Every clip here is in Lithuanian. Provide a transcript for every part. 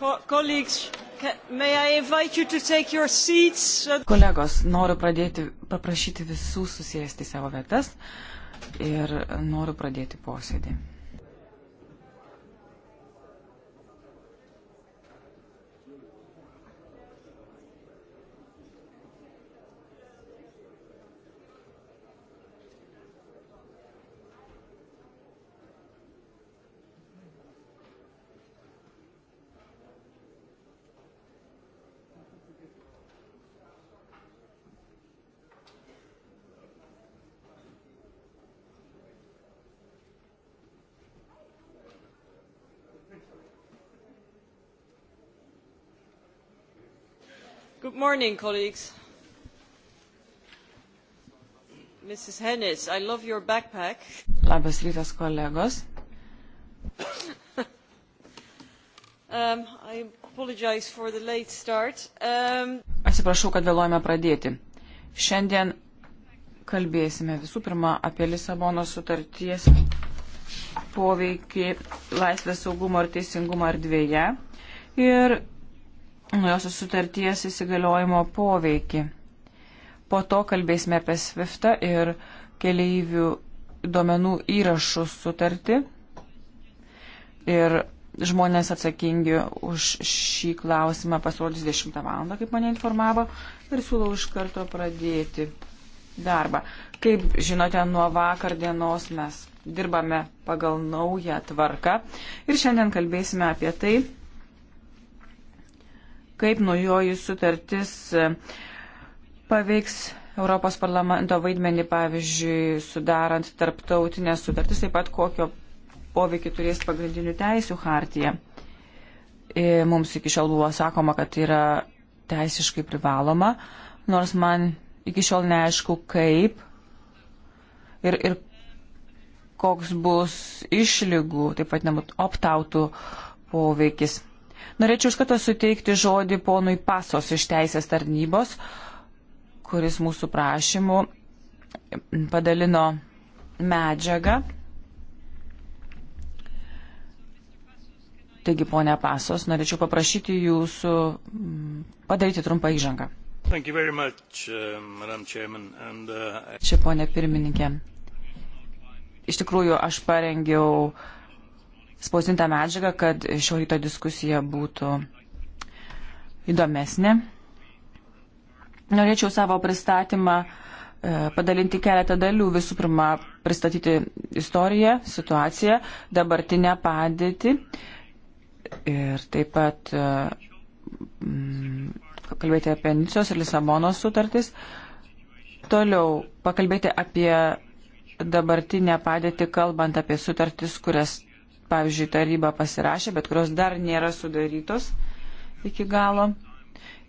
Kolegos, noriu pradėti, paprašyti visų susėsti savo vietas ir noriu pradėti posėdį. morning, colleagues. Mrs. Hennis, I love your backpack. Labas rytas, kolegos. um, I apologize for the late start. Um, Atsiprašau, kad vėluojame pradėti. Šiandien kalbėsime visų pirma apie Lisabonos sutarties poveikį laisvės saugumo ir teisingumo erdvėje ir naujosios sutarties įsigaliojimo poveikį. Po to kalbėsime apie SWIFTą ir keleivių duomenų įrašų sutartį. Ir žmonės atsakingi už šį klausimą pasirodys 10 val. kaip mane informavo ir siūlau iš karto pradėti darbą. Kaip žinote, nuo vakar dienos mes dirbame pagal naują tvarką ir šiandien kalbėsime apie tai, kaip naujoji sutartis e, paveiks Europos parlamento vaidmenį, pavyzdžiui, sudarant tarptautinės sutartis, taip pat kokio poveikį turės pagrindinių teisių hartija. E, mums iki šiol buvo sakoma, kad tai yra teisiškai privaloma, nors man iki šiol neaišku, kaip ir, ir koks bus išlygų, taip pat opt-outų poveikis. Norėčiau iš karto suteikti žodį ponui Pasos iš teisės tarnybos, kuris mūsų prašymų padalino medžiagą. Taigi, ponia Pasos, norėčiau paprašyti jūsų mm, padaryti trumpą įžangą. Much, uh, Chairman, and, uh... Čia, ponia pirmininkė. Iš tikrųjų, aš parengiau uh, spausintą medžiagą, kad šio ryto diskusija būtų įdomesnė. Norėčiau savo pristatymą e, padalinti keletą dalių. Visų pirma, pristatyti istoriją, situaciją, dabartinę padėtį ir taip pat e, kalbėti apie Nicijos ir Lisabonos sutartis. Toliau pakalbėti apie dabartinę padėtį, kalbant apie sutartis, kurias pavyzdžiui, taryba pasirašė, bet kurios dar nėra sudarytos iki galo.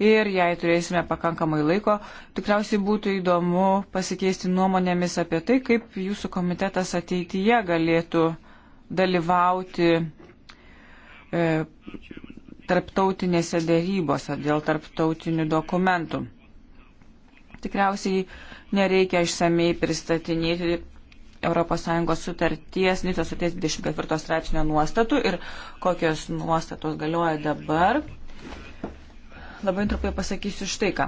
Ir jei turėsime pakankamai laiko, tikriausiai būtų įdomu pasikeisti nuomonėmis apie tai, kaip jūsų komitetas ateityje galėtų dalyvauti e, tarptautinėse dėrybose dėl tarptautinių dokumentų. Tikriausiai nereikia išsamei pristatinėti ES sutarties, Nico sutarties 24 straipsnio nuostatų ir kokios nuostatos galioja dabar. Labai trumpai pasakysiu štai ką.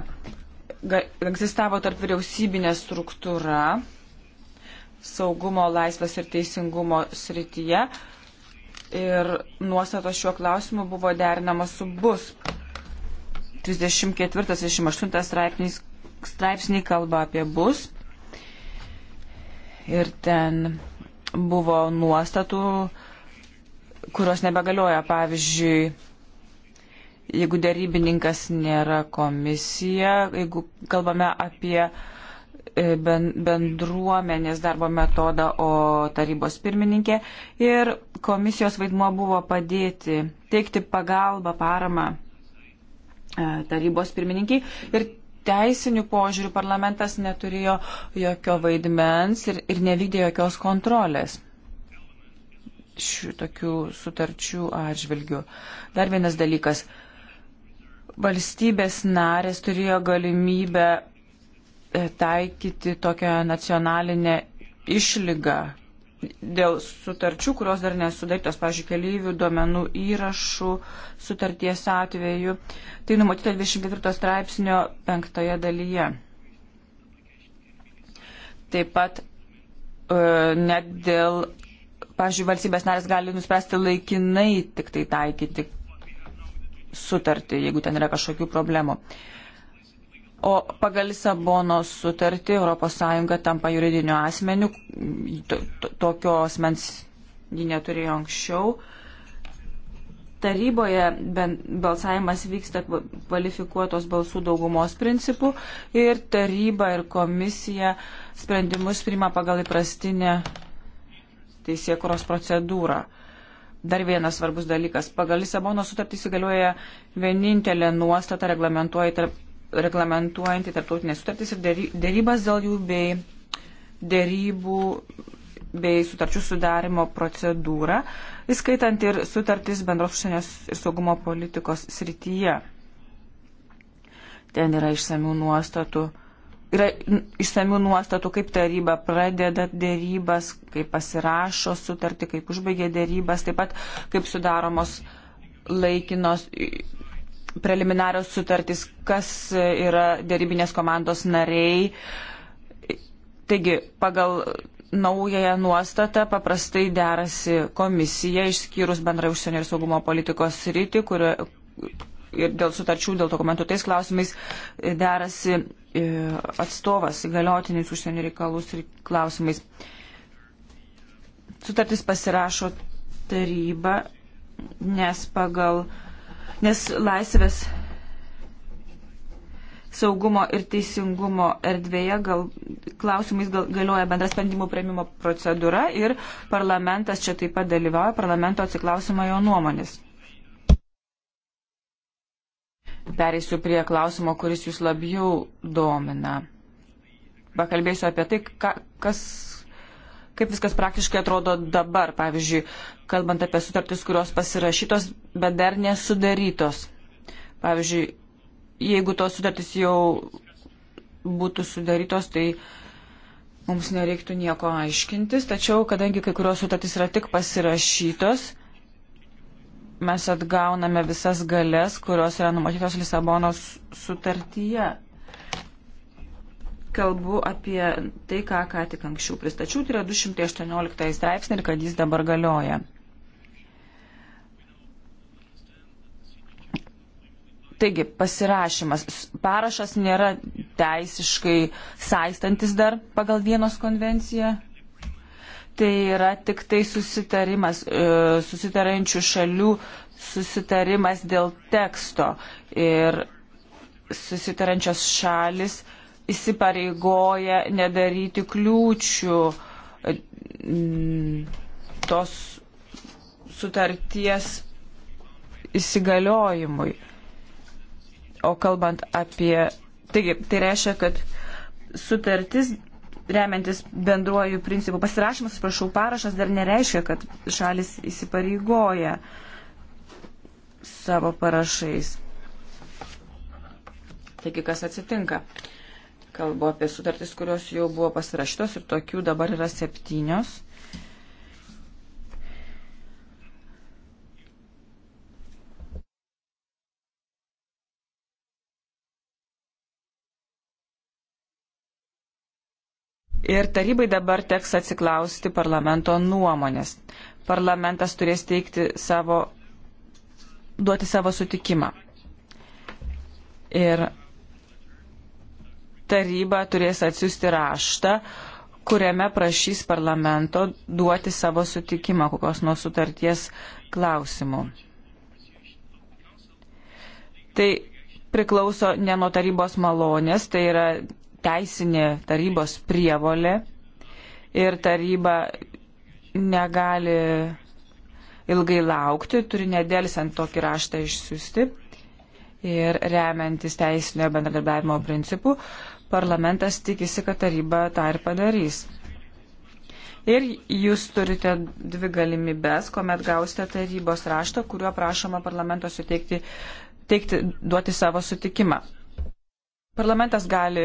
Ga, egzistavo tarp vyriausybinė struktūra saugumo, laisvės ir teisingumo srityje ir nuostatos šiuo klausimu buvo derinamos su bus. 34-38 straipsniai kalba apie bus ir ten buvo nuostatų, kurios nebegalioja. Pavyzdžiui, jeigu dėrybininkas nėra komisija, jeigu kalbame apie e, bendruomenės darbo metodą, o tarybos pirmininkė ir komisijos vaidmuo buvo padėti, teikti pagalbą, paramą e, tarybos pirmininkiai ir teisinių požiūrių parlamentas neturėjo jokio vaidmens ir, ir nevykdė jokios kontrolės šitokių sutarčių atžvilgių. Dar vienas dalykas. Valstybės narės turėjo galimybę e, taikyti tokią nacionalinę išlygą, dėl sutarčių, kurios dar nesudarytos, pavyzdžiui, keleivių duomenų įrašų sutarties atveju. Tai numatyta 24 straipsnio penktoje dalyje. Taip pat e, net dėl, pavyzdžiui, valstybės narės gali nuspręsti laikinai tik tai taikyti sutartį, jeigu ten yra kažkokių problemų. Uh, O pagal Lisabonos sutartį ES tampa juridiniu asmeniu, tokio asmens ji neturėjo anksčiau. Taryboje balsavimas vyksta kvalifikuotos balsų daugumos principų ir taryba ir komisija sprendimus priima pagal įprastinę teisėkuros procedūrą. Dar vienas svarbus dalykas. Pagal Lisabono sutartį įsigalioja vienintelė nuostata reglamentuoja tarp reglamentuojantį tarptautinės sutartys ir dėrybas dėl jų bei dėrybų bei sutarčių sudarimo procedūrą, įskaitant ir sutartys bendros užsienės ir saugumo politikos srityje. Ten yra išsamių nuostatų. Yra išsamių nuostatų, kaip taryba pradeda dėrybas, kaip pasirašo sutartį, kaip užbaigia dėrybas, taip pat kaip sudaromos laikinos preliminarios sutartys, kas yra dėrybinės komandos nariai. Taigi, pagal naująją nuostatą paprastai derasi komisija, išskyrus bendrai užsienio ir saugumo politikos rytį, kurio ir dėl sutarčių, dėl dokumentų tais klausimais e, derasi e, atstovas įgaliotinis užsienio reikalus ir klausimais. Sutartis pasirašo taryba, nes pagal uh, nes laisvės saugumo ir teisingumo erdvėje gal, klausimais gal, galioja bendra sprendimų prieimimo procedūra ir parlamentas čia taip pat dalyvauja, parlamento atsiklausima jo nuomonės. Pereisiu prie klausimo, kuris jūs labiau domina. Pakalbėsiu apie tai, ka, kas kaip viskas praktiškai atrodo dabar, pavyzdžiui, kalbant apie sutartis, kurios pasirašytos, bet dar nesudarytos. Pavyzdžiui, jeigu tos sutartis jau būtų sudarytos, tai mums nereiktų nieko aiškintis, tačiau kadangi kai kurios sutartys yra tik pasirašytos, mes atgauname visas galės, kurios yra numatytos Lisabonos sutartyje kalbu apie tai, ką ką tik anksčiau pristačiau, tai yra 218 straipsnį ir kad jis dabar galioja. Taigi, pasirašymas. Parašas nėra teisiškai saistantis dar pagal vienos konvenciją. Tai yra tik tai susitarimas, e, susitarančių šalių susitarimas dėl teksto. Ir susitarančios šalis uh, įsipareigoja nedaryti kliūčių e, tos sutarties įsigaliojimui. O kalbant apie. Taigi, tai reiškia, kad sutartis remiantis bendruoju principu pasirašymas, prašau, parašas dar nereiškia, kad šalis įsipareigoja savo parašais. Taigi, kas atsitinka? Kalbu apie sutartis, kurios jau buvo pasirašytos ir tokių dabar yra septynios. Ir tarybai dabar teks atsiklausti parlamento nuomonės. Parlamentas turės teikti savo, duoti savo sutikimą. Ir taryba turės atsiųsti raštą, kuriame prašys parlamento duoti savo sutikimą kokios nuo sutarties klausimų. Tai priklauso ne nuo tarybos malonės, tai yra teisinė tarybos prievolė ir taryba negali ilgai laukti, turi nedėlsiant tokį raštą išsiųsti ir remiantis teisinio bendradarbiavimo principų. Uh, parlamentas tikisi, kad taryba tą ir padarys. Ir jūs turite dvi galimybės, kuomet gausite tarybos raštą, kuriuo prašoma parlamento suteikti, teikti, duoti savo sutikimą. Parlamentas gali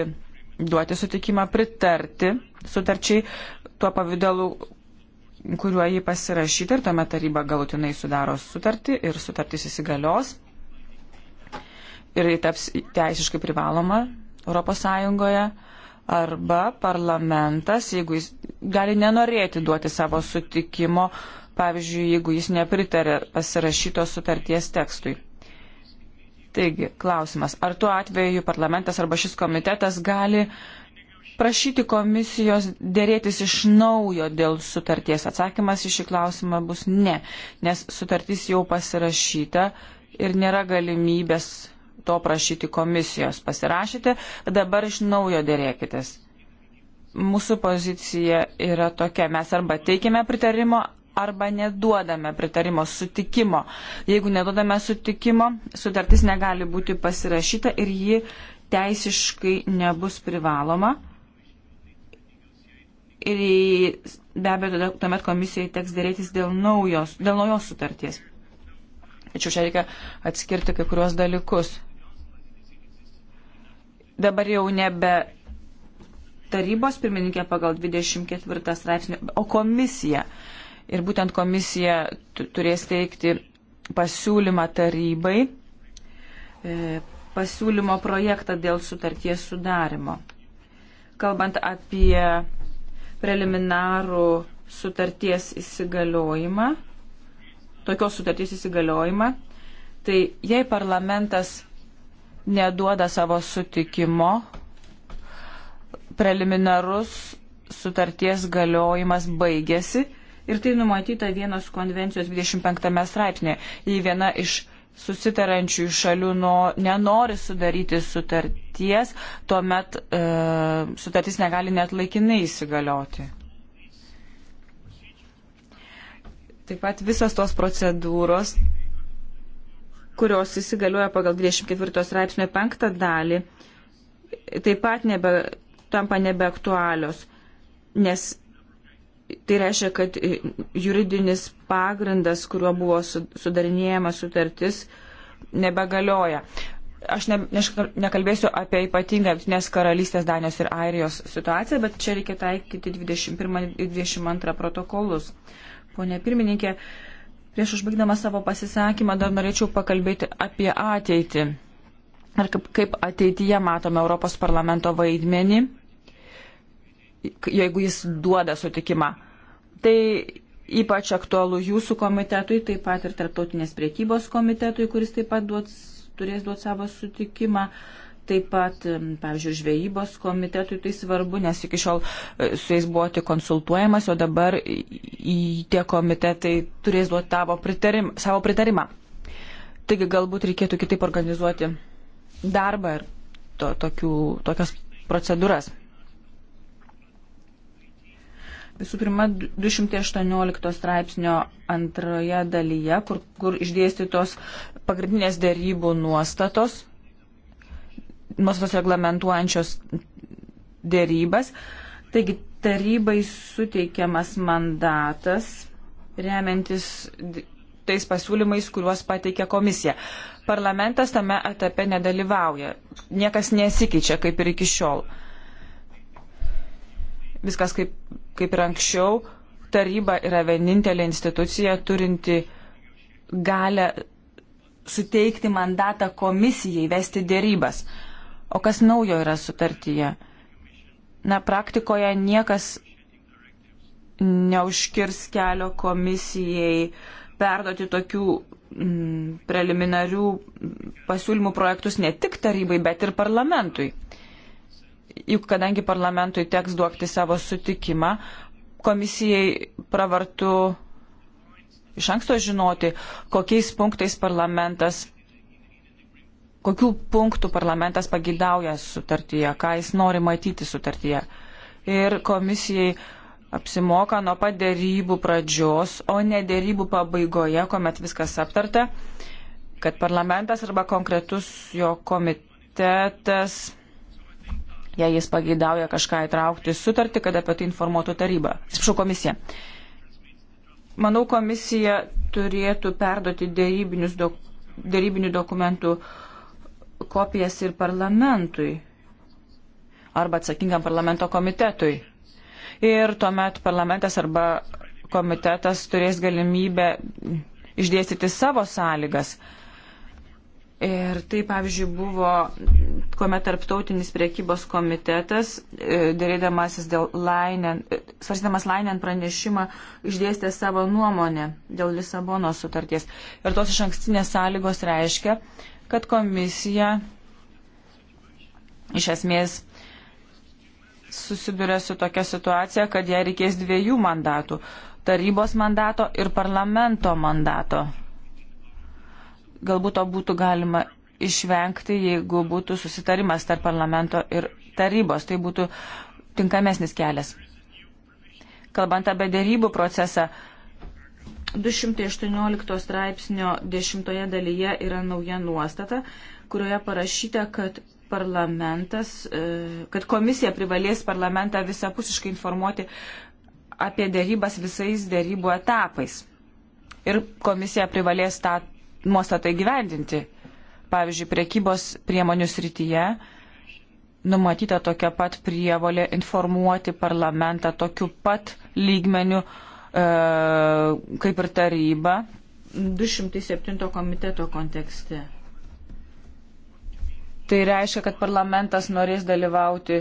duoti sutikimą pritarti sutarčiai tuo pavydalu, kuriuo jį pasirašyti ir tuomet taryba galutinai sudaro sutartį ir sutartis įsigalios ir taps teisiškai privaloma ES arba parlamentas, jeigu jis gali nenorėti duoti savo sutikimo, pavyzdžiui, jeigu jis nepritarė pasirašytos sutarties tekstui. Taigi, klausimas, ar tuo atveju parlamentas arba šis komitetas gali prašyti komisijos dėrėtis iš naujo dėl sutarties? Atsakymas į šį klausimą bus ne, nes sutartis jau pasirašyta ir nėra galimybės to prašyti komisijos. Pasirašėte, dabar iš naujo dėrėkitės. Mūsų pozicija yra tokia, mes arba teikime pritarimo, arba neduodame pritarimo sutikimo. Jeigu neduodame sutikimo, sutartis negali būti pasirašyta ir ji teisiškai nebus privaloma. Ir be abejo, tuomet komisijai teks dėrėtis dėl naujos, dėl naujos sutarties. Tačiau čia reikia atskirti kai kuriuos dalykus dabar jau nebe tarybos pirmininkė pagal 24 straipsnį, o komisija. Ir būtent komisija turės teikti pasiūlymą tarybai, e, pasiūlymo projektą dėl sutarties sudarimo. Kalbant apie preliminarų sutarties įsigaliojimą, tokios sutarties įsigaliojimą, tai jei parlamentas neduoda savo sutikimo, preliminarus sutarties galiojimas baigėsi ir tai numatyta vienos konvencijos 25 straipsnė. Jei viena iš susitarančių šalių no, nenori sudaryti sutarties, tuomet e, sutartis negali net laikinai įsigalioti. Taip pat visos tos procedūros kurios įsigalioja pagal 24 straipsnio 5 dalį, taip pat nebe, tampa nebeaktualios, nes tai reiškia, kad juridinis pagrindas, kuriuo buvo sudarinėjama sutartis, nebegalioja. Aš ne, ne, nekalbėsiu apie ypatingą Junktinės karalystės, Danijos ir Airijos situaciją, bet čia reikia taikyti 21 ir 22 protokolus. Pone pirmininkė, uh, Prieš užbaigdama savo pasisakymą dar norėčiau pakalbėti apie ateitį. Ar kaip, kaip ateityje matome Europos parlamento vaidmenį, jeigu jis duoda sutikimą. Tai ypač aktualu jūsų komitetui, taip pat ir tarptautinės priekybos komitetui, kuris taip pat duos, turės duoti savo sutikimą. Uh, Taip pat, pavyzdžiui, žvejybos komitetui tai svarbu, nes iki šiol e, su jais buvo tik konsultuojamas, o dabar tie komitetai turės duoti pritarim, savo pritarimą. Taigi galbūt reikėtų kitaip organizuoti darbą ir to, tokių, tokias procedūras. Visų pirma, 218 straipsnio antroje dalyje, kur, kur išdėstytos pagrindinės dėrybų nuostatos, nuostatos reglamentuojančios dėrybas. Taigi tarybai suteikiamas mandatas remiantis tais pasiūlymais, kuriuos pateikė komisija. Parlamentas tame etape nedalyvauja. Niekas nesikeičia kaip ir iki šiol. Viskas kaip, kaip ir anksčiau. Taryba yra vienintelė institucija turinti galę suteikti mandatą komisijai vesti dėrybas. O kas naujo yra sutartyje? Na, praktikoje niekas neužkirs kelio komisijai perduoti tokių mm, preliminarių pasiūlymų projektus ne tik tarybai, bet ir parlamentui. Juk kadangi parlamentui teks duokti savo sutikimą, komisijai pravartu iš anksto žinoti, kokiais punktais parlamentas kokių punktų parlamentas pagidauja sutartyje, ką jis nori matyti sutartyje. Ir komisijai apsimoka nuo pat dėrybų pradžios, o ne dėrybų pabaigoje, kuomet viskas aptarta, kad parlamentas arba konkretus jo komitetas, jei jis pageidauja kažką įtraukti sutartį, kad apie tai informuotų taryba. Atsiprašau, komisija. Manau, komisija turėtų perduoti dėrybinių dok dokumentų uh, kopijas ir parlamentui arba atsakingam parlamento komitetui. Ir tuomet parlamentas arba komitetas turės galimybę išdėstyti savo sąlygas. Ir tai, pavyzdžiui, buvo, kuomet tarptautinis priekybos komitetas, e, dėrėdamasis dėl Lainen, e, svarstydamas Lainen pranešimą, išdėstė savo nuomonę dėl Lisabono sutarties. Ir tos iš ankstinės sąlygos reiškia, kad komisija iš esmės susiduria su tokia situacija, kad jai reikės dviejų mandatų - tarybos mandato ir parlamento mandato. Galbūt to būtų galima išvengti, jeigu būtų susitarimas tarp parlamento ir tarybos. Tai būtų tinkamesnis kelias. Kalbant apie dėrybų procesą, 218 straipsnio 10 dalyje yra nauja nuostata, kurioje parašyta, kad parlamentas, e, kad komisija privalės parlamentą visapusiškai informuoti apie dėrybas visais dėrybų etapais. Ir komisija privalės tą nuostatą įgyvendinti. Pavyzdžiui, priekybos priemonių srityje numatyta tokia pat prievolė informuoti parlamentą tokiu pat lygmeniu, uh, E, kaip ir taryba, 207 komiteto kontekste. Tai reiškia, kad parlamentas norės dalyvauti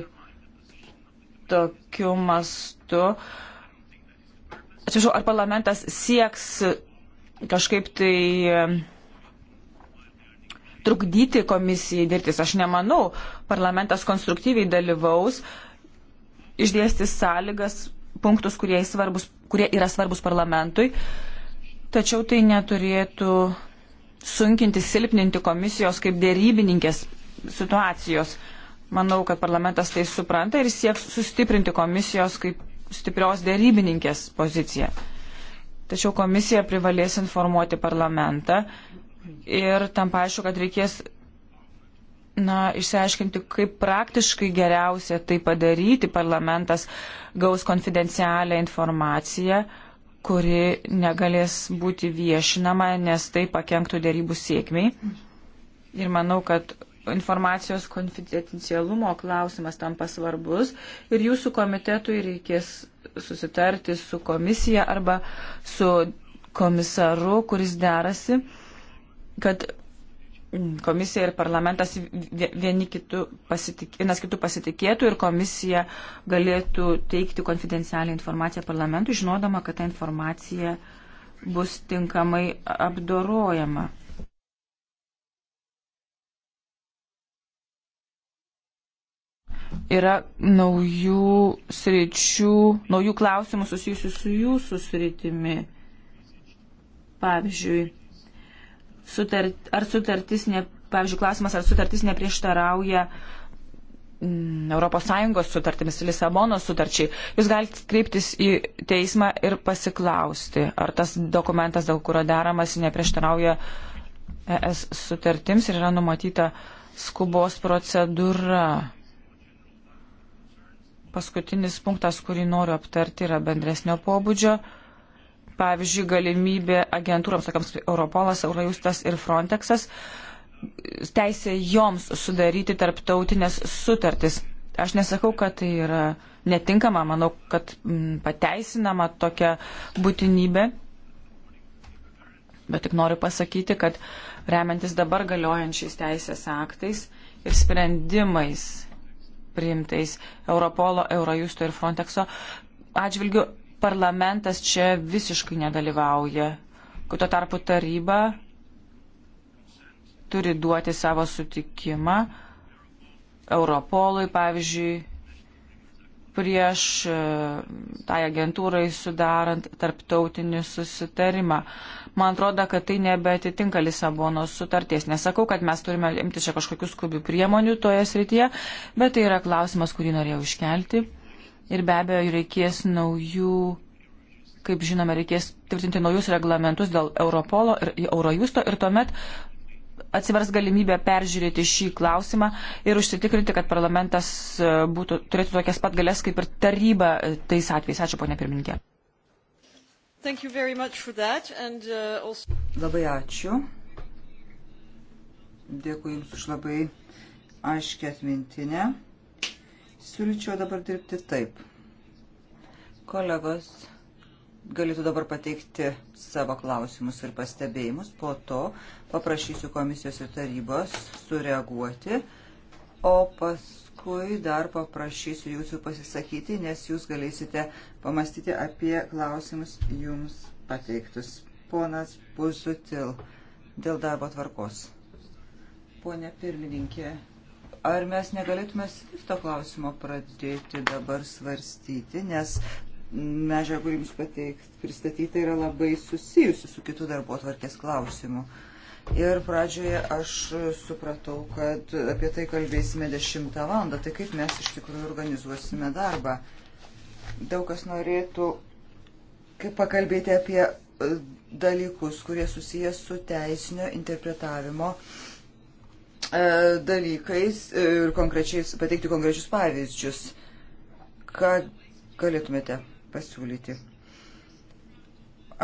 tokiu mastu. Atsiprašau, ar parlamentas sieks kažkaip tai e, trukdyti komisijai dirbtis? Aš nemanau. Parlamentas konstruktyviai dalyvaus, išdėstis sąlygas punktus, kurie, svarbus, kurie yra svarbus parlamentui, tačiau tai neturėtų sunkinti, silpninti komisijos kaip dėrybininkės situacijos. Manau, kad parlamentas tai supranta ir sieks sustiprinti komisijos kaip stiprios dėrybininkės poziciją. Tačiau komisija privalės informuoti parlamentą ir tam paaišku, kad reikės na, išsiaiškinti, kaip praktiškai geriausia tai padaryti. Parlamentas gaus konfidencialią informaciją, kuri negalės būti viešinama, nes tai pakenktų dėrybų sėkmiai. Ir manau, kad informacijos konfidencialumo klausimas tampa svarbus ir jūsų komitetui reikės susitarti su komisija arba su komisaru, kuris derasi, kad komisija ir parlamentas vieni kitų pasitik, vienas kitų pasitikėtų ir komisija galėtų teikti konfidencialią informaciją parlamentui, žinodama, kad ta informacija bus tinkamai apdorojama. Yra naujų sričių, naujų klausimų susijusių su jūsų sritimi. Pavyzdžiui, sutart, ar sutartis, ne, pavyzdžiui, klausimas, ar sutartis neprieštarauja mm, ES sutartimis, Lisabono sutarčiai. Jūs galite kreiptis į teismą ir pasiklausti, ar tas dokumentas, dėl kurio deramas, neprieštarauja ES sutartims ir yra numatyta skubos procedūra. Paskutinis punktas, kurį noriu aptarti, yra bendresnio pobūdžio. Pavyzdžiui, galimybė agentūroms, tokiams kaip Europolas, Eurojustas ir Frontexas, teisė joms sudaryti tarptautinės sutartis. Aš nesakau, kad tai yra netinkama, manau, kad m, mm, pateisinama tokia būtinybė, bet tik noriu pasakyti, kad remiantis dabar galiojančiais teisės aktais ir sprendimais priimtais Europolo, Eurojusto ir Frontexo atžvilgiu parlamentas čia visiškai nedalyvauja, kad tuo tarpu taryba turi duoti savo sutikimą Europolui, pavyzdžiui, prieš e, tai agentūrai sudarant tarptautinį susitarimą. Man atrodo, kad tai nebetitinka Lisabonos sutarties. Nesakau, kad mes turime imti čia kažkokius skubių priemonių toje srityje, bet tai yra klausimas, kurį norėjau iškelti ir be abejo reikės naujų, kaip žinome, reikės tvirtinti naujus reglamentus dėl Europolo ir Eurojusto ir tuomet atsivers galimybę peržiūrėti šį klausimą ir užsitikrinti, kad parlamentas e, būtų, turėtų tokias pat galės kaip ir taryba e, tais atvejais. Ačiū, ponė pirmininkė. And, uh, also... Labai ačiū. Dėkui Jums už labai aiškę atmintinę siūlyčiau dabar dirbti taip. Kolegos galėtų dabar pateikti savo klausimus ir pastebėjimus, po to paprašysiu komisijos ir tarybos sureaguoti, o paskui dar paprašysiu jūsų pasisakyti, nes jūs galėsite pamastyti apie klausimus jums pateiktus. Ponas Puzutil, dėl darbo tvarkos. Pone pirmininkė, ar mes negalėtume Svifto klausimo pradėti dabar svarstyti, nes medžiaga, kurį jums pateiks, pristatyta, yra labai susijusi su kitu darbo tvarkės klausimu. Ir pradžioje aš supratau, kad apie tai kalbėsime 10 val. Tai kaip mes iš tikrųjų organizuosime darbą. Daug kas norėtų kaip pakalbėti apie dalykus, kurie susijęs su teisinio interpretavimo uh, E, dalykais e, ir konkrečiais, pateikti konkrečius pavyzdžius, ką galėtumėte pasiūlyti.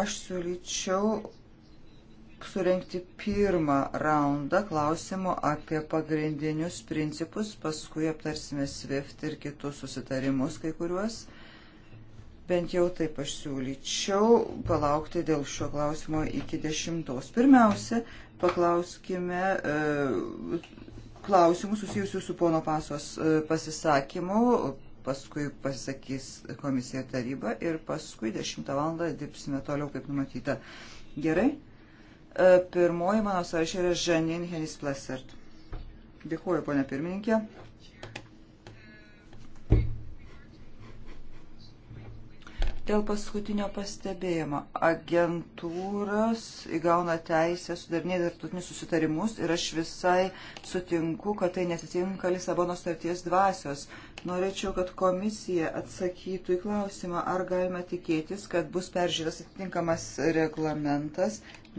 Aš siūlyčiau surenkti pirmą raundą klausimų apie pagrindinius principus, paskui aptarsime SWIFT ir kitus susitarimus kai kuriuos. Bent jau taip aš siūlyčiau palaukti dėl šio klausimo iki dešimtos. Pirmiausia, paklauskime e, klausimų susijusių su pono pasos e, pasisakymu, paskui pasisakys komisija taryba ir paskui 10 val. dirbsime toliau kaip numatyta. Gerai? E, pirmoji mano sąrašė yra Žanin Henis Plesert. Dėkuoju, ponė pirmininkė. Dėl paskutinio pastebėjimo. Agentūros įgauna teisę sudarinėti tarptautinius susitarimus ir aš visai sutinku, kad tai netitinka Lisabono starties dvasios. Norėčiau, kad komisija atsakytų į klausimą, ar galime tikėtis, kad bus peržiūrės atitinkamas reglamentas,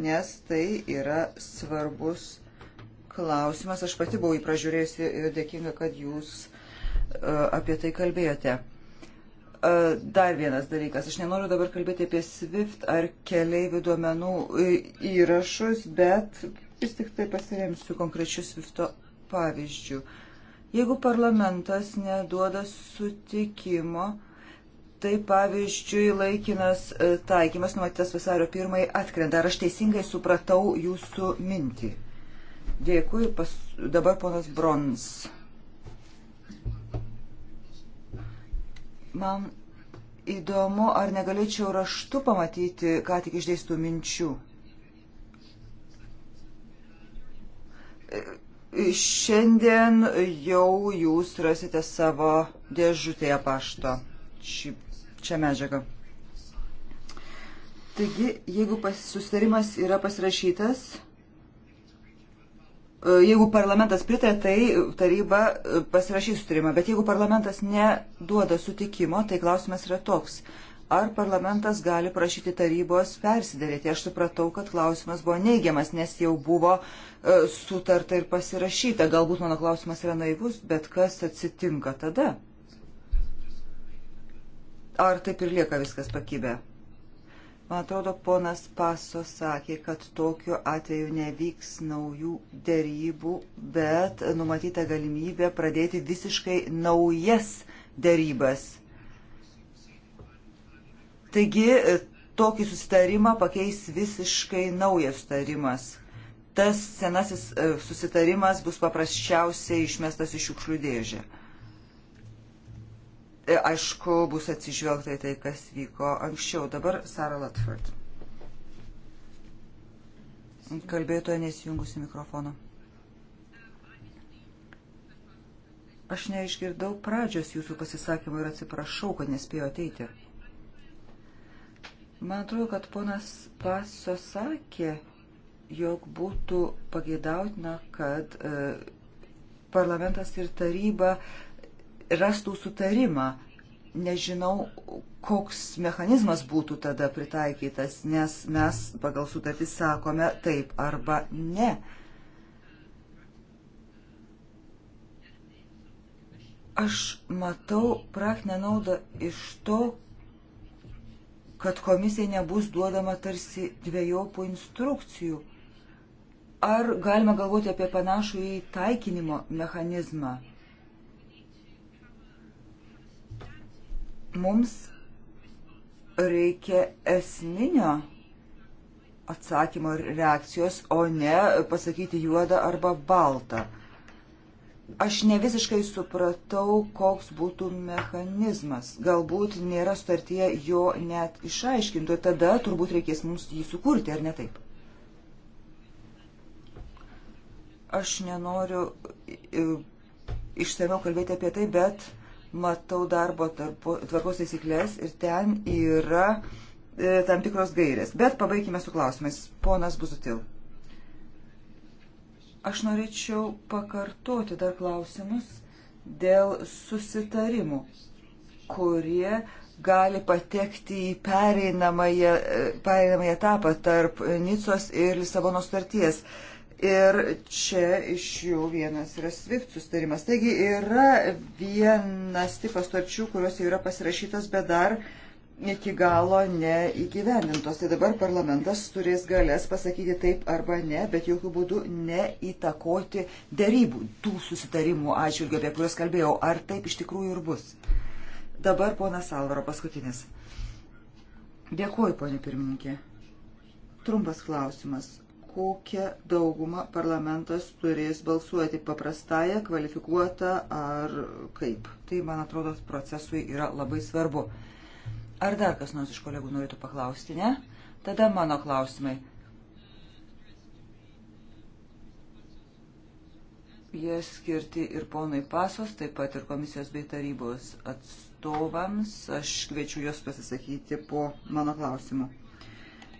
nes tai yra svarbus klausimas. Aš pati buvau įpražiūrėjusi ir dėkinga, kad jūs e, apie tai kalbėjote dar vienas dalykas. Aš nenoriu dabar kalbėti apie SWIFT ar keliaivių duomenų e, įrašus, bet vis tik tai pasiremsiu konkrečiu SWIFT'o pavyzdžių. Jeigu parlamentas neduoda sutikimo, tai pavyzdžiui laikinas e, taikymas numatytas vasario pirmai atkrenta. Ar aš teisingai supratau jūsų mintį? Dėkui, pas, dabar ponas Brons. Man įdomu, ar negalėčiau raštu pamatyti, ką tik išdėstų minčių. E, šiandien jau jūs rasite savo dėžutėje pašto šį, čia medžiagą. Taigi, jeigu susitarimas yra pasirašytas, E, jeigu parlamentas pritarė, tai taryba e, pasirašys sutarimą, bet jeigu parlamentas neduoda sutikimo, tai klausimas yra toks. Ar parlamentas gali prašyti tarybos persidaryti? Aš supratau, kad klausimas buvo neigiamas, nes jau buvo e, sutarta ir pasirašyta. Galbūt mano klausimas yra naivus, bet kas atsitinka tada? Ar taip ir lieka viskas pakibę? Man atrodo, ponas Paso sakė, kad tokiu atveju nevyks naujų dėrybų, bet numatyta galimybė pradėti visiškai naujas dėrybas. Taigi, tokį susitarimą pakeis visiškai naujas susitarimas. Tas senasis e, susitarimas bus paprasčiausiai išmestas iš šiukšlių dėžę aišku, bus atsižvelgta į tai, kas vyko anksčiau. Dabar Sara Latford. Kalbėtoja nesijungusi mikrofoną. Aš neišgirdau pradžios jūsų pasisakymų ir atsiprašau, kad nespėjau ateiti. Man atrodo, kad ponas Paso sakė, jog būtų pageidautina, kad e, parlamentas ir taryba e, rastų sutarimą. Nežinau, koks mechanizmas būtų tada pritaikytas, nes mes pagal sutartį sakome taip arba ne. Aš matau praktinę naudą iš to, kad komisijai nebus duodama tarsi dviejopų instrukcijų. Ar galima galvoti apie panašų į taikinimo mechanizmą? Mums reikia esminio atsakymo ir reakcijos, o ne pasakyti juodą arba baltą. Aš ne visiškai supratau, koks būtų mechanizmas. Galbūt nėra startyje jo net išaiškinto, tada turbūt reikės mums jį sukurti, ar ne taip? Aš nenoriu e, išsameu kalbėti apie tai, bet matau darbo tarpo, tvarkos taisyklės ir ten yra e, tam tikros gairės. Bet pabaikime su klausimais. Ponas Buzutil. Aš norėčiau pakartoti dar klausimus dėl susitarimų, kurie gali patekti į pereinamąją, e, pereinamąją etapą tarp Nicos ir Lisabono starties. E, Ir čia iš jų vienas yra SWIFT sustarimas. Taigi yra vienas tipas tarčių, kurios jau yra pasirašytos, bet dar iki galo neįgyvendintos. Tai dabar parlamentas turės galės pasakyti taip arba ne, bet jokių būdų neįtakoti darybų tų susitarimų atžvilgių, apie kuriuos kalbėjau. Ar taip iš tikrųjų ir bus? Dabar ponas Alvaro paskutinis. Dėkuoju, ponė pirmininkė. Trumpas klausimas kokią daugumą parlamentas turės balsuoti - paprastąją, kvalifikuotą ar kaip. Tai, man atrodo, procesui yra labai svarbu. Ar dar kas nors iš kolegų norėtų paklausti, ne? Tada mano klausimai. Jie skirti ir ponui pasos, taip pat ir komisijos bei tarybos atstovams. Aš kviečiu juos pasisakyti po mano klausimų.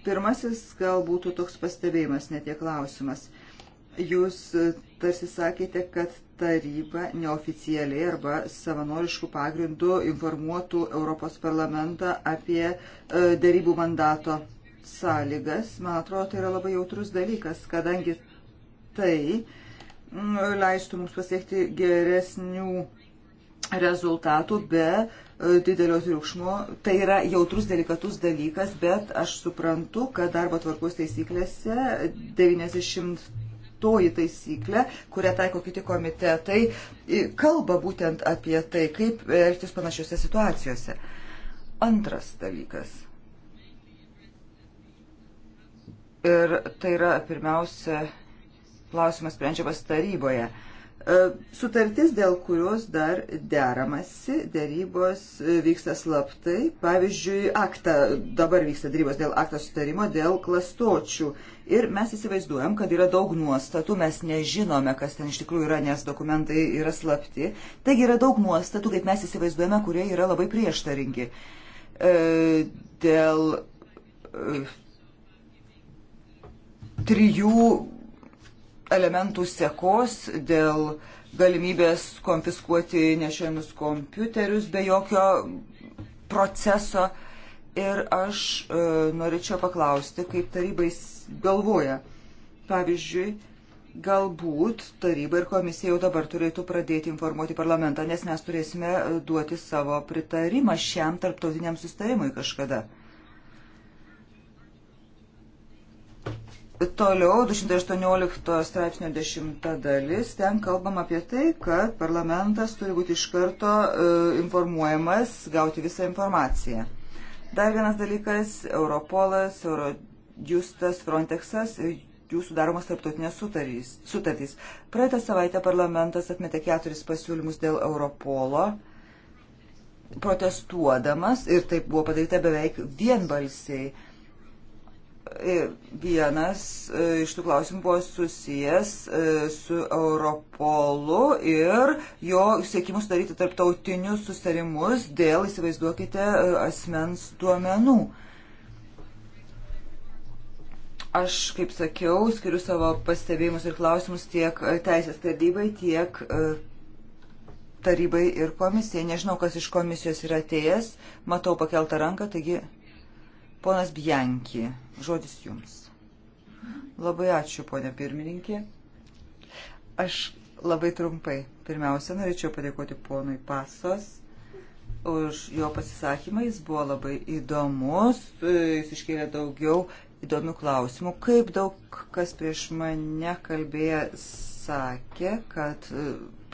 Pirmasis gal būtų toks pastebėjimas, netie klausimas. Jūs e, tarsi sakėte, kad taryba neoficialiai arba savanoriškų pagrindų informuotų Europos parlamentą apie e, darybų mandato sąlygas. Man atrodo, tai yra labai jautrus dalykas, kadangi tai mm, leistų mums pasiekti geresnių rezultatų be e, didelio triukšmo. Tai yra jautrus, delikatus dalykas, bet aš suprantu, kad darbo tvarkos taisyklėse 90 toji taisyklė, kurią taiko kiti komitetai, kalba būtent apie tai, kaip elgtis panašiose situacijose. Antras dalykas. Ir tai yra pirmiausia klausimas sprendžiamas taryboje. Uh, E, sutartis, dėl kurios dar deramasi, dėrybos e, vyksta slaptai. Pavyzdžiui, aktą, dabar vyksta dėrybos dėl akto sutarimo, dėl klastočių. Ir mes įsivaizduojam, kad yra daug nuostatų, mes nežinome, kas ten iš tikrųjų yra, nes dokumentai yra slapti. Taigi yra daug nuostatų, kaip mes įsivaizduojame, kurie yra labai prieštaringi. E, dėl trijų elementų sekos, dėl galimybės konfiskuoti nešiojamus kompiuterius be jokio proceso. Ir aš e, norėčiau paklausti, kaip tarybai galvoja. Pavyzdžiui, galbūt taryba ir komisija jau dabar turėtų pradėti informuoti parlamentą, nes mes turėsime e, duoti savo pritarimą šiam tarptautiniam sustarimui kažkada. Toliau 218 straipsnio 10 dalis, ten kalbam apie tai, kad parlamentas turi būti iš karto e, informuojamas, gauti visą informaciją. Dar vienas dalykas - Europolas, Eurojustas, Frontexas ir jų sudaromos tarptautinės sutartys. Praeitą savaitę parlamentas atmetė keturis pasiūlymus dėl Europolo protestuodamas ir taip buvo padaryta beveik vienbalsiai E, vienas e, iš tų klausimų buvo susijęs e, su Europolu ir jo siekimu sudaryti tarptautinius sustarimus dėl, įsivaizduokite, asmens duomenų. Aš, kaip sakiau, skiriu savo pastebėjimus ir klausimus tiek teisės tarybai, tiek tarybai ir komisijai. Nežinau, kas iš komisijos yra atėjęs. Matau pakeltą ranką, taigi ponas Bjanki. Žodis jums. Labai ačiū, ponė pirmininkė. Aš labai trumpai. Pirmiausia, norėčiau padėkoti ponui Pasos už jo pasisakymą. Jis buvo labai įdomus, jis iškėlė daugiau įdomių klausimų. Kaip daug kas prieš mane kalbėjo sakė, kad e,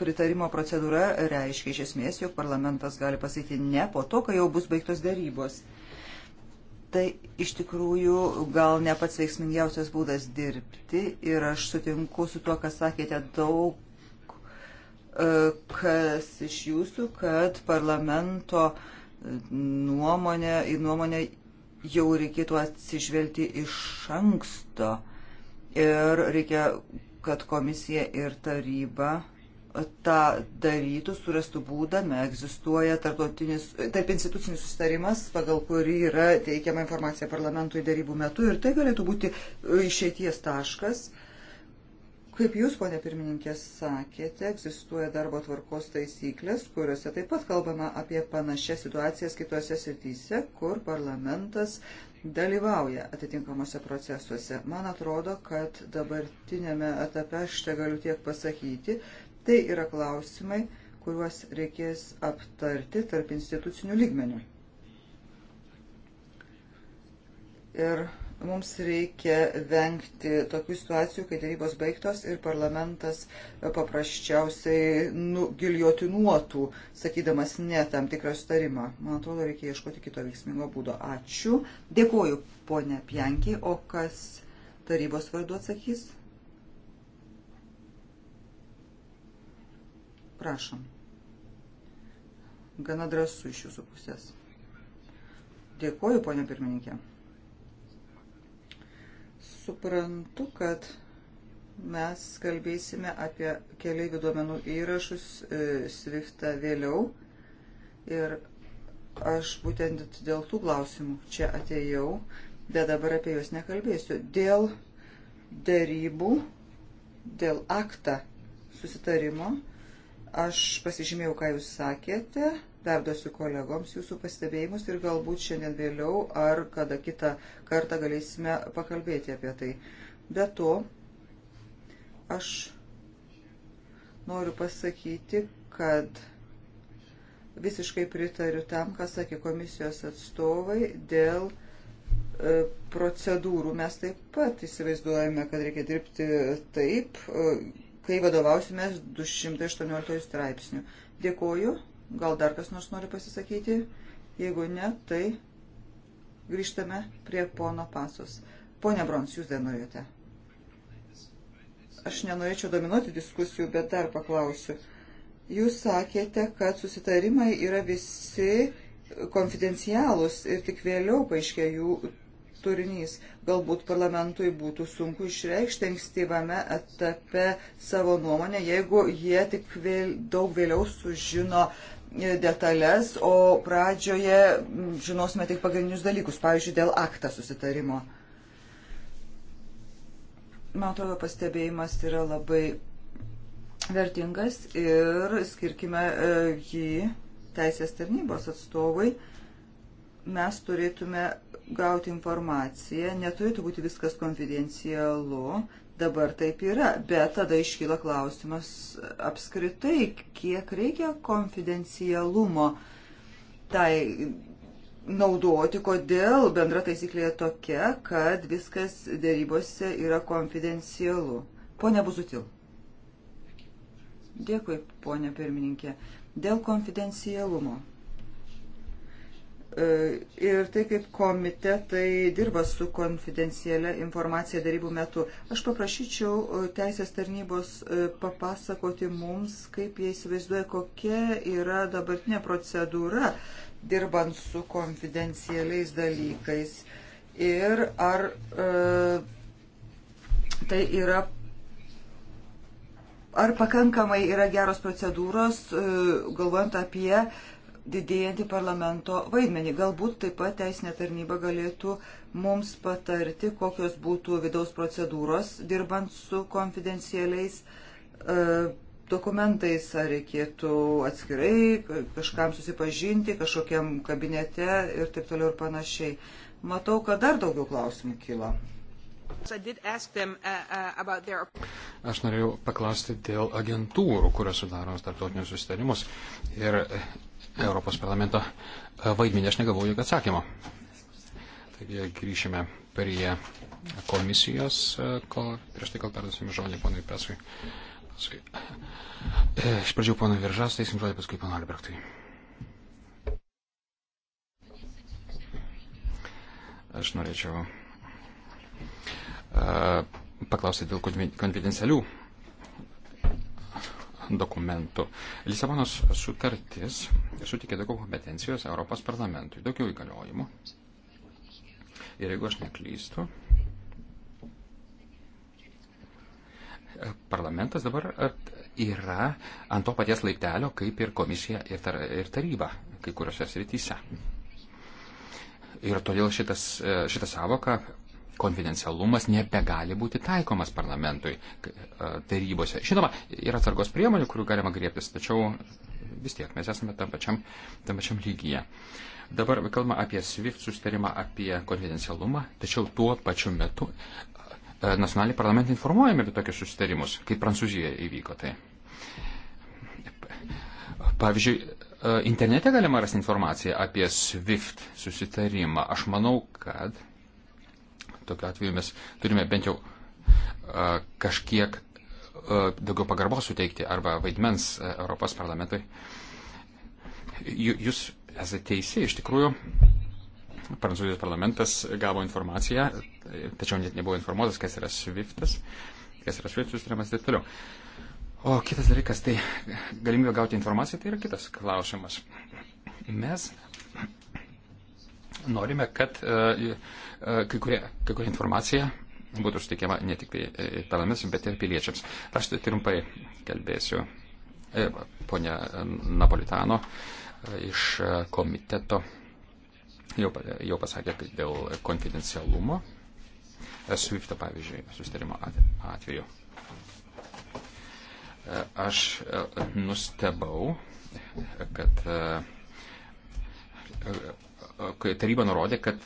pritarimo procedūra reiškia iš esmės, jog parlamentas gali pasakyti ne po to, kai jau bus baigtos darybos. Tai iš tikrųjų gal ne pats veiksmingiausias būdas dirbti ir aš sutinku su tuo, kas sakėte daug e, kas iš jūsų, kad parlamento nuomonė, į nuomonę jau reikėtų atsižvelgti iš anksto ir reikia, kad komisija ir taryba tą darytų, surastų būdą, egzistuoja tarp institucinis sustarimas, pagal kurį yra teikiama informacija parlamentui darybų metu ir tai galėtų būti išeities taškas. Kaip jūs, ponė pirmininkė, sakėte, egzistuoja darbo tvarkos taisyklės, kuriuose taip pat kalbama apie panašias situacijas kitose srityse, kur parlamentas dalyvauja atitinkamuose procesuose. Man atrodo, kad dabartinėme etape aš te galiu tiek pasakyti, Tai yra klausimai, kuriuos reikės aptarti tarp institucinių lygmenių. Ir mums reikia vengti tokių situacijų, kai dėrybos baigtos ir parlamentas paprasčiausiai nu, giljotinuotų, sakydamas ne tam tikrą sutarimą. Man atrodo, reikia ieškoti kito veiksmingo būdo. Ačiū. Dėkuoju, ponė Pjankį. O kas tarybos vardu atsakys? Prašom. Gana drąsų iš jūsų pusės. Dėkoju, ponia pirmininkė. Suprantu, kad mes kalbėsime apie keliaivių duomenų įrašus e, Sviftą vėliau. Ir aš būtent dėl tų klausimų čia atėjau, bet dabar apie juos nekalbėsiu. Dėl darybų, dėl aktą susitarimo Aš pasižymėjau, ką jūs sakėte, perduosiu kolegoms jūsų pastebėjimus ir galbūt šiandien vėliau ar kada kitą kartą galėsime pakalbėti apie tai. Be to, aš noriu pasakyti, kad visiškai pritariu tam, ką sakė komisijos atstovai dėl e, procedūrų. Mes taip pat įsivaizduojame, kad reikia dirbti taip, e, kai vadovausimės 218 straipsnių. Dėkoju. Gal dar kas nors nori pasisakyti? Jeigu ne, tai grįžtame prie pono pasos. Pone Brons, jūs dar norėjote? Aš nenorėčiau dominuoti diskusijų, bet dar paklausiu. Jūs sakėte, kad susitarimai yra visi konfidencialūs ir tik vėliau paaiškė jų turinys. Galbūt parlamentui būtų sunku išreikšti ankstyvame etape savo nuomonę, jeigu jie tik vėl, daug vėliau sužino e, detalės, o pradžioje žinosime tik pagrindinius dalykus, pavyzdžiui, dėl aktą susitarimo. Man atrodo, pastebėjimas yra labai vertingas ir skirkime e, jį teisės tarnybos atstovui. Mes turėtume gauti informaciją, neturėtų būti viskas konfidencialu, dabar taip yra, bet tada iškyla klausimas apskritai, kiek reikia konfidencialumo tai naudoti, kodėl bendra taisyklė tokia, kad viskas dėrybose yra konfidencialu. Pone Buzutil. Dėkui, ponė pirmininkė. Dėl konfidencialumo. E, ir tai, kaip komitetai dirba su konfidencialia informacija darybų metu. Aš paprašyčiau e, Teisės tarnybos e, papasakoti mums, kaip jie įsivaizduoja, kokia yra dabartinė procedūra dirbant su konfidencialiais dalykais ir ar e, tai yra. Ar pakankamai yra geros procedūros, e, galvojant apie e, didėjantį parlamento vaidmenį. Galbūt taip pat teisinė tarnyba galėtų mums patarti, kokios būtų vidaus procedūros dirbant su konfidencialiais e, dokumentais, ar reikėtų atskirai kažkam susipažinti, kažkokiam kabinete ir taip toliau ir panašiai. Matau, kad dar daugiau klausimų kilo. Uh, uh, Aš norėjau paklausti dėl agentūrų, kurios sudaro tarptautinius susitarimus. Ir Europos parlamento e, vaidmenį. Aš negavau jokio atsakymo. Taigi grįšime prie komisijos, e, kol prieš tai kol perduosime žodį ponui Pesui. Paskui. E, iš pradžių ponui Viržas, teisim tai žodį paskui ponui Albertui. Aš norėčiau paklausyti dėl konfidencialių dokumentų. Lisabonos sutartis sutikė daugiau kompetencijos Europos parlamentui, daugiau įgaliojimų. Ir jeigu aš neklystu, parlamentas dabar yra ant to paties laiptelio, kaip ir komisija ir, tar, ir taryba kai kuriuose srityse. Ir todėl šitas, šitą savoką konfidencialumas nebegali būti taikomas parlamentui e, tarybose. Žinoma, yra atsargos priemonių, kurių galima griebtis, tačiau vis tiek mes esame tam pačiam, tam pačiam lygyje. Dabar kalbama apie SWIFT sustarimą, apie konfidencialumą, tačiau tuo pačiu metu e, nacionaliniai parlamentai informuojami apie tokius sustarimus, kaip Prancūzijoje įvyko tai. Pavyzdžiui, e, internete galima rasti informaciją apie SWIFT susitarimą. Aš manau, kad tokiu atveju mes turime bent jau kažkiek daugiau pagarbos suteikti arba vaidmens Europos parlamentui. Jūs esate teisi, iš tikrųjų, Prancūzijos parlamentas gavo informaciją, tačiau net nebuvo informuotas, kas yra SWIFTas, kas yra SWIFT susitarimas ir taip toliau. O kitas dalykas, tai galimybė gauti informaciją, tai yra kitas klausimas. Mes norime, kad uh, E, kai kurie, kai kurie informacija būtų suteikiama ne tik tai pelėmis, bet ir piliečiams. Aš tai trumpai kalbėsiu. E, Pone Napolitano e, iš komiteto jau, jau pasakė dėl konfidencialumo SWIFT, pavyzdžiui, sustarimo atveju. Aš nustebau, kad kai taryba nurodė, kad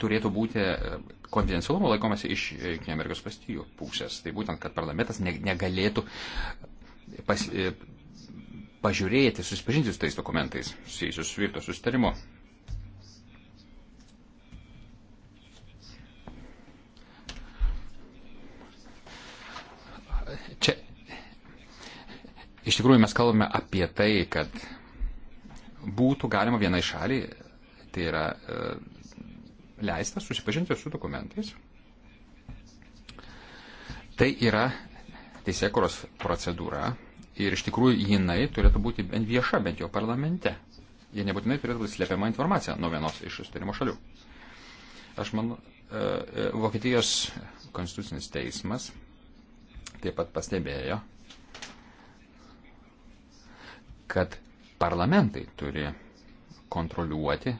turėtų būti e, konfidencialumo laikomasi iš Junktinių e, Amerikos valstijų pusės. Tai būtent, kad parlamentas negalėtų pas, e, pažiūrėti, susipažinti su tais dokumentais, susijusius su virto susitarimu. Čia iš tikrųjų mes kalbame apie tai, kad būtų galima vienai šaliai, tai yra leista susipažinti su dokumentais. Tai yra teisėkuros procedūra ir iš tikrųjų jinai turėtų būti bent vieša, bent jau parlamente. Jie nebūtinai turėtų būti slepiama informacija nuo vienos iš sustarimo šalių. Aš manau, e, e, Vokietijos konstitucinis teismas taip pat pastebėjo, kad parlamentai turi kontroliuoti,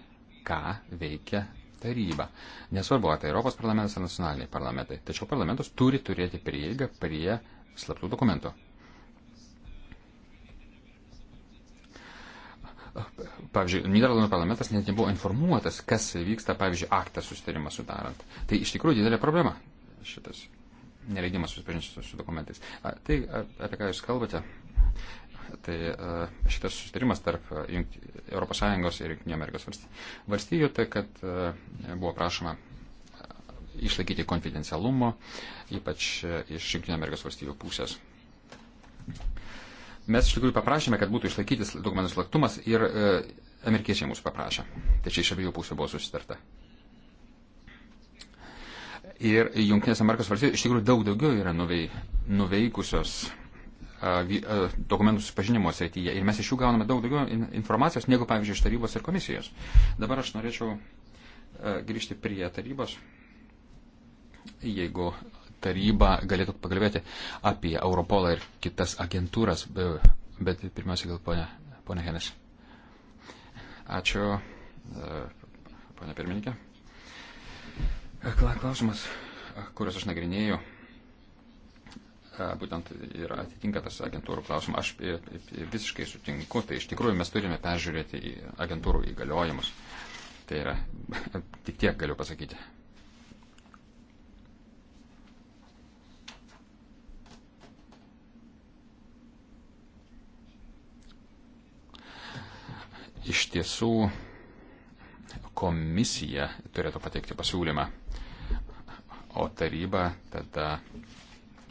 ką veikia taryba. Nesvarbu, ar tai Europos parlamentas ar nacionaliniai parlamentai. Tačiau parlamentas turi turėti prieigą prie slaptų dokumentų. Pavyzdžiui, Niderlandų parlamentas net nebuvo informuotas, kas vyksta, pavyzdžiui, aktą susitarimą sudarant. Tai iš tikrųjų didelė problema šitas neleidimas susipažinti su, su dokumentais. A, tai, a, apie ką Jūs kalbate, Tai e, šitas susitarimas tarp ES ir JAV valstybių, tai kad e, buvo prašoma e, išlaikyti konfidencialumo, ypač iš JAV pusės. Mes iš tikrųjų paprašėme, kad būtų išlaikytis dokumentų slaptumas ir e, amerikiečiai mūsų paprašė. Tai čia iš abiejų pusių buvo susitarta. Ir Junktinės Amerikos valstybės iš tikrųjų daug daugiau yra nuveikusios dokumentų susipažinimo srityje. Ir mes iš jų gauname daug daugiau informacijos negu, pavyzdžiui, iš tarybos ir komisijos. Dabar aš norėčiau grįžti prie tarybos. Jeigu taryba galėtų pakalbėti apie Europolą ir kitas agentūras, bet pirmiausia gal ponia, ponia Henes. Ačiū, ponia pirmininkė. Klausimas, kuriuos aš nagrinėjau E, būtent ir atitinka tas agentūrų klausimas. Aš e, e, visiškai sutinku, tai iš tikrųjų mes turime peržiūrėti agentūrų įgaliojimus. Tai yra, tik tiek galiu pasakyti. Iš tiesų, komisija turėtų pateikti pasiūlymą, o taryba tada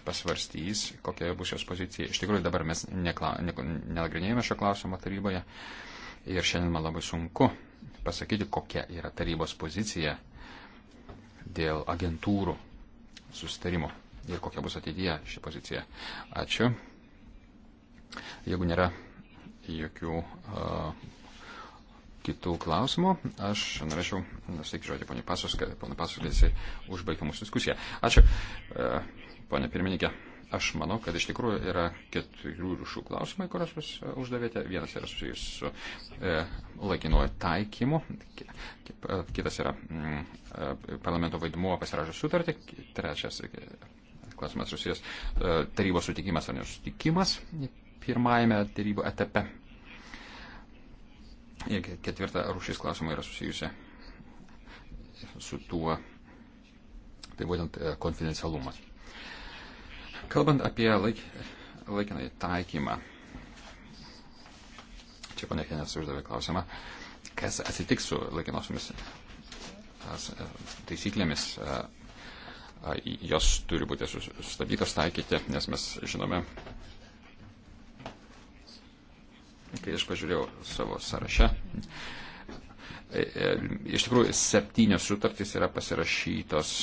pasvarstys, kokia bus jos pozicija. Iš tikrųjų, dabar mes nekla, ne, nenagrinėjame šio klausimo taryboje ir šiandien man labai sunku pasakyti, kokia yra tarybos pozicija dėl agentūrų sustarimo ir kokia bus ateityje ši pozicija. Ačiū. Jeigu nėra jokių uh, kitų klausimų, aš norėčiau, nusik žodį, ponai Pasus, kad ponai Pasus leisai užbaigti mūsų diskusiją. Ačiū. Uh, ponė pirmininkė. Aš manau, kad iš tikrųjų yra keturių rušų klausimai, kuriuos jūs e, uždavėte. Vienas yra susijęs su e, laikinuoju taikymu, e, kitas yra mm, e, parlamento vaidmuo pasirašęs sutartį, trečias klausimas susijęs e, tarybos sutikimas ar nesutikimas pirmajame tarybų etape. Ir ketvirta rūšis klausimų yra susijusi su tuo, tai būtent konfidencialumas. Kalbant apie laik, laikinai taikymą, čia panekinės uždavė klausimą, kas atsitiks su laikinosiomis taisyklėmis. Jos turi būti sustabdytos taikyti, nes mes žinome, kai aš pažiūrėjau savo sąraše, e, e, iš tikrųjų septynios sutartys yra pasirašytos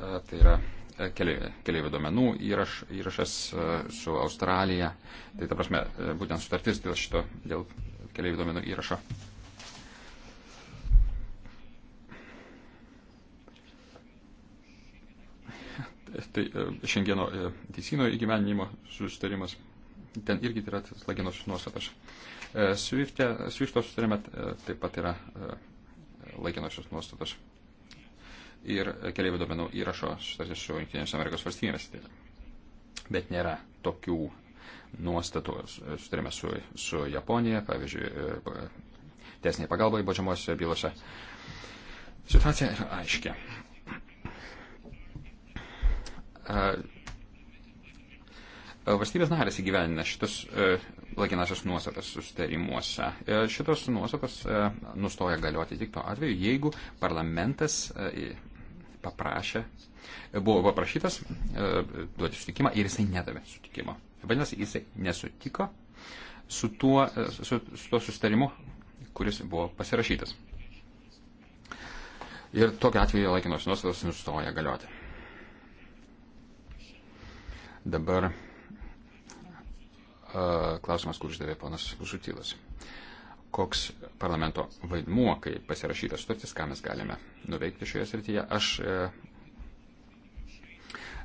tai yra e, keliaivių duomenų įraš, įrašas e, su Australija. Tai ta prasme, e, būtent sutartis dėl šito, dėl keliaivių duomenų įrašo. Tai šiandieno teisino įgyvenimo susitarimas, ten irgi yra slaginos nuostatas. Swift'o susitarime taip pat yra laikinosios nuostatos ir keliaivių duomenų įrašo sutartis su Junktinėmis Amerikos valstybėmis. Bet nėra tokių nuostatų, sutarėme su, su Japonija, pavyzdžiui, e, tesniai pagalbai baudžiamosiose bylose. Situacija yra aiškia. Valstybės narės įgyvenina šitas e, laikinasias nuostatas susitarimuose. E, šitos nuostatas nustoja galioti tik to atveju, jeigu parlamentas paprašė, buvo paprašytas e, duoti sutikimą ir jisai nedavė sutikimo. Vadinasi, jisai nesutiko su tuo, e, su, su tuo sustarimu, kuris buvo pasirašytas. Ir tokiu atveju laikinos nuostatos nustoja galioti. Dabar e, klausimas, kur uždavė ponas Žutilas koks parlamento vaidmuo, kai pasirašytas sutartis, ką mes galime nuveikti šioje srityje. Aš e,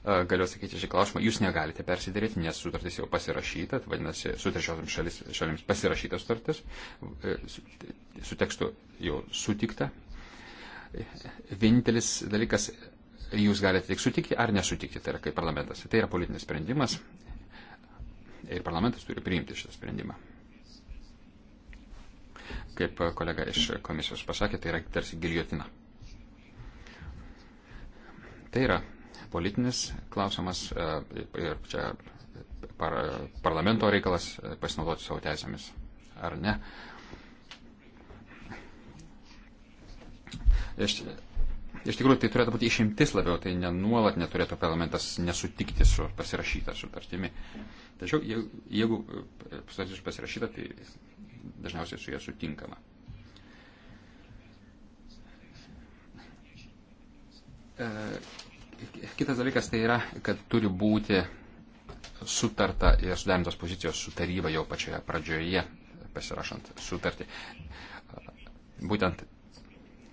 e galiu sakyti šį klausimą, jūs negalite persidaryti, nes sutartis jau pasirašyta, tai vadinasi, su trečiosiams šalis, šalims pasirašyta sutartis, e, su tekstu jau sutikta. Vienintelis dalykas, jūs galite tik sutikti ar nesutikti, tai yra kaip parlamentas. Tai yra politinis sprendimas ir parlamentas turi priimti šitą sprendimą kaip kolega iš komisijos pasakė, tai yra tarsi giljotina. Tai yra politinis klausimas e, ir čia par, parlamento reikalas e, pasinaudoti savo teisėmis, ar ne. Iš, iš tikrųjų, tai turėtų būti išimtis labiau, tai ne, nuolat neturėtų parlamentas nesutikti su pasirašyta sutartimi. Tačiau jeigu, jeigu e, sutartis pasirašyta, tai dažniausiai su ja sutinkama. E, kitas dalykas tai yra, kad turi būti sutarta ir sudarintos pozicijos su taryba jau pačioje pradžioje, pasirašant sutartį. Būtent,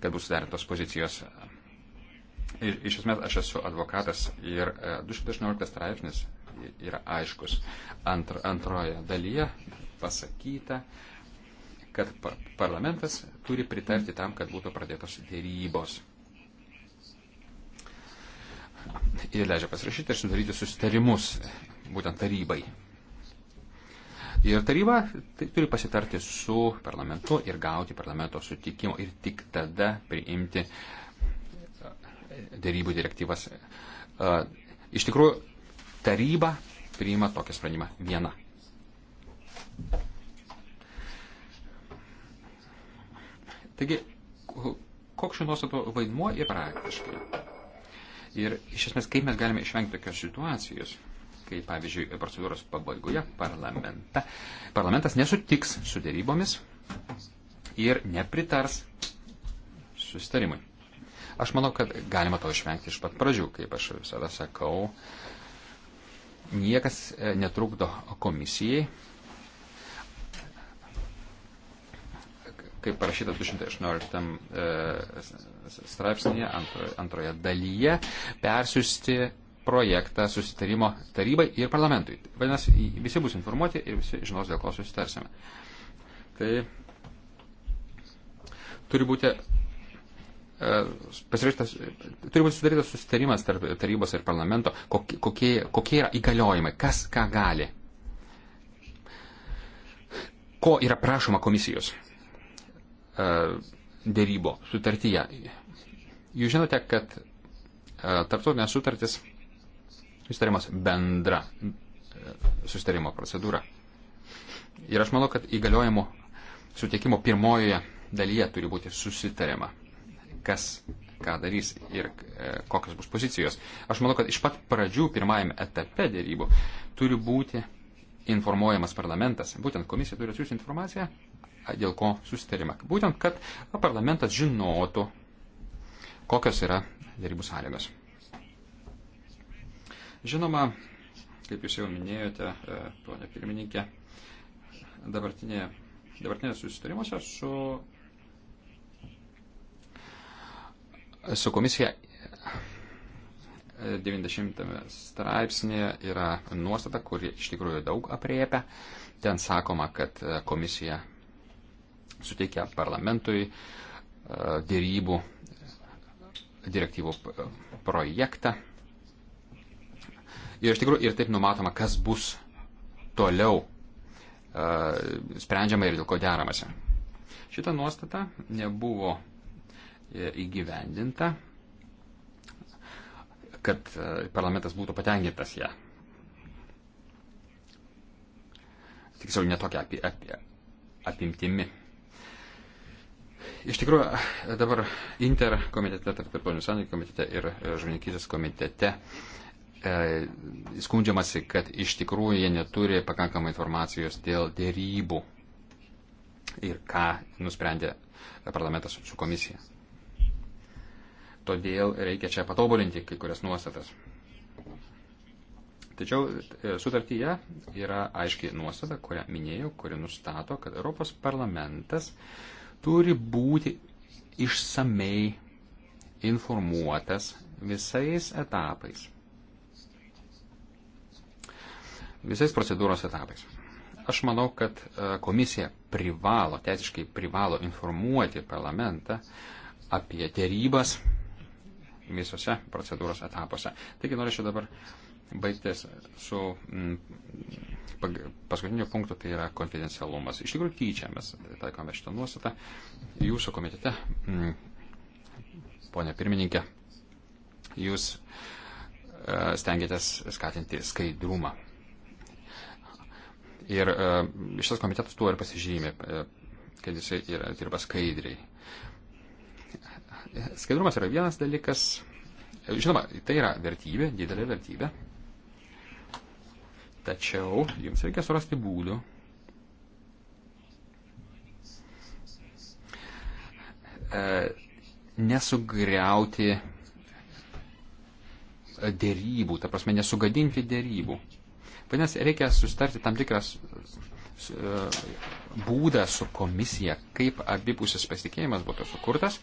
kad bus sudarintos pozicijos. Ir, iš esmės, aš esu advokatas ir 218 e, straipsnis yra aiškus. Antr, antroje dalyje pasakyta, kad parlamentas turi pritarti tam, kad būtų pradėtos dėrybos. Ir leidžia pasirašyti ir sudaryti susitarimus būtent tarybai. Ir taryba tai turi pasitarti su parlamentu ir gauti parlamento sutikimo ir tik tada priimti e, dėrybų direktyvas. E, iš tikrųjų, taryba priima tokį sprendimą viena. Taigi, koks šių nuostatų vaidmuo ir praktiškai? Ir iš esmės, kaip mes galime išvengti tokios situacijos, kai, pavyzdžiui, procedūros pabaigoje parlamentas nesutiks su dėrybomis ir nepritars susitarimui. Aš manau, kad galima to išvengti iš pat pradžių, kaip aš visada sakau. Niekas e, netrukdo komisijai kaip parašyta 218 straipsnėje antro, antroje dalyje, persiusti projektą susitarimo tarybai ir parlamentui. Vadinasi, visi bus informuoti ir visi žinos, dėl ko susitarsime. Tai turi būti e, pasirašytas, turi būti sudarytas susitarimas tarp tarybos ir parlamento, kokie, kokie yra įgaliojimai, kas ką gali, ko yra prašoma komisijos. E, dėrybo sutartyje. Jūs žinote, kad e, tarptautinės sutartis susitarimas bendra e, susitarimo procedūra. Ir aš manau, kad įgaliojimų suteikimo pirmojoje dalyje turi būti susitariama, kas ką darys ir kokios bus pozicijos. Aš manau, kad iš pat pradžių pirmajame etape dėrybų turi būti informuojamas parlamentas. Būtent komisija turi atsiųsti informaciją dėl ko susitarimą. Būtent, kad parlamentas žinotų, kokios yra darybų sąlygos. Žinoma, kaip jūs jau minėjote, e, ponė pirmininkė, dabartinė, dabartinė susitarimuose su, su komisija 90 straipsnėje yra nuostata, kuri iš tikrųjų daug apriepia. Ten sakoma, kad e, komisija suteikia parlamentui e, dėrybų direktyvų projektą. Ir iš tikrųjų ir taip numatoma, kas bus toliau e, sprendžiama ir dėl ko deramasi. Šita nuostata nebuvo e, įgyvendinta, kad parlamentas būtų patenkintas ją. Tiksliau, netokia apie, apie, apimtimi. Iš tikrųjų, dabar Inter komitete, tarptautinių santykių komitete ir e, žvininkytis komitete e, skundžiamasi, kad iš tikrųjų jie neturi pakankamai informacijos dėl dėrybų ir ką nusprendė parlamentas su komisija. Todėl reikia čia patobulinti kai kurias nuostatas. Tačiau e, sutartyje yra aiškiai nuostata, kurią minėjau, kuri nustato, kad Europos parlamentas e, turi būti išsamei informuotas visais etapais. Visais procedūros etapais. Aš manau, kad e, komisija privalo, teisiškai privalo informuoti parlamentą apie dėrybas visose procedūros etapuose. Taigi norėčiau dabar uh, baigtis su mm, paskutiniu punktu, tai yra konfidencialumas. Iš tikrųjų, tyčia mes taikome šitą nuostatą. Jūsų komitete, mm, ponė pirmininkė, jūs e, stengiatės skatinti skaidrumą. Ir e, šitas komitetas tuo ir pasižymė, e, kad jis yra, dirba skaidriai. Skaidrumas yra vienas dalykas. Žinoma, tai yra vertybė, didelė vertybė, Tačiau jums reikia surasti būdų. E, nesugriauti dėrybų, ta prasme, nesugadinti dėrybų. Vadinasi, reikia sustarti tam tikras e, būdą su komisija, kaip abipusis pasitikėjimas būtų sukurtas.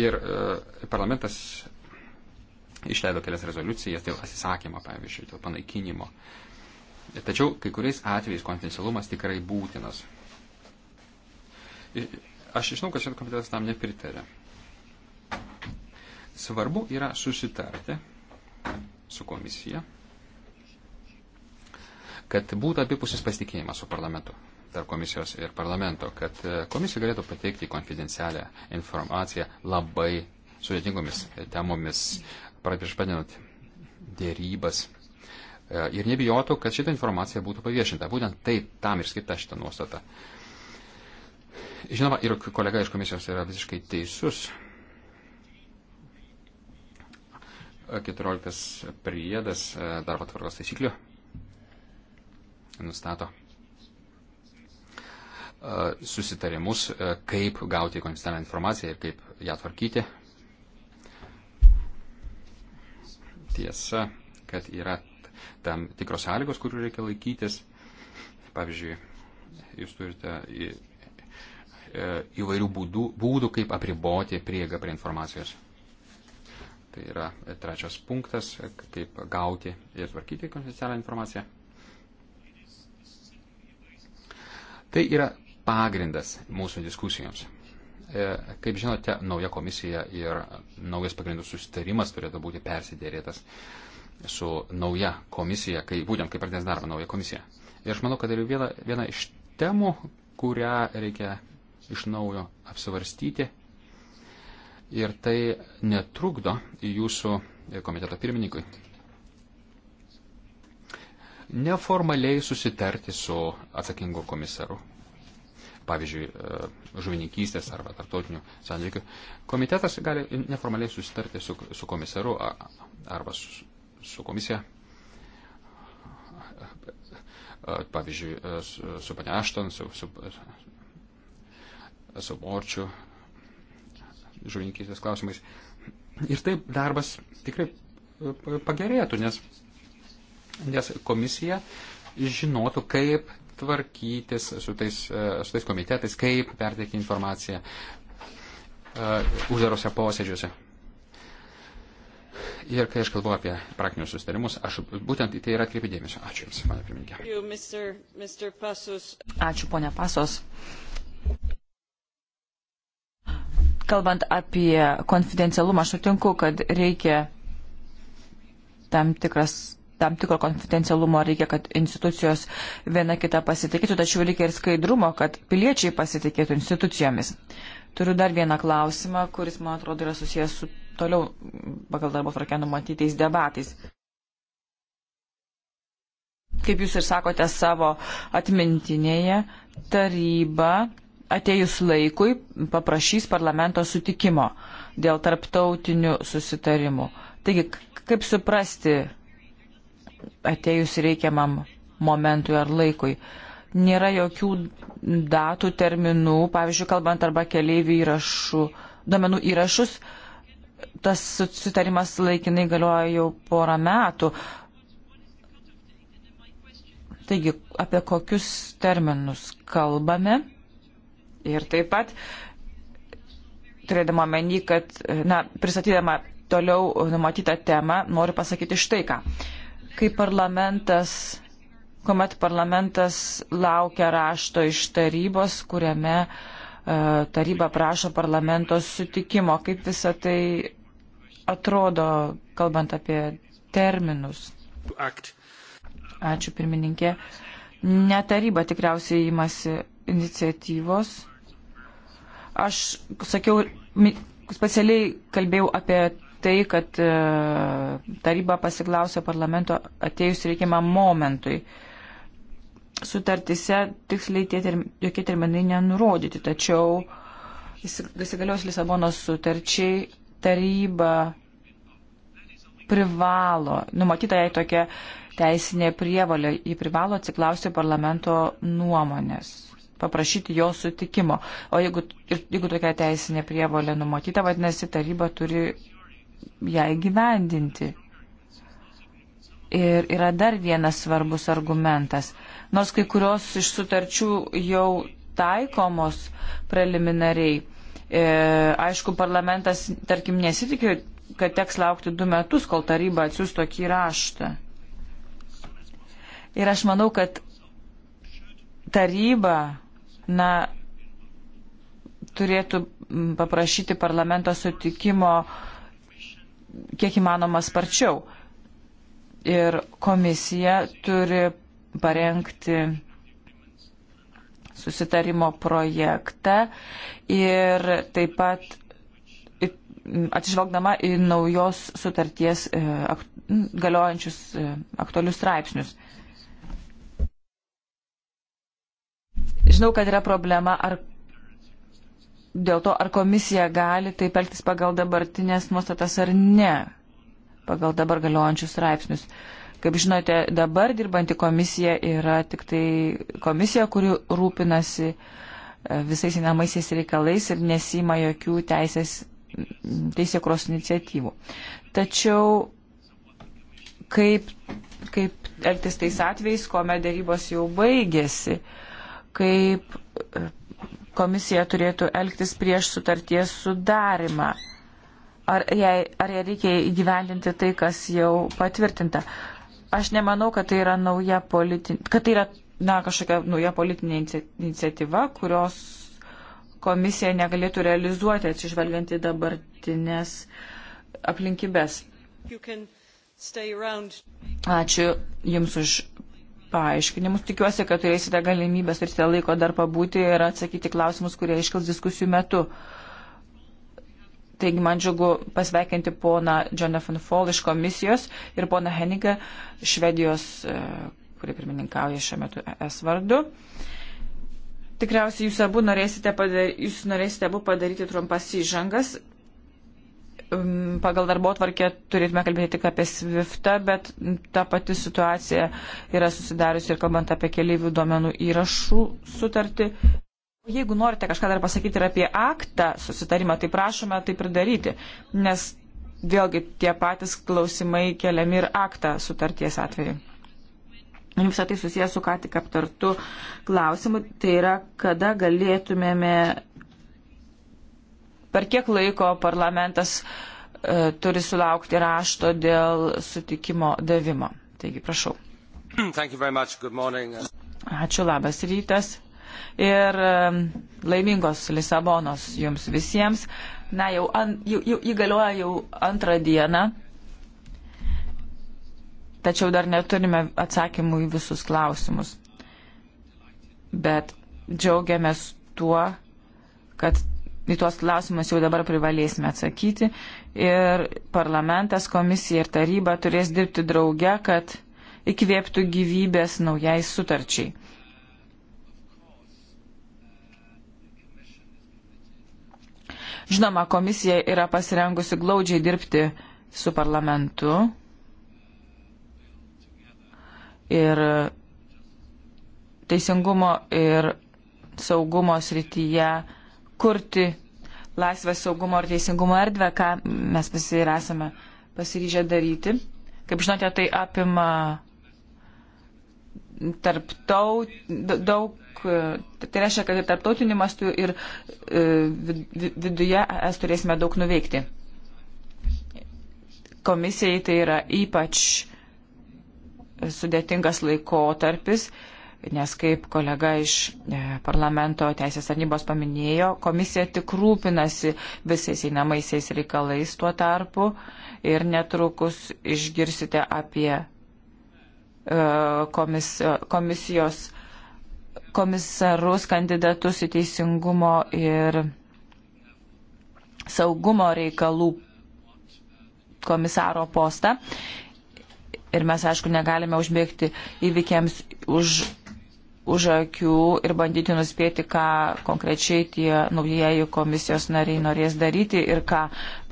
Ir e, parlamentas išleido kelias rezoliucijas dėl atsisakymo, pavyzdžiui, dėl panaikinimo. Tačiau kai kuriais atvejais konfidencialumas tikrai būtinas. Aš žinau, kad šiandien komitetas tam nepritarė. Svarbu yra susitarti su komisija, kad būtų abipusis pasitikėjimas su parlamentu tarp komisijos ir parlamento, kad e, komisija galėtų pateikti konfidencialią informaciją labai sudėtingomis temomis, prieš pradedant dėrybas e, ir nebijotų, kad šita informacija būtų paviešinta. Būtent tai tam ir skirta šita nuostata. Žinoma, ir kolega iš komisijos yra visiškai teisus. 14 e, priedas e, darbo tvarkos taisyklių nustato susitarimus, kaip gauti konfidencialią informaciją ir kaip ją tvarkyti tiesa, kad yra tam tikros sąlygos, kurių reikia laikytis. Pavyzdžiui, jūs turite į, e, įvairių būdų, būdų, kaip apriboti prieigą prie informacijos. Tai yra trečias punktas, kaip gauti ir tvarkyti konfidencialią informaciją. Tai yra pagrindas mūsų diskusijoms. E, kaip žinote, nauja komisija ir naujas pagrindų susitarimas turėtų būti persidėrėtas su nauja komisija, kai, būtent kaip pradės darbą nauja komisija. Ir aš manau, kad yra viena, viena iš temų, kurią reikia iš naujo apsvarstyti. Ir tai netrukdo jūsų komiteto pirmininkui neformaliai susitarti su atsakingu komisaru pavyzdžiui, e, žuvininkystės arba tarptautinių santykių, komitetas gali neformaliai susitarti su, su komisaru arba su, su komisija, e, pavyzdžiui, e, su, su pane Ašton, su, su, su Morčiu, žuvininkystės klausimais. Ir taip darbas tikrai pagerėtų, nes, nes komisija žinotų, kaip tvarkytis su tais, e, su tais komitetais, kaip perteikti informaciją e, uždarose posėdžiuose. Ir kai aš kalbu apie praktinius sustarimus, aš būtent į tai ir atkreipiu dėmesio. Ačiū Jums, mane pirmininkė. Ačiū, ponia Pasos. Kalbant apie konfidencialumą, aš sutinku, kad reikia tam tikras tam tikro konfidencialumo reikia, kad institucijos viena kita pasitikėtų, tačiau reikia ir skaidrumo, kad piliečiai pasitikėtų institucijomis. Turiu dar vieną klausimą, kuris, man atrodo, yra susijęs su toliau pagal darbo tvarkę numatytais debatais. Kaip jūs ir sakote savo atmintinėje, taryba atėjus laikui paprašys parlamento sutikimo dėl tarptautinių susitarimų. Taigi, kaip suprasti atėjus reikiamam momentui ar laikui. Nėra jokių datų, terminų, pavyzdžiui, kalbant arba keliaivių įrašų, duomenų įrašus, tas sutarimas laikinai galioja jau porą metų. Taigi, apie kokius terminus kalbame ir taip pat turėdama menį, kad, na, pristatydama toliau numatytą temą, noriu pasakyti štai ką. Uh, kaip parlamentas, kuomet parlamentas laukia rašto iš tarybos, kuriame uh, taryba prašo parlamento sutikimo, kaip visa tai atrodo, kalbant apie terminus. Akt. Ačiū pirmininkė. Ne taryba tikriausiai įmasi iniciatyvos. Aš sakiau, specialiai kalbėjau apie tai, kad e, taryba pasiklausė parlamento atėjus reikiamam momentui. Sutartise tiksliai tie term, jokie terminai nenurodyti, tačiau įsigalios Lisabonos sutarčiai taryba privalo, numatyta jai tokia teisinė prievalė, jį privalo atsiklausti parlamento nuomonės paprašyti jo sutikimo. O jeigu, ir, jeigu tokia teisinė prievolė numatyta, vadinasi, taryba turi ją įgyvendinti. Ir yra dar vienas svarbus argumentas. Nors kai kurios iš sutarčių jau taikomos preliminariai, e, aišku, parlamentas, tarkim, nesitikė, kad teks laukti du metus, kol taryba atsiūs tokį raštą. Ir aš manau, kad taryba, na, turėtų paprašyti parlamento sutikimo e, kiek įmanoma sparčiau. Ir komisija turi parengti susitarimo projektą ir taip pat atsižvelgdama į naujos sutarties e, galiojančius e, aktualius straipsnius. Žinau, kad yra problema, ar dėl to, ar komisija gali taip elgtis pagal dabartinės nuostatas ar ne, pagal dabar galiojančius straipsnius. Kaip žinote, dabar dirbanti komisija yra tik tai komisija, kuri rūpinasi e, visais įnamaisiais reikalais ir nesima jokių teisės, teisėkros iniciatyvų. Tačiau kaip, kaip elgtis tais atvejais, kuomet dėrybos jau baigėsi, kaip komisija turėtų elgtis prieš sutarties sudarimą. Ar jai, ar jai reikia įgyvendinti tai, kas jau patvirtinta? Aš nemanau, kad tai yra, nauja politi... kad tai yra na, kažkokia nauja politinė iniciatyva, kurios komisija negalėtų realizuoti atsižvelgiant į dabartinės aplinkybės. Ačiū Jums už paaiškinimus. Tikiuosi, kad turėsite galimybę, turėsite laiko dar pabūti ir atsakyti klausimus, kurie iškils diskusijų metu. Taigi man džiugu pasveikinti poną Jonathan Fall iš komisijos ir poną Henigą Švedijos, e, kuri pirmininkauja šiuo metu ES vardu. Tikriausiai jūs abu norėsite, padaryti, jūs norėsite abu padaryti trumpas įžangas pagal darbo tvarkę turėtume kalbėti tik apie Swiftą, bet ta pati situacija yra susidariusi ir kalbant apie keliaivių duomenų įrašų sutartį. Jeigu norite kažką dar pasakyti ir apie aktą susitarimą, tai prašome tai pridaryti, nes vėlgi tie patys klausimai keliami ir aktą sutarties atveju. Ir visą tai susijęs su ką tik aptartu klausimu, tai yra, kada galėtumėme per kiek laiko parlamentas e, turi sulaukti rašto dėl sutikimo davimo. Taigi, prašau. Ačiū, labas rytas. Ir e, laimingos Lisabonos jums visiems. Na, jau, an, jau, jau įgalioja jau antrą dieną. Tačiau dar neturime atsakymų į visus klausimus. Bet džiaugiamės tuo, kad į tuos klausimus jau dabar privalėsime atsakyti ir parlamentas, komisija ir taryba turės dirbti drauge, kad įkvėptų gyvybės naujai sutarčiai. Žinoma, komisija yra pasirengusi glaudžiai dirbti su parlamentu ir teisingumo ir saugumo srityje kurti laisvę saugumo ir teisingumo erdvę, ką mes visi ir esame pasiryžę daryti. Kaip žinote, tai apima tarptaut, daug, tai reiškia, kad ir tarptautiniu mastu ir e, viduje es turėsime daug nuveikti. Komisijai tai yra ypač sudėtingas laikotarpis nes kaip kolega iš e, parlamento teisės tarnybos paminėjo, komisija tik rūpinasi visais einamaisiais reikalais tuo tarpu ir netrukus išgirsite apie e, komis, e, komisijos komisarus kandidatus į teisingumo ir saugumo reikalų komisaro postą. Ir mes, aišku, negalime užbėgti įvykiams už už akių ir bandyti nuspėti, ką konkrečiai tie naujieji komisijos nariai norės daryti ir ką,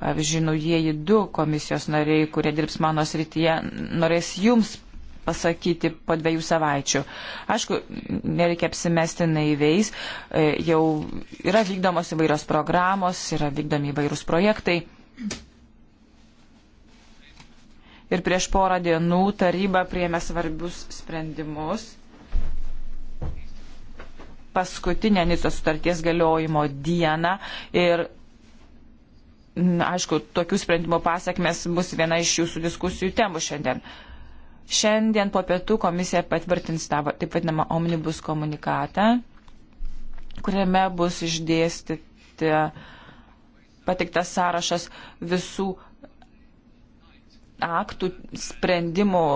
pavyzdžiui, naujieji du komisijos nariai, kurie dirbs mano srityje, norės jums pasakyti po dviejų savaičių. Aišku, nereikia apsimesti naiviais, e, jau yra vykdomos įvairios programos, yra vykdomi įvairūs projektai. Ir prieš porą dienų taryba priėmė svarbius sprendimus paskutinę Nicos sutarties galiojimo dieną ir na, aišku, tokių sprendimų pasiekmes bus viena iš jūsų diskusijų temų šiandien. Šiandien po pietų komisija patvirtins tą taip vadinamą omnibus komunikatą, kuriame bus išdėstyti patiktas sąrašas visų aktų sprendimų,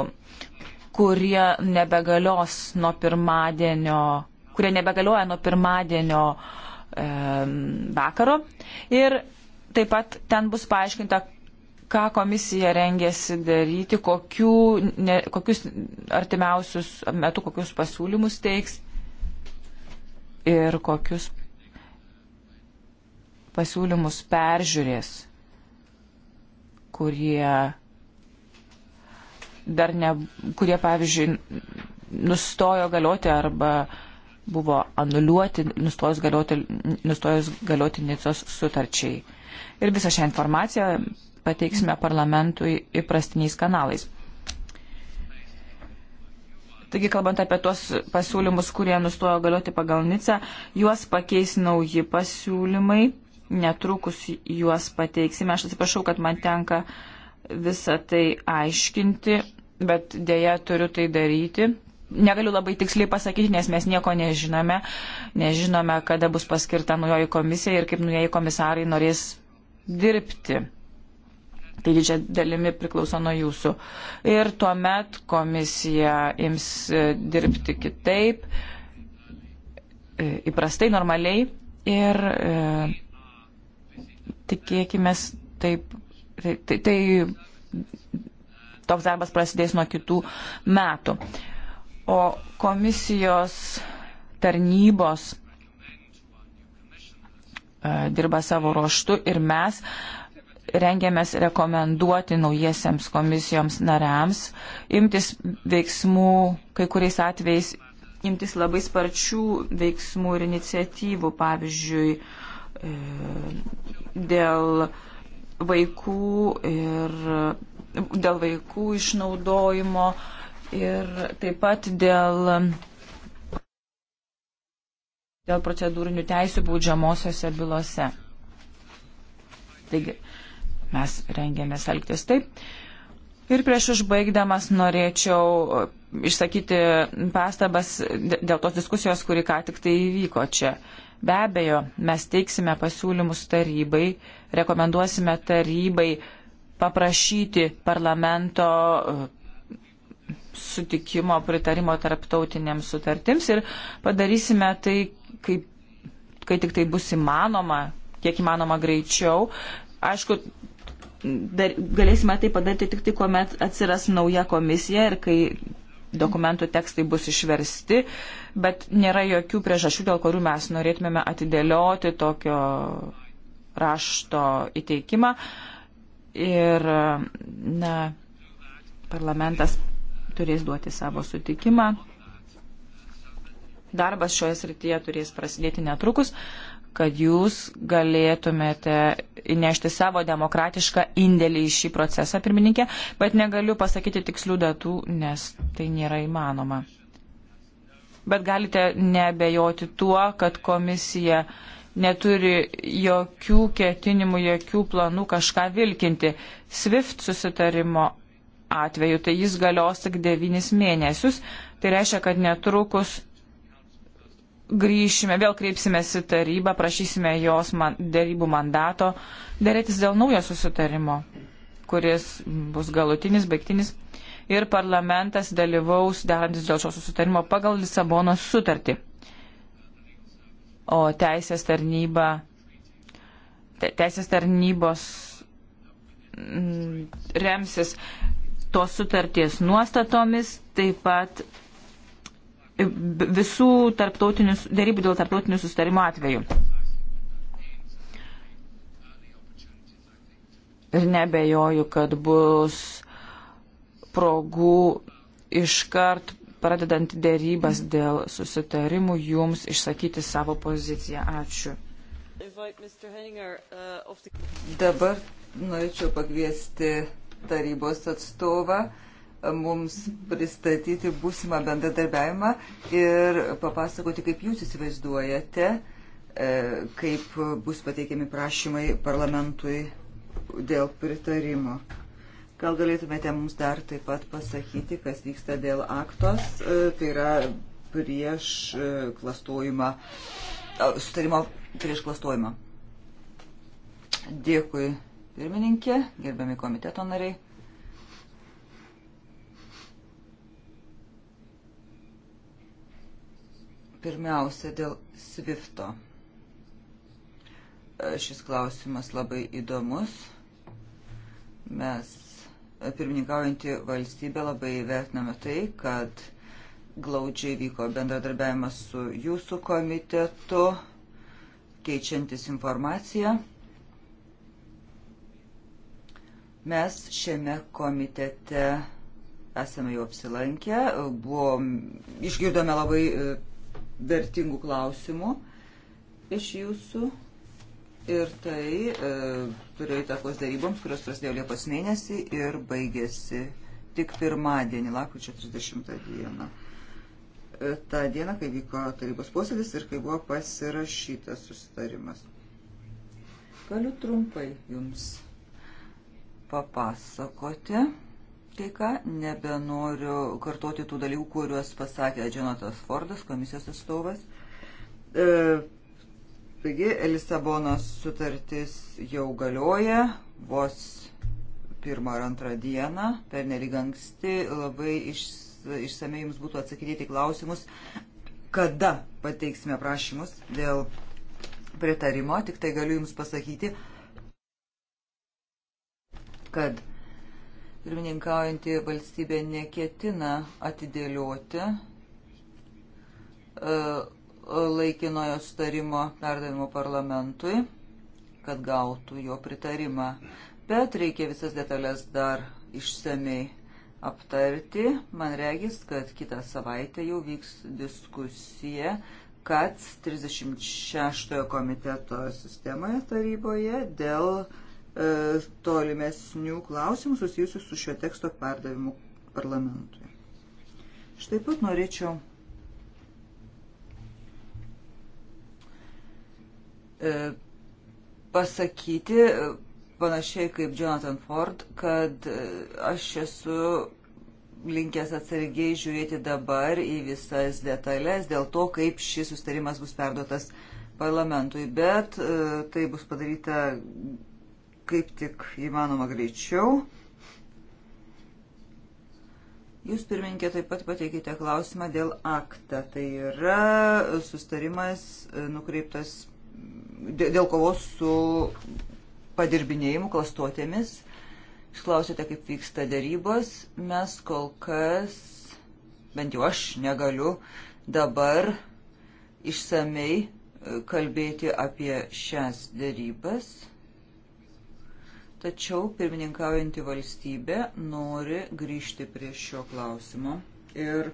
kurie nebegalios nuo pirmadienio kurie nebegalioja nuo pirmadienio e, vakaro. Ir taip pat ten bus paaiškinta, ką komisija rengėsi daryti, kokių, ne, kokius artimiausius metų, kokius pasiūlymus teiks ir kokius pasiūlymus peržiūrės, kurie dar ne, kurie pavyzdžiui nustojo galioti arba uh, buvo anuliuoti, nustojus galioti, nustojus galioti Nicos sutarčiai. Ir visą šią informaciją pateiksime parlamentui įprastiniais kanalais. Taigi, kalbant apie tuos pasiūlymus, kurie nustojo galioti pagal Nicą, juos pakeis nauji pasiūlymai, netrukus juos pateiksime. Aš atsiprašau, kad man tenka visą tai aiškinti, bet dėja turiu tai daryti negaliu labai tiksliai pasakyti, nes mes nieko nežinome. Nežinome, kada bus paskirta naujoji komisija ir kaip naujoji komisarai norės dirbti. Tai didžia dalimi priklauso nuo jūsų. Ir tuomet komisija ims e, dirbti kitaip, e, įprastai, normaliai. Ir e, tikėkime, taip, tai, tai, tai toks darbas prasidės nuo kitų metų. E, o komisijos tarnybos e, dirba savo ruoštu ir mes rengiamės rekomenduoti naujiesiams komisijoms nariams imtis veiksmų, kai kuriais atvejais imtis labai sparčių veiksmų ir iniciatyvų, pavyzdžiui, e, dėl vaikų ir dėl vaikų išnaudojimo, Ir taip pat dėl, dėl procedūrinių teisų baudžiamosiose bylose. Taigi, mes rengėmės elgtis taip. Ir prieš užbaigdamas norėčiau išsakyti pastabas dėl tos diskusijos, kuri ką tik tai įvyko čia. Be abejo, mes teiksime pasiūlymus tarybai, rekomenduosime tarybai paprašyti parlamento sutikimo pritarimo tarptautinėms sutartims ir padarysime tai, kaip, kai tik tai bus įmanoma, kiek įmanoma greičiau. Aišku, dar, galėsime tai padaryti tik tai, kuomet atsiras nauja komisija ir kai dokumentų tekstai bus išversti, bet nėra jokių priežasčių, dėl kurių mes norėtumėme atidėlioti tokio rašto įteikimą. Ir, na, parlamentas turės duoti savo sutikimą. Darbas šioje srityje turės prasidėti netrukus, kad jūs galėtumėte įnešti savo demokratišką indėlį į šį procesą, pirmininkė, bet negaliu pasakyti tikslių datų, nes tai nėra įmanoma. Bet galite nebejoti tuo, kad komisija neturi jokių ketinimų, jokių planų kažką vilkinti. SWIFT susitarimo atveju, tai jis galios tik 9 mėnesius. Tai reiškia, kad netrukus grįšime, vėl kreipsimės į tarybą, prašysime jos man, dėrybų mandato, dėrėtis dėl naujo susitarimo, kuris bus galutinis, baigtinis. Ir parlamentas dalyvaus derantis dėl šio susitarimo pagal Lisabonos sutartį. O teisės tarnyba, te, teisės tarnybos mm, remsis tos sutarties nuostatomis, taip pat visų dėrybų dėl tarptautinių sustarimo atveju. Ir nebejoju, kad bus progų iškart pradedant dėrybas dėl susitarimų jums išsakyti savo poziciją. Ačiū. Uh, Dabar norėčiau pakviesti tarybos atstovą mums pristatyti būsimą bendradarbiavimą ir papasakoti, kaip jūs įsivaizduojate, e, kaip bus pateikiami prašymai parlamentui dėl pritarimo. Gal galėtumėte mums dar taip pat pasakyti, kas vyksta dėl aktos, e, tai yra prieš e, klastojimą, sutarimo prieš klastojimą. Dėkui pirmininkė, gerbiami komiteto nariai. Pirmiausia, dėl Svifto. E, šis klausimas labai įdomus. Mes, e, pirmininkaujantį valstybę, labai vertiname tai, kad glaudžiai vyko bendradarbiavimas su jūsų komitetu, keičiantis informaciją. Mes šiame komitete esame jau apsilankę, buvom, išgirdome labai e, vertingų klausimų iš jūsų ir tai e, turėjo įtakos daryboms, kurios prasidėjo Liepos mėnesį ir baigėsi tik pirmadienį, lapkričio 30 dieną. E, Ta diena, kai vyko tarybos posėdis ir kai buvo pasirašytas susitarimas. Galiu trumpai jums papasakoti kai ką, nebenoriu kartoti tų dalykų, kuriuos pasakė Džonatas Fordas, komisijos atstovas. E, taigi, Lisabonos sutartis jau galioja, vos pirmą ar antrą dieną, per nelig anksti, labai iš, išsamei jums būtų atsakyti klausimus, kada pateiksime prašymus dėl pritarimo, tik tai galiu jums pasakyti, kad pirmininkaujanti valstybė neketina atidėlioti e, laikinojo starimo perdavimo parlamentui, kad gautų jo pritarimą. Bet reikia visas detalės dar išsamei aptarti. Man regis, kad kitą savaitę jau vyks diskusija kad 36 komiteto sistemoje taryboje dėl E, tolimesnių klausimų susijusių su šio teksto perdavimu parlamentui. Štai pat norėčiau e, pasakyti, e, panašiai kaip Jonathan Ford, kad aš esu linkęs atsargiai žiūrėti dabar į visas detalės dėl to, kaip šis sustarimas bus perduotas parlamentui, bet tai bus padaryta kaip tik įmanoma greičiau. Jūs pirmininkė taip pat pateikite klausimą dėl aktą. Tai yra sustarimas e, nukreiptas dėl kovos su padirbinėjimu, klastotėmis. Jūs klausėte, kaip vyksta darybos. Mes kol kas, bent jau aš negaliu dabar išsamei e, kalbėti apie šias darybas. Tačiau pirmininkaujanti valstybė nori grįžti prie šio klausimo ir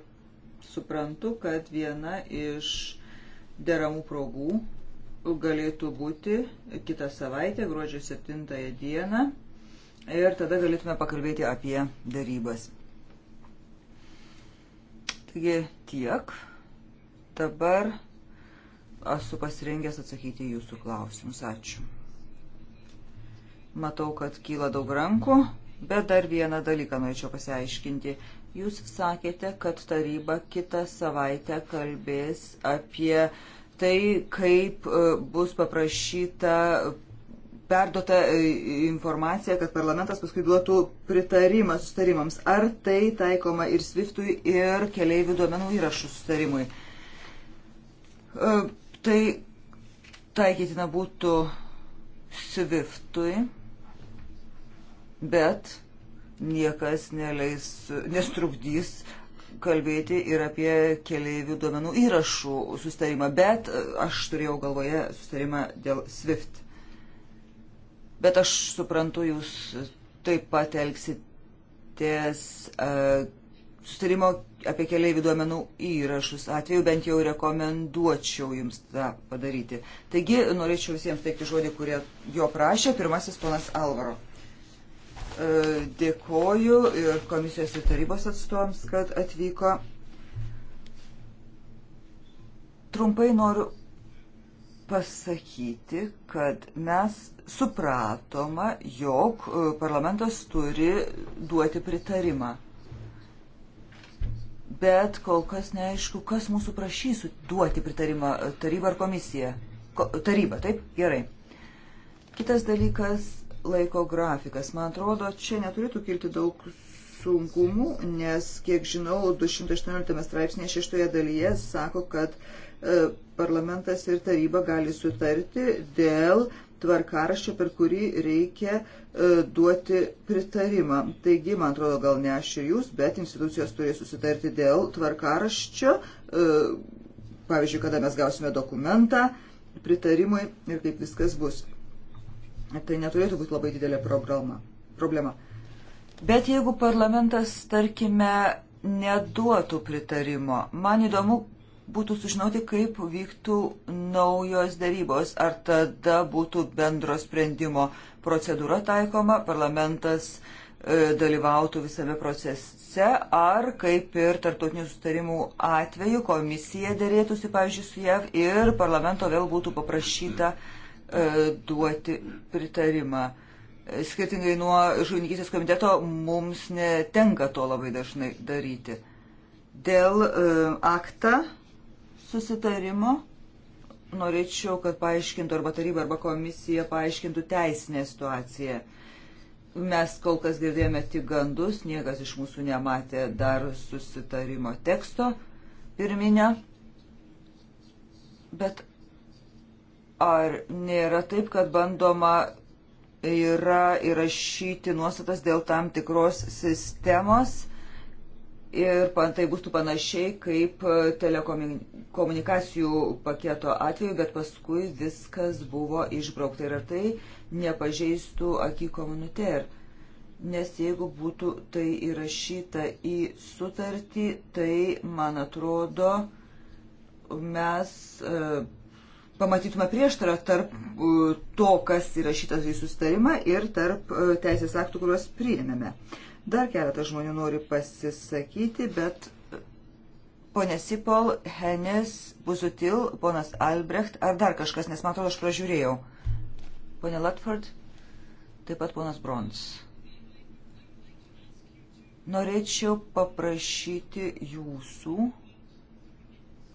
suprantu, kad viena iš deramų progų galėtų būti kitą savaitę, gruodžio 7 dieną, ir tada galėtume pakalbėti apie darybas. Taigi tiek. Dabar esu pasirengęs atsakyti jūsų klausimus. Ačiū. Matau, kad kyla daug rankų, bet dar vieną dalyką norėčiau pasiaiškinti. Jūs sakėte, kad taryba kitą savaitę kalbės apie tai, kaip e, bus paprašyta perduota e, informacija, kad parlamentas paskui duotų pritarimą sustarimams. Ar tai taikoma ir SWIFTui, ir keliaivių duomenų įrašų sustarimui? E, tai taikytina būtų SWIFTui bet niekas neleis, nestrukdys kalbėti ir apie keliaivių duomenų įrašų sustarimą, bet e, aš turėjau galvoje sustarimą dėl SWIFT. Bet aš suprantu, jūs taip pat elgsitės uh, sustarimo apie keliaivių duomenų įrašus atveju, bent jau rekomenduočiau jums tą padaryti. Taigi norėčiau visiems teikti žodį, kurie jo prašė. Pirmasis ponas Alvaro. E, dėkoju ir komisijos ir tarybos atstovams, kad atvyko. Trumpai noriu pasakyti, kad mes supratoma, jog e, parlamentas turi duoti pritarimą. Bet kol kas neaišku, kas mūsų prašys duoti pritarimą taryba ar komisija. Ko, taryba, taip? Gerai. Kitas dalykas laiko grafikas. Man atrodo, čia neturėtų kilti daug sunkumų, nes, kiek žinau, 218 straipsnėje šeštoje dalyje sako, kad e, parlamentas ir taryba gali sutarti dėl tvarkaraščio, per kurį reikia e, duoti pritarimą. Taigi, man atrodo, gal ne aš ir jūs, bet institucijos turi susitarti dėl tvarkaraščio, e, pavyzdžiui, kada mes gausime dokumentą pritarimui ir kaip viskas bus. Tai neturėtų būti labai didelė problema. problema. Bet jeigu parlamentas, tarkime, neduotų pritarimo, man įdomu būtų sužinoti, kaip vyktų naujos darybos. Ar tada būtų bendro sprendimo procedūra taikoma, parlamentas e, dalyvautų visame procese, ar kaip ir tarptautinių sustarimų atveju komisija dėrėtųsi, pavyzdžiui, su JAV ir parlamento vėl būtų paprašyta. Mm E, duoti pritarimą. Skirtingai nuo žuvininkystės komiteto mums netenka to labai dažnai daryti. Dėl e, aktą susitarimo norėčiau, kad paaiškintų arba taryba, arba komisija paaiškintų teisinę situaciją. Mes kol kas girdėjome tik gandus, niekas iš mūsų nematė dar susitarimo teksto pirminio. Bet Ar nėra taip, kad bandoma yra įrašyti nuostatas dėl tam tikros sistemos ir tai būtų panašiai kaip telekomunikacijų paketo atveju, bet paskui viskas buvo išbraukta ir ar tai nepažeistų akį komuniter. Nes jeigu būtų tai įrašyta į sutartį, tai, man atrodo, mes e, pamatytume prieštarą tarp to, kas įrašytas į sustarimą ir tarp teisės aktų, kuriuos priėmėme. Dar keletas žmonių nori pasisakyti, bet ponė Sipol, Henis, Buzutil, ponas Albrecht ar dar kažkas, nes man atrodo, aš pražiūrėjau. Pone Latford, taip pat ponas Brons. Norėčiau paprašyti jūsų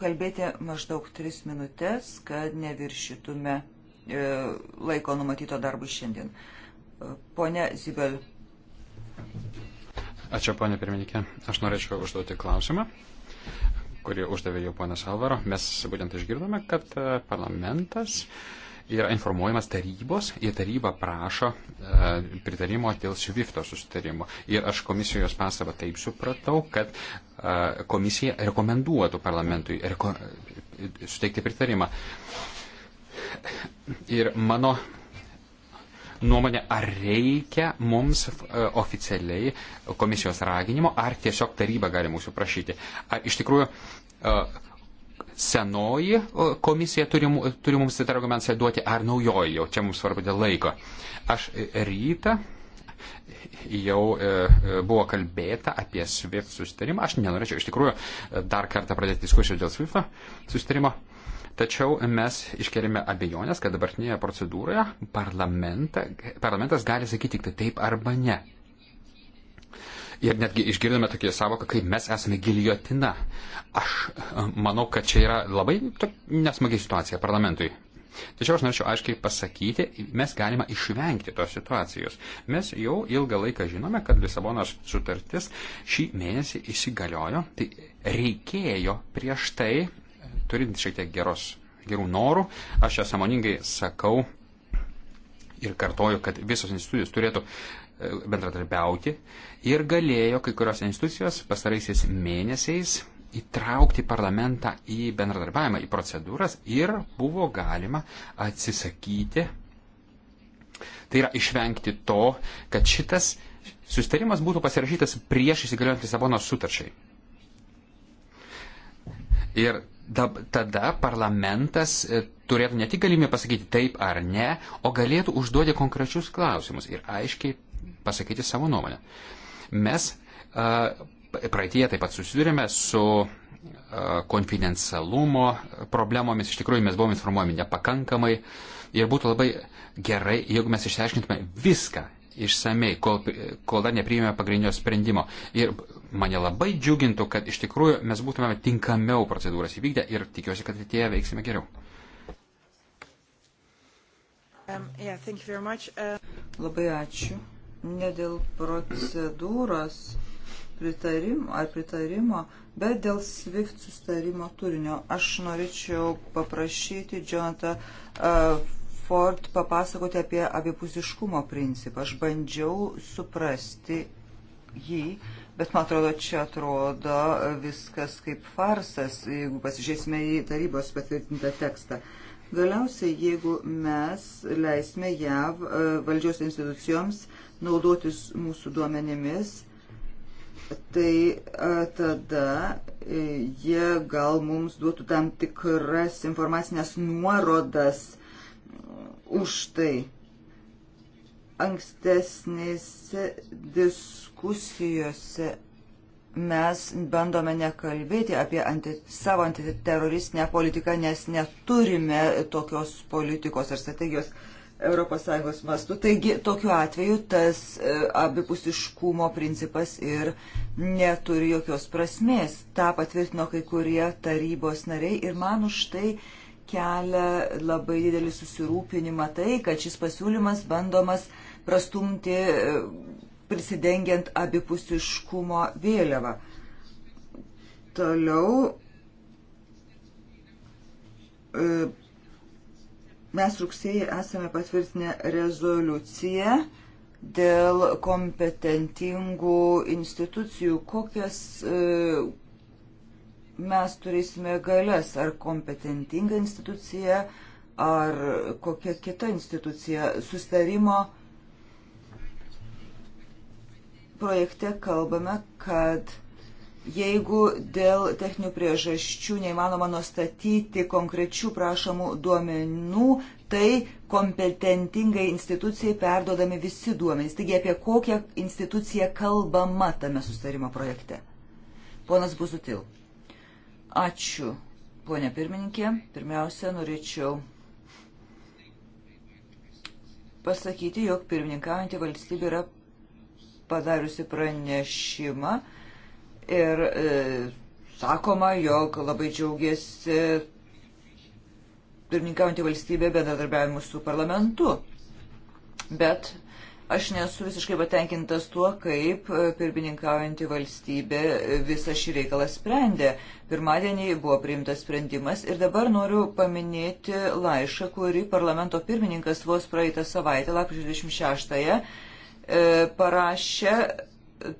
kalbėti maždaug tris minutės, kad neviršytume e, laiko numatyto darbui šiandien. E, pone Zibel. Ačiū, ponė pirmininkė. Aš norėčiau užduoti klausimą, kurį uždavė jau ponas Alvaro. Mes būtent išgirdome, kad e, parlamentas uh, yra informuojamas tarybos ir taryba prašo e, pritarimo dėl Svifto susitarimo. Ir aš komisijos pasavą taip supratau, kad e, komisija rekomenduotų parlamentui reko, suteikti pritarimą. Ir mano nuomonė, ar reikia mums e, oficialiai komisijos raginimo, ar tiesiog taryba gali mūsų prašyti. Ar iš tikrųjų e, senoji komisija turi, turi mums tą argumentaciją duoti, ar naujoji, jau čia mums svarbu dėl laiko. Aš e, rytą jau e, e, buvo kalbėta apie SWIFT susitarimą. Aš nenorėčiau iš tikrųjų e, dar kartą pradėti diskusijos dėl SWIFT susitarimo. Tačiau mes iškelime abejonės, kad dabartinėje procedūroje parlamentas gali sakyti tik tai taip arba ne. Ir netgi išgirdome tokį savoką, kai mes esame giliotina. Aš e, manau, kad čia yra labai nesmagi situacija parlamentui. Tačiau aš norėčiau aiškiai pasakyti, mes galime išvengti tos situacijos. Mes jau ilgą laiką žinome, kad Lisabonos sutartis šį mėnesį įsigaliojo, tai reikėjo prieš tai, turint šiek tiek geros, gerų norų, aš čia samoningai sakau ir kartoju, kad visos institucijos turėtų uh, bendradarbiauti ir galėjo kai kurios institucijos pastaraisiais mėnesiais įtraukti parlamentą į bendradarbiavimą, į procedūras ir buvo galima atsisakyti, tai yra išvengti to, kad šitas sustarimas būtų pasirašytas prieš įsigaliojant Lisabono sutarčiai. Ir dab, tada parlamentas e, turėtų ne tik galimybę pasakyti taip ar ne, o galėtų užduoti konkrečius klausimus ir aiškiai pasakyti savo nuomonę. Mes praeitie taip pat susidurėme su konfidencialumo problemomis, iš tikrųjų mes buvome informuojami nepakankamai ir būtų labai gerai, jeigu mes išsiaiškintume viską išsamei, kol, kol dar nepriėmėme pagrindinio sprendimo. Ir mane labai džiugintų, kad iš tikrųjų mes būtumėme tinkamiau procedūras įvykdę ir tikiuosi, kad ateityje veiksime geriau. Um, yeah, uh... Labai ačiū ne dėl procedūros pritarimo, ar pritarimo, bet dėl SWIFT sustarimo turinio. Aš norėčiau paprašyti Jonathan uh, Ford papasakoti apie abipusiškumo principą. Aš bandžiau suprasti jį, bet man atrodo, čia atrodo viskas kaip farsas, jeigu pasižiūrėsime į tarybos patvirtintą tekstą. Galiausiai, jeigu mes leisime JAV valdžios institucijoms naudotis mūsų duomenimis, tai tada e, jie gal mums duotų tam tikras informacinės nuorodas mm, už tai. Ankstesnėse diskusijose mes bandome nekalbėti apie anti, savo antiteroristinę politiką, nes neturime tokios politikos ar strategijos. Uh, ES mastu. Taigi, tokiu atveju tas e, abipusiškumo principas ir neturi jokios prasmės. Ta patvirtino kai kurie tarybos nariai ir man už tai kelia labai didelį susirūpinimą tai, kad šis pasiūlymas bandomas prastumti e, prisidengiant abipusiškumo vėliavą. Toliau e, Mes rugsėjai esame patvirtinę rezoliuciją dėl kompetentingų institucijų. Kokias e, mes turėsime galės, ar kompetentinga institucija, ar kokia kita institucija. Sustarimo projekte kalbame, kad Jeigu dėl techninių priežasčių neįmanoma nustatyti konkrečių prašomų duomenų, tai kompetentingai institucijai perdodami visi duomenys. Taigi apie kokią instituciją kalbama tame sustarimo projekte. Ponas Buzutil. Ačiū, ponė pirmininkė. Pirmiausia, norėčiau pasakyti, jog pirmininkaujantį valstybę yra padariusi pranešimą Ir e, sakoma, jog labai džiaugiasi pirmininkaujantį valstybę bendradarbiavimu su parlamentu. Bet aš nesu visiškai patenkintas tuo, kaip pirmininkaujantį valstybę visą šį reikalą sprendė. Pirmadienį buvo priimtas sprendimas ir dabar noriu paminėti laišką, kurį parlamento pirmininkas vos praeitą savaitę, lapkričio 26-ąją, e, parašė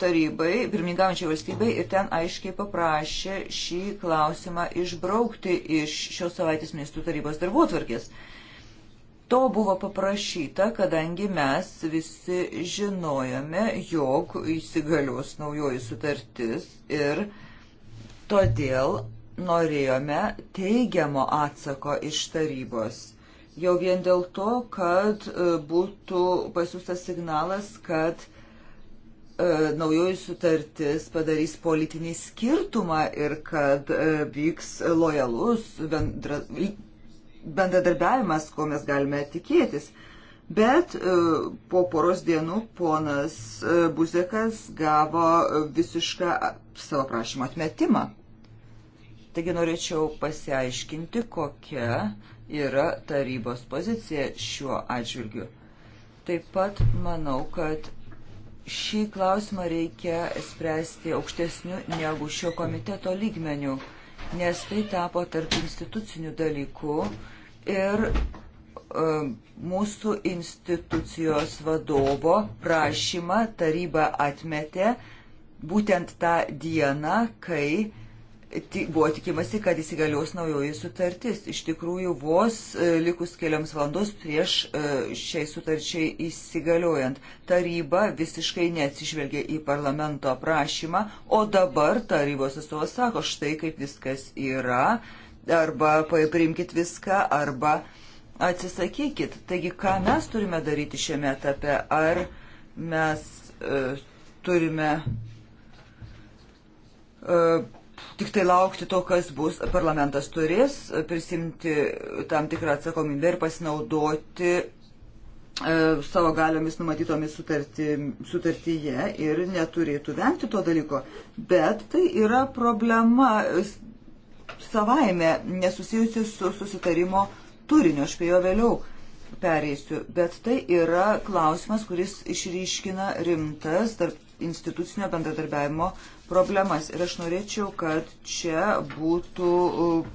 tarybai, pirmininkaujančiai valstybei ir ten aiškiai paprašė šį klausimą išbraukti iš šios savaitės ministrų tarybos darbuotvarkės. To buvo paprašyta, kadangi mes visi žinojome, jog įsigalios naujoji sutartis ir todėl norėjome teigiamo atsako iš tarybos jau vien dėl to, kad e, būtų pasiūstas signalas, kad E, naujoji sutartis padarys politinį skirtumą ir kad e, vyks lojalus bendra, bendradarbiavimas, ko mes galime tikėtis. Bet e, po poros dienų ponas Buzekas gavo visišką savo prašymą atmetimą. Taigi norėčiau pasiaiškinti, kokia yra tarybos pozicija šiuo atžvilgiu. Taip pat manau, kad Šį klausimą reikia spręsti aukštesniu negu šio komiteto lygmeniu, nes tai tapo tarp institucinių dalykų ir e, mūsų institucijos vadovo prašymą taryba atmetė būtent tą dieną, kai buvo tikimasi, kad įsigalios naujoji sutartis. Iš tikrųjų, vos e, likus kelioms valandos prieš e, šiai sutarčiai įsigaliojant, taryba visiškai neatsižvelgė į parlamento prašymą, o dabar tarybos atstovas sako, štai kaip viskas yra, arba priimkit viską, arba atsisakykit. Taigi, ką mes turime daryti šiame etape? Ar mes e, turime. E, tik tai laukti to, kas bus. Parlamentas turės prisimti tam tikrą atsakomybę ir pasinaudoti e, savo galiomis numatytomis sutarti, sutartyje ir neturėtų vengti to dalyko. Bet tai yra problema e, savaime nesusijusi su susitarimo turiniu, aš prie jo vėliau pereisiu, bet tai yra klausimas, kuris išryškina rimtas tarp institucinio bendradarbiavimo uh, problemas. Ir aš norėčiau, kad čia būtų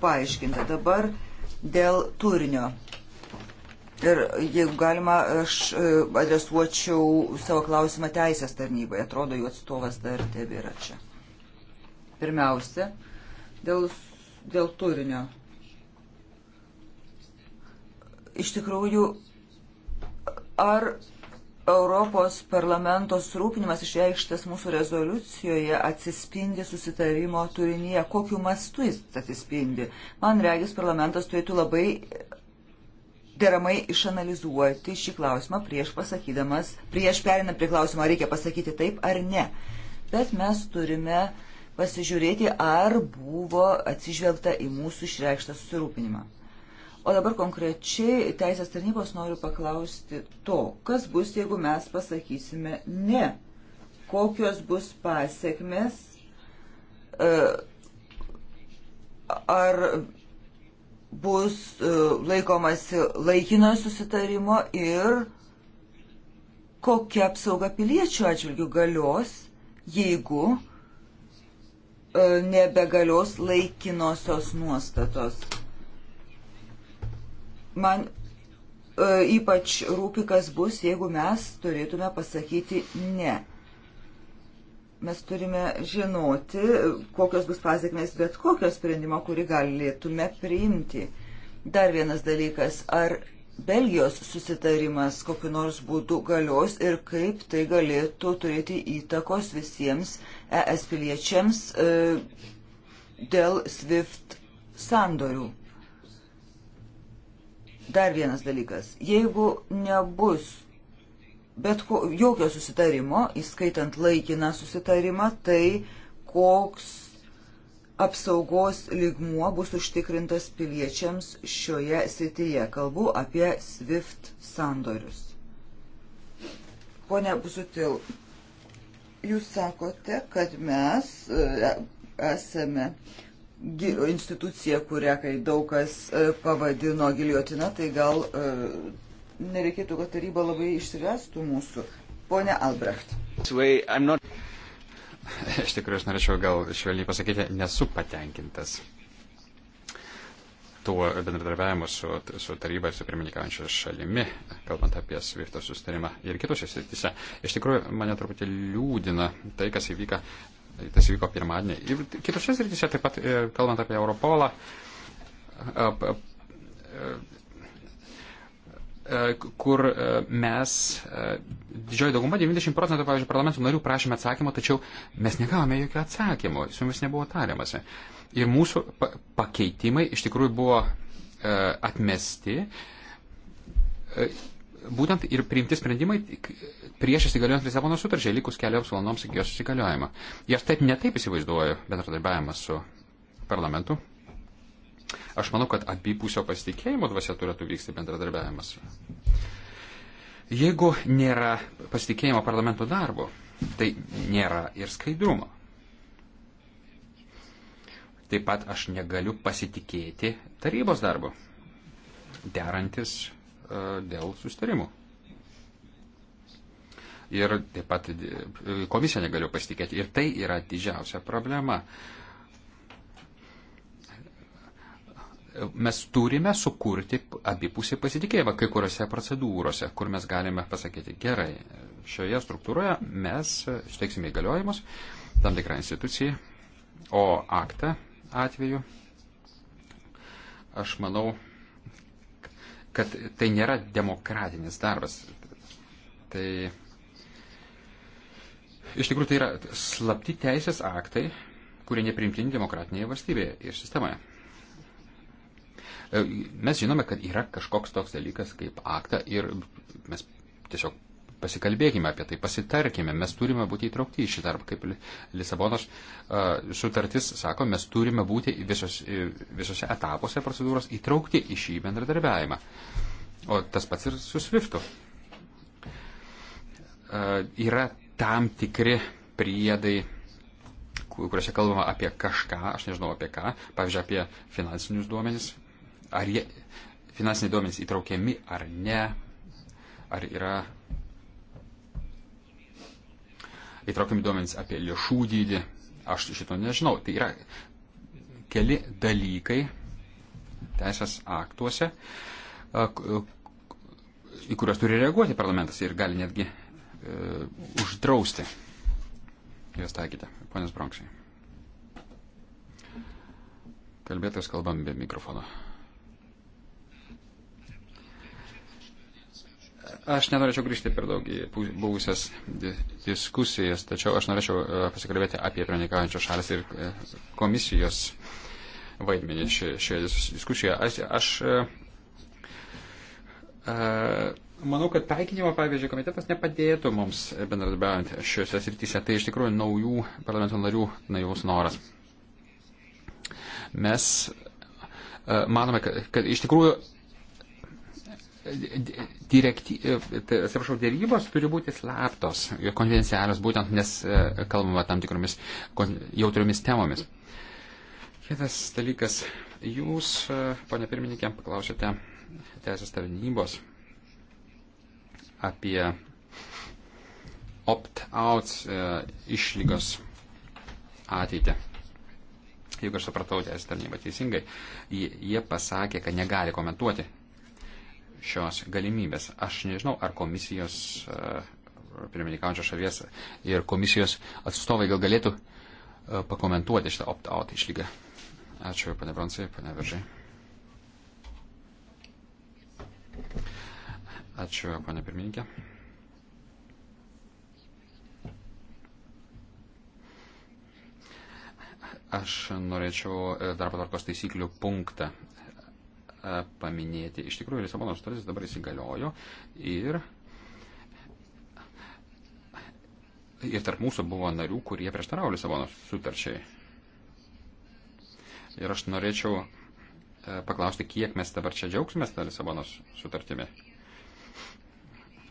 paaiškinta dabar dėl turinio. Ir jeigu galima, aš e, adresuočiau savo klausimą teisės tarnybai. Atrodo, jų atstovas dar tebėra čia. Pirmiausia, dėl, dėl turinio. Iš tikrųjų, ar Europos parlamento surūpinimas išreikštas mūsų rezoliucijoje atsispindi susitarimo turinyje. Kokiu mastu jis atsispindi? Man regis, parlamentas turėtų labai deramai išanalizuoti šį klausimą prieš pasakydamas, prieš perinant prie klausimo, ar reikia pasakyti taip ar ne. Bet mes turime pasižiūrėti, ar buvo atsižvelgta į mūsų išreikštą susirūpinimą. O dabar konkrečiai teisės tarnybos noriu paklausti to, kas bus, jeigu mes pasakysime ne, kokios bus pasiekmes, e, ar bus e, laikomasi laikino susitarimo ir kokia apsauga piliečių atžvilgių galios, jeigu e, nebegalios laikinosios nuostatos. Man e, ypač rūpi, kas bus, jeigu mes turėtume pasakyti ne. Mes turime žinoti, kokios bus pasiekmes bet kokio sprendimo, kurį galėtume priimti. Dar vienas dalykas, ar Belgijos susitarimas kokiu nors būdu galios ir kaip tai galėtų turėti įtakos visiems ES piliečiams e, dėl SWIFT sandorių. Dar vienas dalykas. Jeigu nebus bet ko, jokio susitarimo, įskaitant laikiną susitarimą, tai koks apsaugos lygmuo bus užtikrintas piliečiams šioje srityje. Kalbu apie SWIFT sandorius. Pone Busutil, jūs sakote, kad mes e, esame. E, institucija, kurią kai daug kas e, pavadino giliotina, tai gal e, nereikėtų, kad taryba labai išsivestų mūsų. Pone Albrecht. Iš tikrųjų, aš norėčiau gal švelniai pasakyti, nesu patenkintas tuo bendradarbiavimu su, su taryba ir su pirmininkaujančia šalimi, kalbant apie SWIFT susitarimą ir kitose srityse. Iš tikrųjų, mane truputį liūdina tai, kas įvyka Tai tas įvyko pirmadienį. Ir kitose srityse, taip pat e, kalbant apie Europolą, e, e, kur mes, didžioji dauguma, 90 procentų, pavyzdžiui, parlamentų narių prašėme atsakymą, tačiau mes negavome jokio atsakymo, su mumis nebuvo tariamasi. Ir mūsų pakeitimai iš tikrųjų buvo atmesti būtent ir priimti sprendimai prieš įsigaliojant Lisabono sutarčiai, likus kelioms valandoms iki jos įsigaliojimo. Jos taip netaip įsivaizduoju bendradarbiavimą su parlamentu. Aš manau, kad abipusio pasitikėjimo dvasia turėtų vykti bendradarbiavimas. Jeigu nėra pasitikėjimo parlamento darbo, tai nėra ir skaidrumo. Taip pat aš negaliu pasitikėti tarybos darbu, derantis E, dėl sustarimų. Ir taip pat e, komisija negaliu pasitikėti. Ir tai yra didžiausia problema. Mes turime sukurti abipusį pasitikėjimą kai kuriuose procedūrose, kur mes galime pasakyti, gerai, šioje struktūroje mes suteiksime įgaliojimus tam tikrą instituciją, o aktą atveju, aš manau, kad tai nėra demokratinis darbas. Tai iš tikrųjų tai yra slapti teisės aktai, kurie neprimtini demokratinėje valstybėje ir sistemoje. E, mes žinome, kad yra kažkoks toks dalykas kaip aktą ir mes tiesiog pasikalbėkime apie tai, pasitarkime, mes turime būti įtraukti į šį darbą, kaip Lisabonos sutartis sako, mes turime būti visos, visose etapuose procedūros įtraukti į šį bendradarbiavimą. O tas pats ir su SWIFTu. Yra tam tikri priedai, kuriuose kalbama apie kažką, aš nežinau apie ką, pavyzdžiui, apie finansinius duomenis, ar jie, finansiniai duomenys įtraukiami ar ne, ar yra įtraukiami duomenys apie lėšų dydį. Aš šito nežinau. Tai yra keli dalykai teisės aktuose, į kuriuos turi reaguoti parlamentas ir gali netgi e, uždrausti juos taikyti. Ponės Bronksai. Kalbėtojas kalbam be mikrofono. Aš nenorėčiau grįžti per daug į buvusias diskusijas, tačiau aš norėčiau e, pasikalbėti apie pirmininkaujančios šalis ir e, komisijos vaidmenį šioje diskusijoje. Aš, aš a, e, manau, kad taikinimo, pavyzdžiui, komitetas nepadėtų mums bendradarbiaujant šiuose srityse. Tai iš tikrųjų naujų parlamento narių naivus noras. Mes a, manome, kad, kad iš tikrųjų direkty, e, tai atsiprašau, dėrybos turi būti slaptos, konfidencialios, būtent nes e, kalbama tam tikromis jautriomis temomis. Kitas dalykas, jūs, e, ponė pirmininkė, paklausėte teisės tarnybos apie opt-out išlygos ateitį. Jeigu aš supratau teisės tarnybą teisingai, jie pasakė, kad negali komentuoti šios galimybės. Aš nežinau, ar komisijos e, pirmininkaujančios šalies ir komisijos atstovai gal galėtų e, pakomentuoti šitą opt-out išlygą. Ačiū, pane Bronsai, pane Viržai. Ačiū, pane pirmininkė. Aš norėčiau e, darbo tvarkos taisyklių punktą paminėti. Iš tikrųjų, Lisabono sutartis dabar įsigaliojo ir, ir tarp mūsų buvo narių, kurie prieštaravo Lisabono sutarčiai. Ir aš norėčiau paklausti, kiek mes dabar čia džiaugsimės tą Lisabono sutartimi.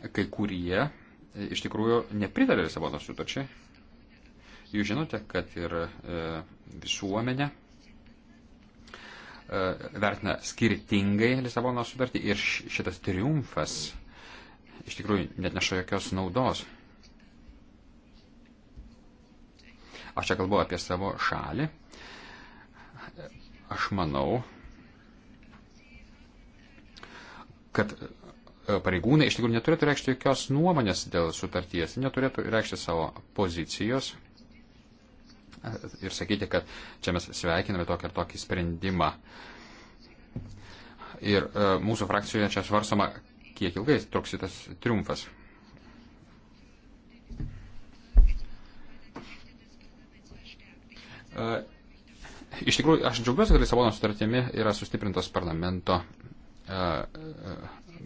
Kai kurie iš tikrųjų nepritarė Lisabono sutarčiai. Jūs žinote, kad ir e, visuomenė E, vertina skirtingai Lisabono sutartį ir šitas triumfas iš tikrųjų net neša jokios naudos. Aš čia kalbu apie savo šalį. Aš manau, kad e, pareigūnai iš tikrųjų neturėtų reikšti jokios nuomonės dėl sutarties, neturėtų reikšti savo pozicijos ir sakyti, kad čia mes sveikiname tokį ir tokį sprendimą. Ir e, mūsų frakcijoje čia svarstama, kiek ilgai truks šitas triumfas. E, iš tikrųjų, aš džiaugiuosi, kad Lisabono sutartimi yra sustiprintos parlamento e, e,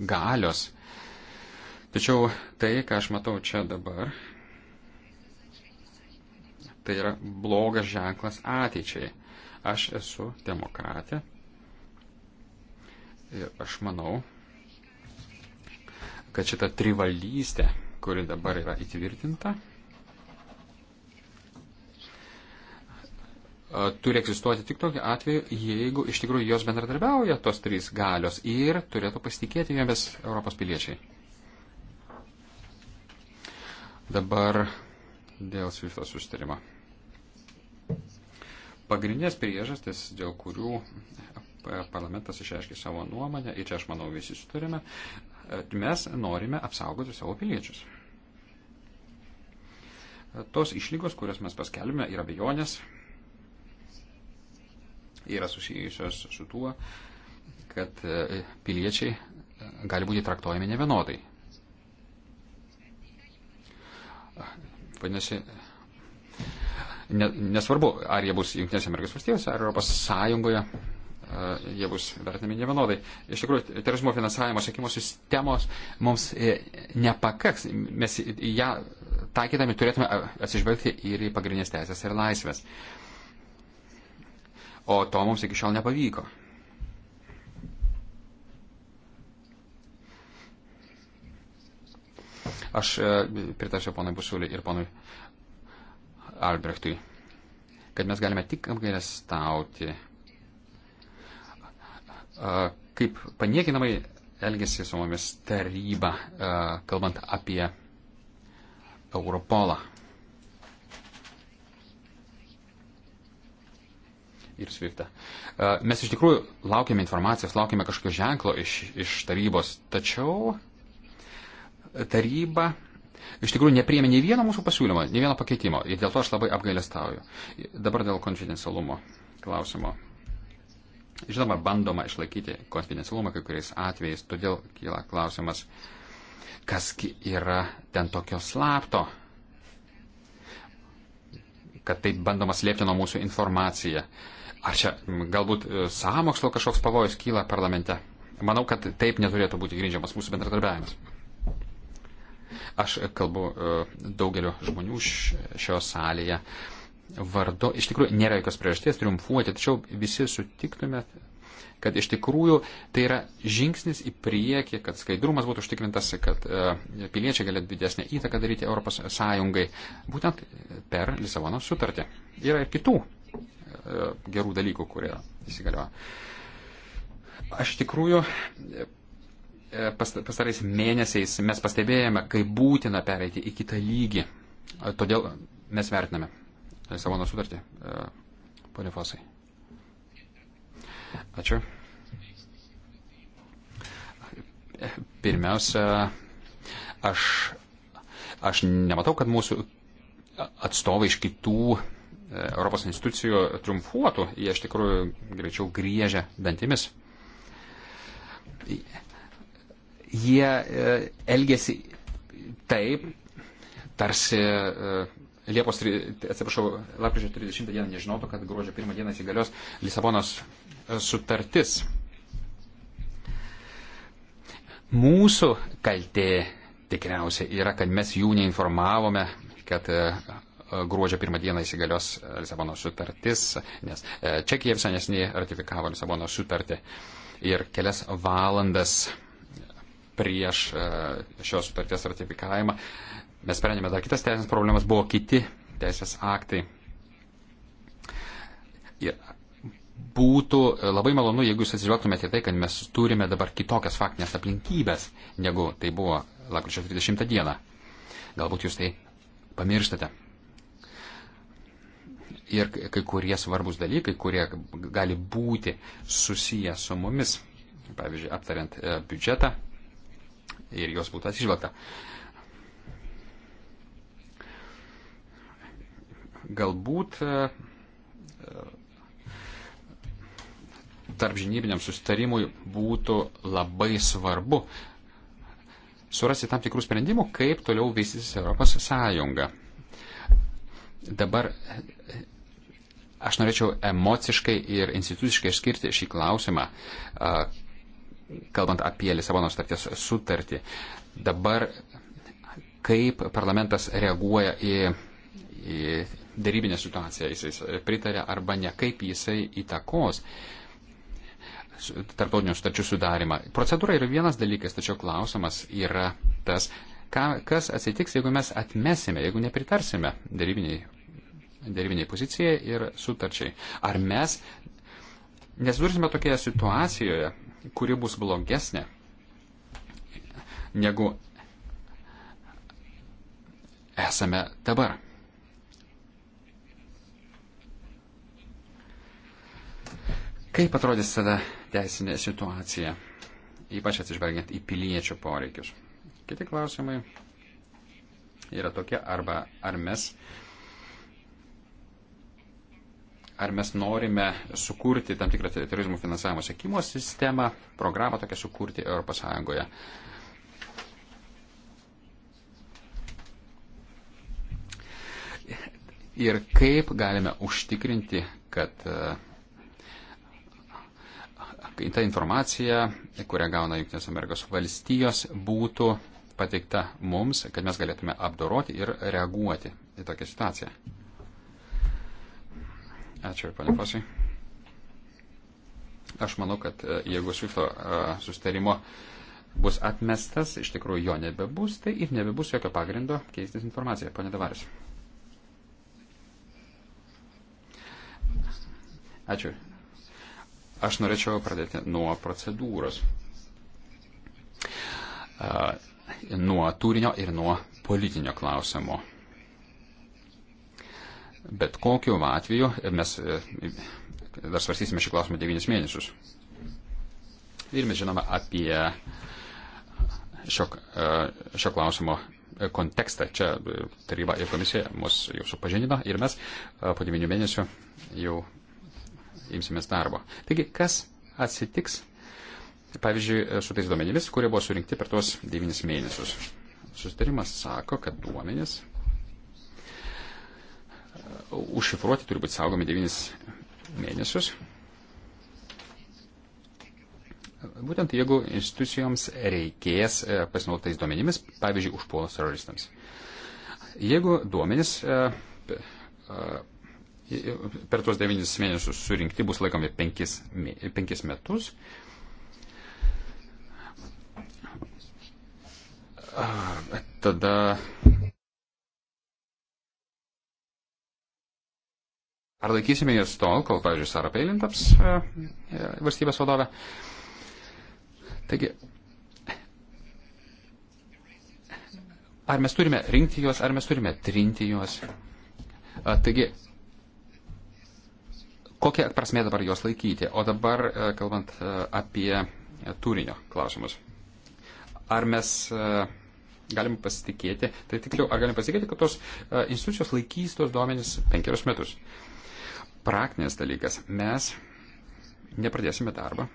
galios. Tačiau tai, ką aš matau čia dabar, tai yra blogas ženklas ateičiai. Aš esu demokratė ir aš manau, kad šita trivalystė, kuri dabar yra įtvirtinta, turi egzistuoti tik tokiu atveju, jeigu iš tikrųjų jos bendradarbiauja tos trys galios ir turėtų pasitikėti jomis Europos piliečiai. Dabar dėl svifto sustarimo. Pagrindinės priežastis, dėl kurių parlamentas išreiškė savo nuomonę, ir čia aš manau visi sutarime, mes norime apsaugoti savo piliečius. Tos išlygos, kurias mes paskelbėme, yra bejonės, yra susijusios su tuo, kad piliečiai gali būti traktuojami nevienodai. Vadinasi, nesvarbu, ar jie bus Junktinėse Amerikos valstijose, ar Europos Sąjungoje, e, jie bus vertinami nevienodai. Iš tikrųjų, terorizmo finansavimo sekimo sistemos mums e, nepakaks. Mes ją taikydami turėtume e, atsižvelgti ir į pagrindinės teisės ir laisvės. O to mums iki šiol nepavyko. Aš pritarsiu ponui Busuliui ir ponui Albrechtui, kad mes galime tik apgailestauti, kaip paniekinamai elgesi su mumis taryba, kalbant apie Europolą ir Swiftą. Mes iš tikrųjų laukiame informacijos, laukiame kažkokio ženklo iš, iš tarybos, tačiau taryba iš tikrųjų nepriemė nei vieno mūsų pasiūlymo, nei vieno pakeitimo. Ir dėl to aš labai apgailestauju. Dabar dėl konfidencialumo klausimo. Žinoma, bandoma išlaikyti konfidencialumą kai kuriais atvejais, todėl kyla klausimas, kaski yra ten tokio slapto, kad taip bandoma slėpti nuo mūsų informaciją. Ar čia galbūt e, sąmokslo kažkoks pavojus kyla parlamente? Manau, kad taip neturėtų būti grindžiamas mūsų bendradarbiavimas. Aš kalbu e, daugelio žmonių šio salėje vardu. Iš tikrųjų, nėra jokios priežasties triumfuoti, tačiau visi sutiktumėt, kad iš tikrųjų tai yra žingsnis į priekį, kad skaidrumas būtų užtikrintas, kad e, piliečiai galėtų didesnę įtaką daryti ES, būtent per Lisabono sutartį. Yra ir kitų e, gerų dalykų, kurie įsigalioja. Aš tikrųjų E, pastarais mėnesiais mes pastebėjome, kaip būtina pereiti į kitą lygį. E, todėl mes vertiname e, savo nusutartį, ponė Fosai. Ačiū. Pirmiausia, aš, aš nematau, kad mūsų atstovai iš kitų Europos institucijų triumfuotų, jie iš tikrųjų greičiau griežia dantimis jie e, elgėsi taip, tarsi e, Liepos, atsiprašau, lapkričio 30 dieną nežinotų, kad gruodžio 1 dieną įsigalios Lisabonos e, sutartis. Mūsų kaltė tikriausiai yra, kad mes jų neinformavome, kad gruodžio 1 dieną įsigalios Lisabono sutartis, nes Čekija visai nesiniai ratifikavo Lisabono sutartį ir kelias valandas prieš e, šios sutarties ratifikavimą. Mes sprendėme dar kitas teisinės problemas, buvo kiti teisės aktai. Ir būtų e, labai malonu, jeigu jūs atsižvelgtumėte tai, kad mes turime dabar kitokias faktinės aplinkybės, negu tai buvo lakryčio 30 dieną. Galbūt jūs tai pamirštate. Ir kai kurie svarbus dalykai, kurie gali būti susiję su mumis, pavyzdžiui, aptariant e, biudžetą, ir jos būtų atsižvelgta. Galbūt e, e, tarp žinybiniam sustarimui būtų labai svarbu surasti tam tikrų sprendimų, kaip toliau vystysis Europos Sąjunga. Dabar e, aš norėčiau emociškai ir instituciškai išskirti šį klausimą, kalbant apie Lisabono sutarties sutartį, dabar kaip parlamentas reaguoja į, į darybinę situaciją, jis pritarė arba ne, kaip jisai įtakos tarptautinių sutarčių sudarimą. Procedūra yra vienas dalykas, tačiau klausimas yra tas, ką, kas atsitiks, jeigu mes atmesime, jeigu nepritarsime darybiniai, darybiniai pozicijai ir sutarčiai. Ar mes nesudursime tokioje situacijoje, kuri bus blogesnė negu esame dabar. Kaip atrodys tada teisinė situacija, ypač atsižvelgiant į piliečių poreikius? Kiti klausimai yra tokie, arba ar mes ar mes norime sukurti tam tikrą terorizmų finansavimo sekimo sistemą, programą tokią sukurti ES. Ir kaip galime užtikrinti, kad e, ta informacija, kurią gauna Junktinės Amerikos valstijos, būtų pateikta mums, kad mes galėtume apdoroti ir reaguoti į tokią situaciją. Ačiū, ponė Fosai. Aš manau, kad e, jeigu Svifto e, sustarimo bus atmestas, iš tikrųjų jo nebebus, tai ir nebebus jokio pagrindo keistis informaciją, ponė Davaris. Ačiū. Aš norėčiau pradėti nuo procedūros, e, nuo turinio ir nuo politinio klausimo. Bet kokiu atveju mes e, dar svarstysime šį klausimą 9 mėnesius. Ir mes žinome apie šio, e, šio klausimo kontekstą. Čia e, taryba ir komisija mus jau supažindino ir mes po 9 mėnesių jau imsimės darbo. Taigi, kas atsitiks, pavyzdžiui, su tais duomenimis, kurie buvo surinkti per tuos 9 mėnesius? Susitarimas sako, kad duomenys užšifruoti, turi būti saugomi 9 mėnesius. Būtent jeigu institucijoms reikės e, pasinaudotais duomenimis, pavyzdžiui, užpuolus teroristams. Jeigu duomenys e, e, per tuos 9 mėnesius surinkti bus laikomi 5, 5 metus, tada Ar laikysime jas tol, kol, pavyzdžiui, Sara Peilin taps e, e, valstybės vadovė? Taigi, ar mes turime rinkti juos, ar mes turime trinti juos. A, e, taigi, kokia prasme dabar juos laikyti? O dabar, e, kalbant e, apie turinio klausimus. Ar mes galim pasitikėti, tai tikliau, ar galim pasitikėti, kad tos institucijos laikys tos duomenys penkerius metus? praktinis dalykas. Mes nepradėsime darbą,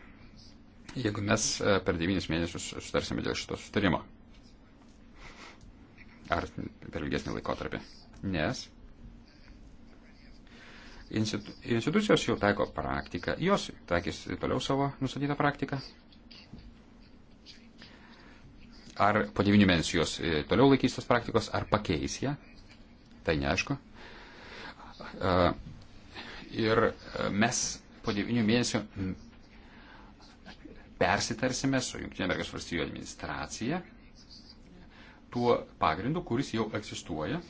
jeigu mes e, per devynis mėnesius sutarsime dėl šito sutarimo. Ar per ilgesnį laikotarpį. Nes institu, institucijos jau taiko praktiką, jos taikys toliau savo nustatytą praktiką. Ar po devynių mėnesių jos e, toliau laikys tos praktikos, ar pakeis ją, tai neaišku. Uh, ir e, mes po devinių mėnesių persitarsime su JAV administracija tuo pagrindu, kuris jau egzistuoja.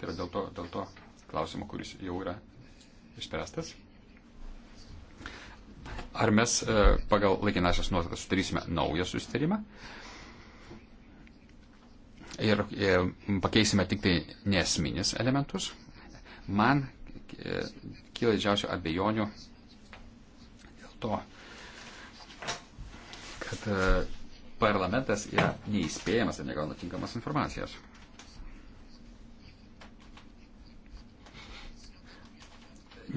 Tai yra dėl to, dėl to klausimo, kuris jau yra išspręstas. Ar mes e, pagal laikinasias nuostatas sudarysime naują susitarimą ir e, pakeisime tik tai nesminis elementus? Man kyla didžiausių abejonių dėl to, kad e, parlamentas yra neįspėjamas ir negauna tinkamas informacijos.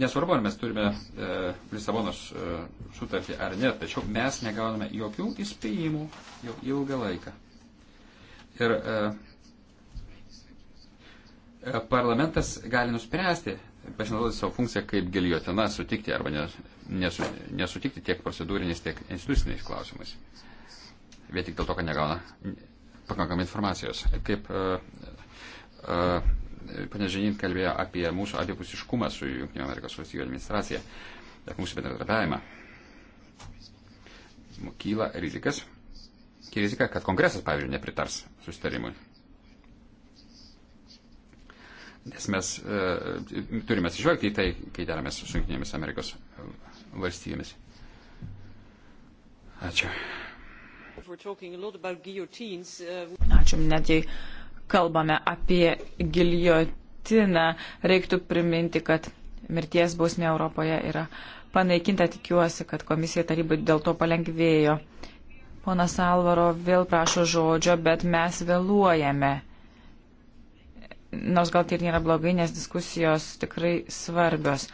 Nesvarbu, ar mes turime e, Lisabonos e, sutartį ar ne, tačiau mes negauname jokių įspėjimų jau ilgą laiką. Ir e, e parlamentas gali nuspręsti pasinaudoti savo funkciją kaip giliotina sutikti arba nesu, nesutikti tiek procedūriniais, tiek instituciniais klausimais. Vien tik dėl to, kad negauna pakankamai informacijos. Kaip uh, uh, panė Žinin kalbėjo apie mūsų abipusiškumą su Junktinio Amerikos valstybių administracija, tiek mūsų bendradarbiavimą, kyla rizikas, kyla rizika, kad kongresas, pavyzdžiui, nepritars susitarimui Nes mes e, turime atsižvelgti į tai, kai deramės su Junktinėmis Amerikos valstybėmis. Ačiū. Ačiū, net jei kalbame apie giljotiną, reiktų priminti, kad mirties bausmė Europoje yra panaikinta, tikiuosi, kad komisija tarybai dėl to palengvėjo. Ponas Alvaro vėl prašo žodžio, bet mes vėluojame nors gal tai ir nėra blogai, nes diskusijos tikrai svarbios.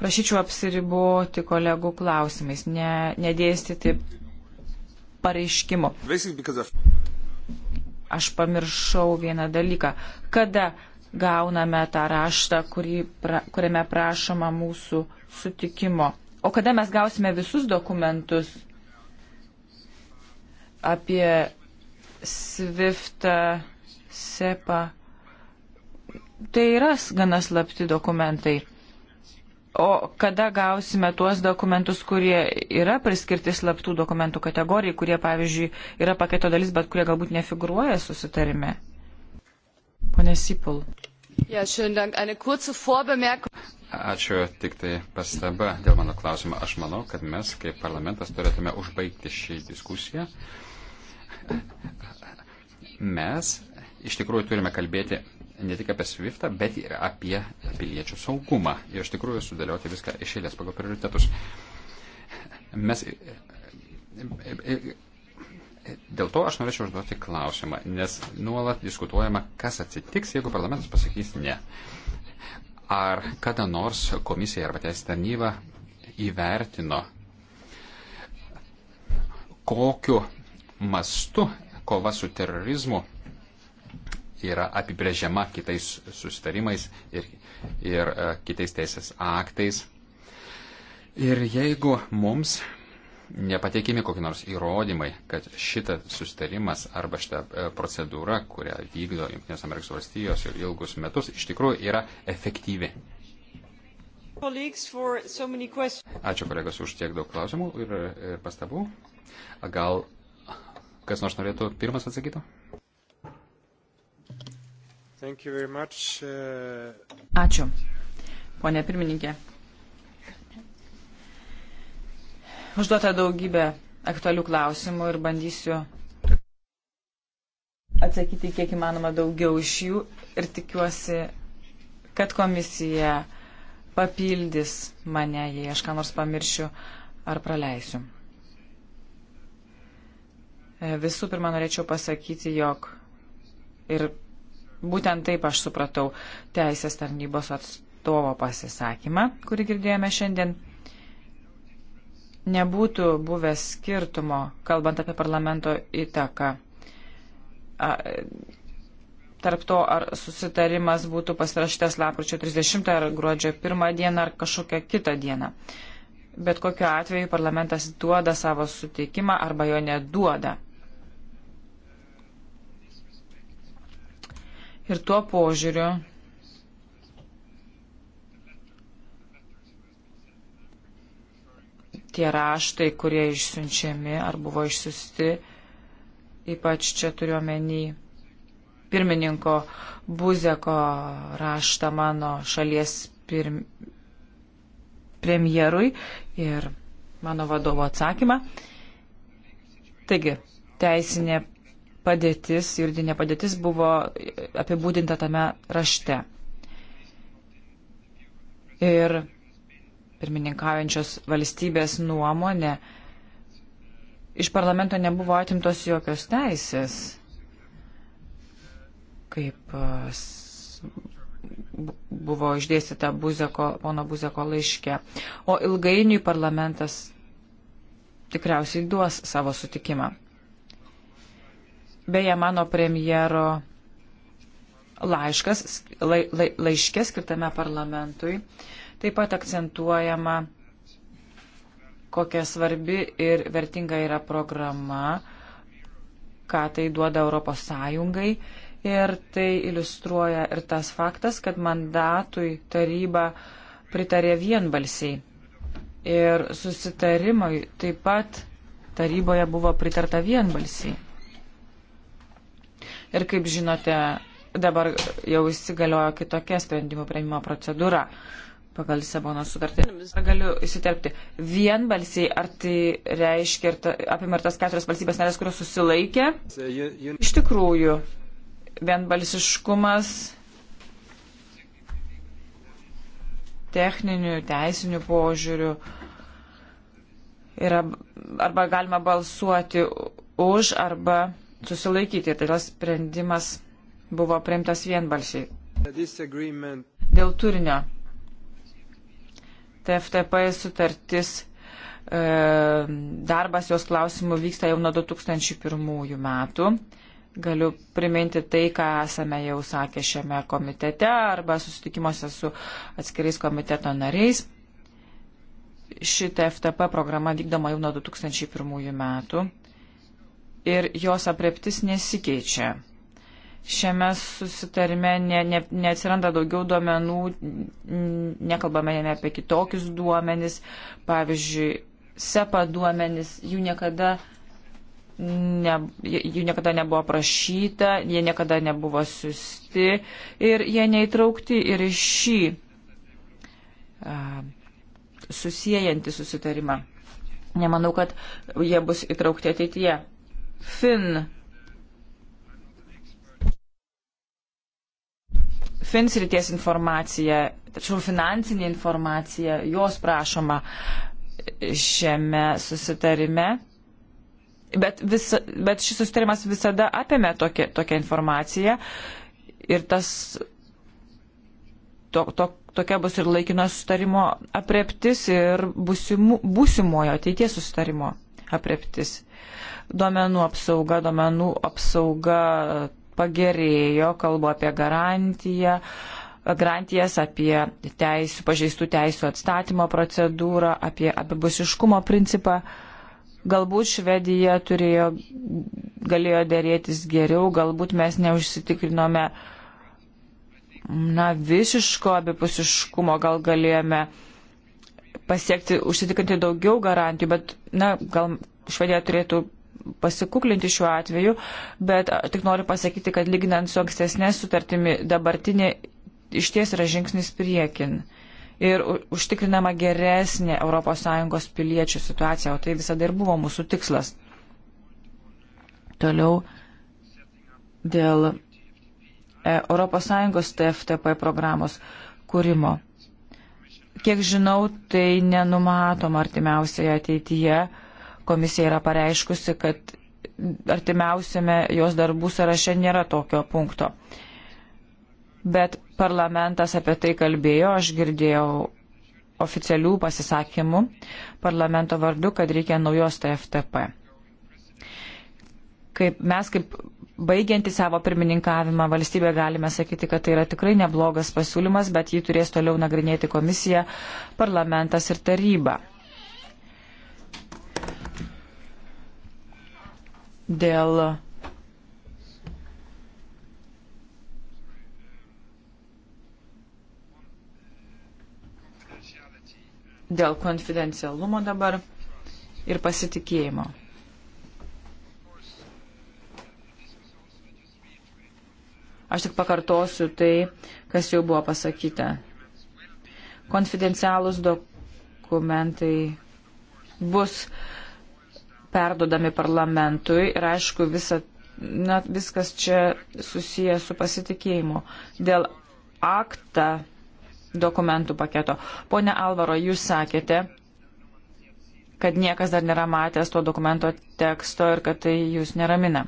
Prašyčiau apsiriboti kolegų klausimais, ne, nedėstyti pareiškimo. Aš pamiršau vieną dalyką. Kada gauname tą raštą, kurį, pra, kuriame prašoma mūsų sutikimo? O kada mes gausime visus dokumentus apie Swift, SEPA? tai yra gana slapti dokumentai. O kada gausime tuos dokumentus, kurie yra priskirti slaptų dokumentų kategorijai, kurie, pavyzdžiui, yra paketo dalis, bet kurie galbūt nefiguruoja susitarime? Pone Sipul. Ja, Ačiū, tik tai pastaba dėl mano klausimo. Aš manau, kad mes kaip parlamentas turėtume užbaigti šį diskusiją. Mes iš tikrųjų turime kalbėti ne tik apie SWIFTą, bet ir apie piliečių saugumą. Ir iš tikrųjų sudėlioti viską iš eilės pagal prioritetus. Mes. Dėl to aš norėčiau užduoti klausimą, nes nuolat diskutuojama, kas atsitiks, jeigu parlamentas pasakys ne. Ar kada nors komisija arba teisė tarnyba įvertino, kokiu mastu kova su terorizmu yra apibrėžiama kitais susitarimais ir, ir e, kitais teisės aktais. Ir jeigu mums nepateikimi kokie nors įrodymai, kad šitas sustarimas arba šita e, procedūra, kurią vykdo Junktinės Amerikos valstijos jau ilgus metus, iš tikrųjų yra efektyvi. Ačiū kolegos už tiek daug klausimų ir, ir e, pastabų. Gal kas nors norėtų pirmas atsakyti? Uh, Ačiū. Pone pirmininkė. Užduota daugybė aktualių klausimų ir bandysiu atsakyti kiek įmanoma daugiau iš jų ir tikiuosi, kad komisija papildys mane, jei aš ką nors pamiršiu ar praleisiu. Visų pirma, norėčiau pasakyti, jog ir Būtent taip aš supratau teisės tarnybos atstovo pasisakymą, kurį girdėjome šiandien. Nebūtų buvęs skirtumo, kalbant apie parlamento įtaką, tarp to, ar susitarimas būtų pasirašytas lapkričio 30 ar gruodžio 1 dieną ar kažkokią kitą dieną. Bet kokiu atveju parlamentas duoda savo sutikimą arba jo neduoda. Ir tuo požiūriu tie raštai, kurie išsiunčiami ar buvo išsiusti, ypač čia turiuomenį pirmininko Buzeko raštą mano šalies pirm... premjerui ir mano vadovo atsakymą. Taigi, teisinė padėtis, juridinė padėtis buvo apibūdinta tame rašte. Ir pirmininkaujančios valstybės nuomonė, iš parlamento nebuvo atimtos jokios teisės, kaip buvo išdėstyta Buzeko, pono Buzeko laiške. O ilgainiui parlamentas tikriausiai duos savo sutikimą. Beje, mano premjero laiškas, lai, lai, laiškė skirtame parlamentui, taip pat akcentuojama, kokia svarbi ir vertinga yra programa, ką tai duoda Europos Sąjungai. Ir tai iliustruoja ir tas faktas, kad mandatui taryba pritarė vienbalsiai. Ir susitarimui taip pat taryboje buvo pritarta vienbalsiai. Ir kaip žinote, dabar jau įsigaliojo kitokia sprendimų prieimimo procedūra pagal Lisabono sutartį. Ar galiu įsiterpti? Vienbalsiai, ar tai reiškia, ar ta, apima ir tas keturias valstybės narės, kurios susilaikė? Iš tikrųjų, vienbalsiškumas techninių, teisinių požiūrių yra, arba galima balsuoti už, arba susilaikyti ir tai todėl sprendimas buvo priimtas vienbalsiai. Dėl turinio. TFTP sutartis, e, darbas jos klausimų vyksta jau nuo 2001 metų. Galiu priminti tai, ką esame jau sakę šiame komitete arba susitikimuose su atskirais komiteto nariais. Šitą FTP programą vykdoma jau nuo 2001 metų ir jos apreptis nesikeičia. Šiame susitarime ne, ne, neatsiranda daugiau duomenų, nekalbame ne apie kitokius duomenis, pavyzdžiui, SEPA duomenis, jų niekada, ne, jų niekada nebuvo prašyta, jie niekada nebuvo siusti ir jie neįtraukti ir šį susijęjantį susitarimą. Nemanau, kad jie bus įtraukti ateityje. Fin. Fin srities informacija, tačiau finansinė informacija, jos prašoma šiame susitarime. Bet, visa, bet šis susitarimas visada apėmė tokią, tokią informaciją ir tas to, to, tokia bus ir laikino susitarimo apreptis ir būsimo, būsimojo ateities susitarimo apreptis. Duomenų apsauga, duomenų apsauga pagerėjo, kalbu apie garantiją, garantijas, apie teisų, pažeistų teisų atstatymo procedūrą, apie abibusiškumo principą. Galbūt Švedija turėjo, galėjo dėrėtis geriau, galbūt mes neužsitikrinome na, visiško abipusiškumo, gal galėjome uh, pasiekti, užsitikrinti daugiau garantijų, bet, na, gal Švedija turėtų pasikuklinti šiuo atveju, bet tik noriu pasakyti, kad lyginant su ankstesnė sutartimi, dabartinė iš ties yra žingsnis priekin. Ir užtikrinama geresnė ES piliečių situacija, o tai visada ir buvo mūsų tikslas. Toliau dėl ES TFTP programos kūrimo. Kiek žinau, tai nenumatoma artimiausioje ateityje. Komisija yra pareiškusi, kad artimiausiame jos darbų sąraše nėra tokio punkto. Bet parlamentas apie tai kalbėjo, aš girdėjau oficialių pasisakymų parlamento vardu, kad reikia naujos TFTP. Kaip mes kaip baigianti savo pirmininkavimą valstybė galime sakyti, kad tai yra tikrai neblogas pasiūlymas, bet jį turės toliau nagrinėti komisija, parlamentas ir taryba. Dėl dėl konfidencialumo dabar ir pasitikėjimo. Aš tik pakartosiu tai, kas jau buvo pasakyta. Konfidencialūs dokumentai bus perdodami parlamentui ir aišku, visa, na, viskas čia susijęs su pasitikėjimu. Dėl aktą dokumentų paketo. Pone Alvaro, jūs sakėte, kad niekas dar nėra matęs to dokumento teksto ir kad tai jūs neramina.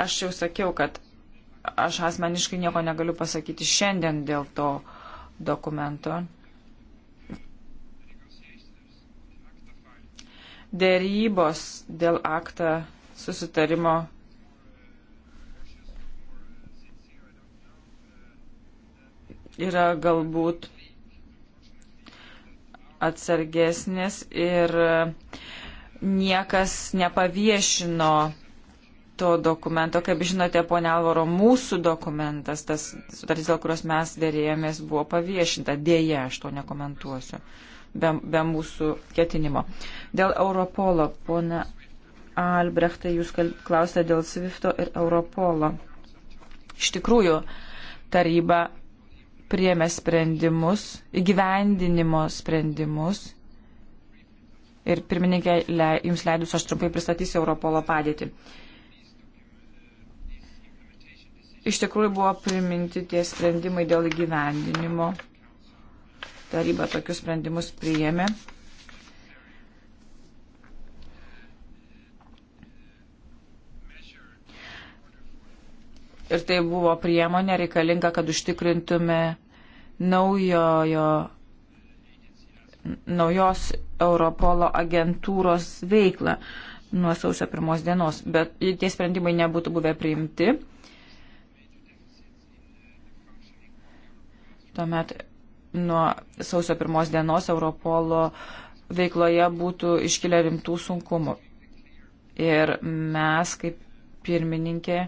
Aš jau sakiau, kad aš asmeniškai nieko negaliu pasakyti šiandien dėl to dokumento. Dėrybos dėl aktą susitarimo yra galbūt atsargesnis ir niekas nepaviešino to dokumento. Kaip žinote, ponia Alvaro, mūsų dokumentas, tas sutartis, dėl kurios mes dėrėjomės, buvo paviešinta. Dėja, aš to nekomentuosiu, be, be mūsų ketinimo. Dėl Europolo, ponia Albrechtai, jūs klausėte dėl Svifto ir Europolo. Iš tikrųjų, taryba priemė sprendimus, įgyvendinimo sprendimus ir pirmininkė, jums leidus, aš trumpai pristatysiu Europolo padėtį iš tikrųjų buvo priminti tie sprendimai dėl įgyvendinimo. Taryba tokius sprendimus priėmė. Ir tai buvo priemonė reikalinga, kad užtikrintume naujojo, naujos Europolo agentūros veiklą nuo sausio pirmos dienos. Bet tie sprendimai nebūtų buvę priimti, Tuomet nuo sausio pirmos dienos Europolo veikloje būtų iškilę rimtų sunkumų. Ir mes, kaip pirmininkė,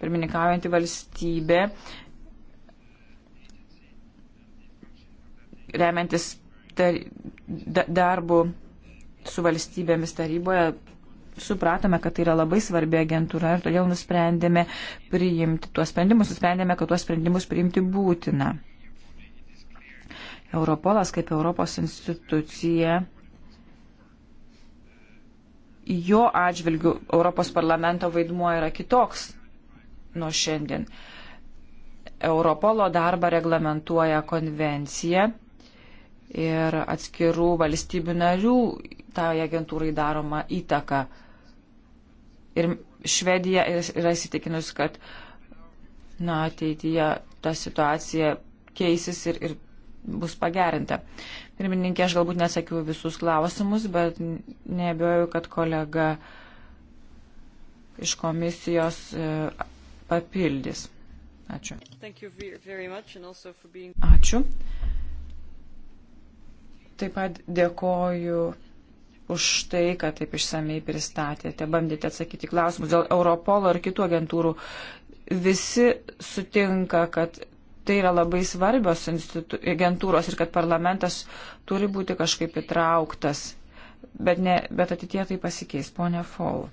pirmininkaujanti valstybė, remiantis tar, darbų su valstybėmis taryboje, supratome, kad tai yra labai svarbi agentūra ir todėl nusprendėme priimti tuos sprendimus, nusprendėme, kad tuos sprendimus priimti būtina. Europolas kaip Europos institucija, jo atžvilgių Europos parlamento vaidmuo yra kitoks nuo šiandien. Europolo darbą reglamentuoja konvencija ir atskirų valstybių narių tai agentūrai daroma įtaka. Ir Švedija yra įsitikinus, kad na, ateityje ta situacija keisis ir, ir bus pagerinta. Pirmininkė, aš galbūt nesakiau visus klausimus, bet nebejoju, kad kolega iš komisijos e, papildys. Ačiū. Ačiū. Taip pat dėkoju už tai, kad taip išsamei pristatėte, bandėte atsakyti klausimus dėl Europolo ar kitų agentūrų. Visi sutinka, kad tai yra labai svarbios agentūros ir kad parlamentas turi būti kažkaip įtrauktas. Bet, ne, bet ateitie tai pasikeis, ponia Fall.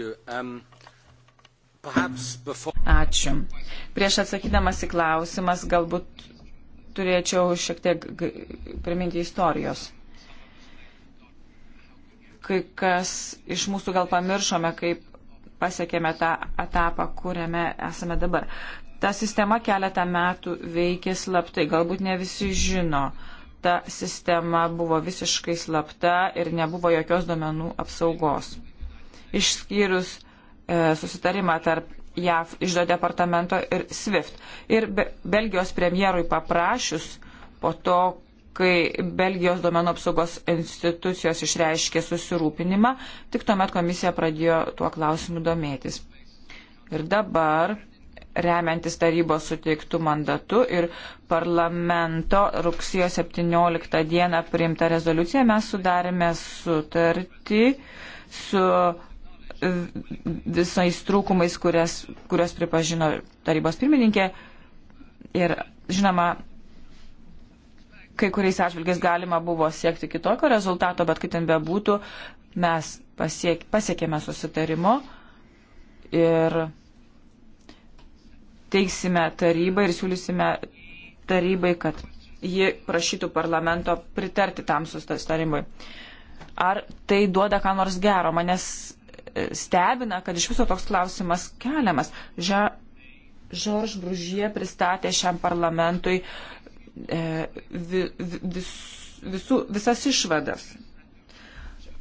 Um, before... Ačiū. Prieš atsakydamas į klausimas, galbūt turėčiau šiek tiek priminti istorijos. Kai kas iš mūsų gal pamiršome, kaip pasiekėme tą etapą, kuriame esame dabar. Ta sistema keletą metų veikė slaptai, galbūt ne visi žino. Ta sistema buvo visiškai slapta ir nebuvo jokios domenų apsaugos. Išskyrus e, susitarimą tarp JAV išdo departamento ir SWIFT. Ir be, Belgijos premjerui paprašius po to, kai Belgijos duomenų apsaugos institucijos išreiškė susirūpinimą, tik tuomet komisija pradėjo tuo klausimu domėtis. Ir dabar, remiantis tarybos suteiktų mandatų ir parlamento rugsėjo 17 dieną priimta rezoliucija, mes sudarėme sutartį su visais trūkumais, kurias, kurios pripažino tarybos pirmininkė. Ir, žinoma, kai kuriais atžvilgiais galima buvo siekti kitokio rezultato, bet kaip ten bebūtų, mes pasiek, pasiekėme susitarimo ir teiksime tarybai ir siūlysime tarybai, kad ji prašytų parlamento pritarti tam susitarimui. Ar tai duoda ką nors gero? Manęs e, stebina, kad iš viso toks klausimas keliamas. Ža Žorž Bružie pristatė šiam parlamentui E, vis, visų, visas išvadas.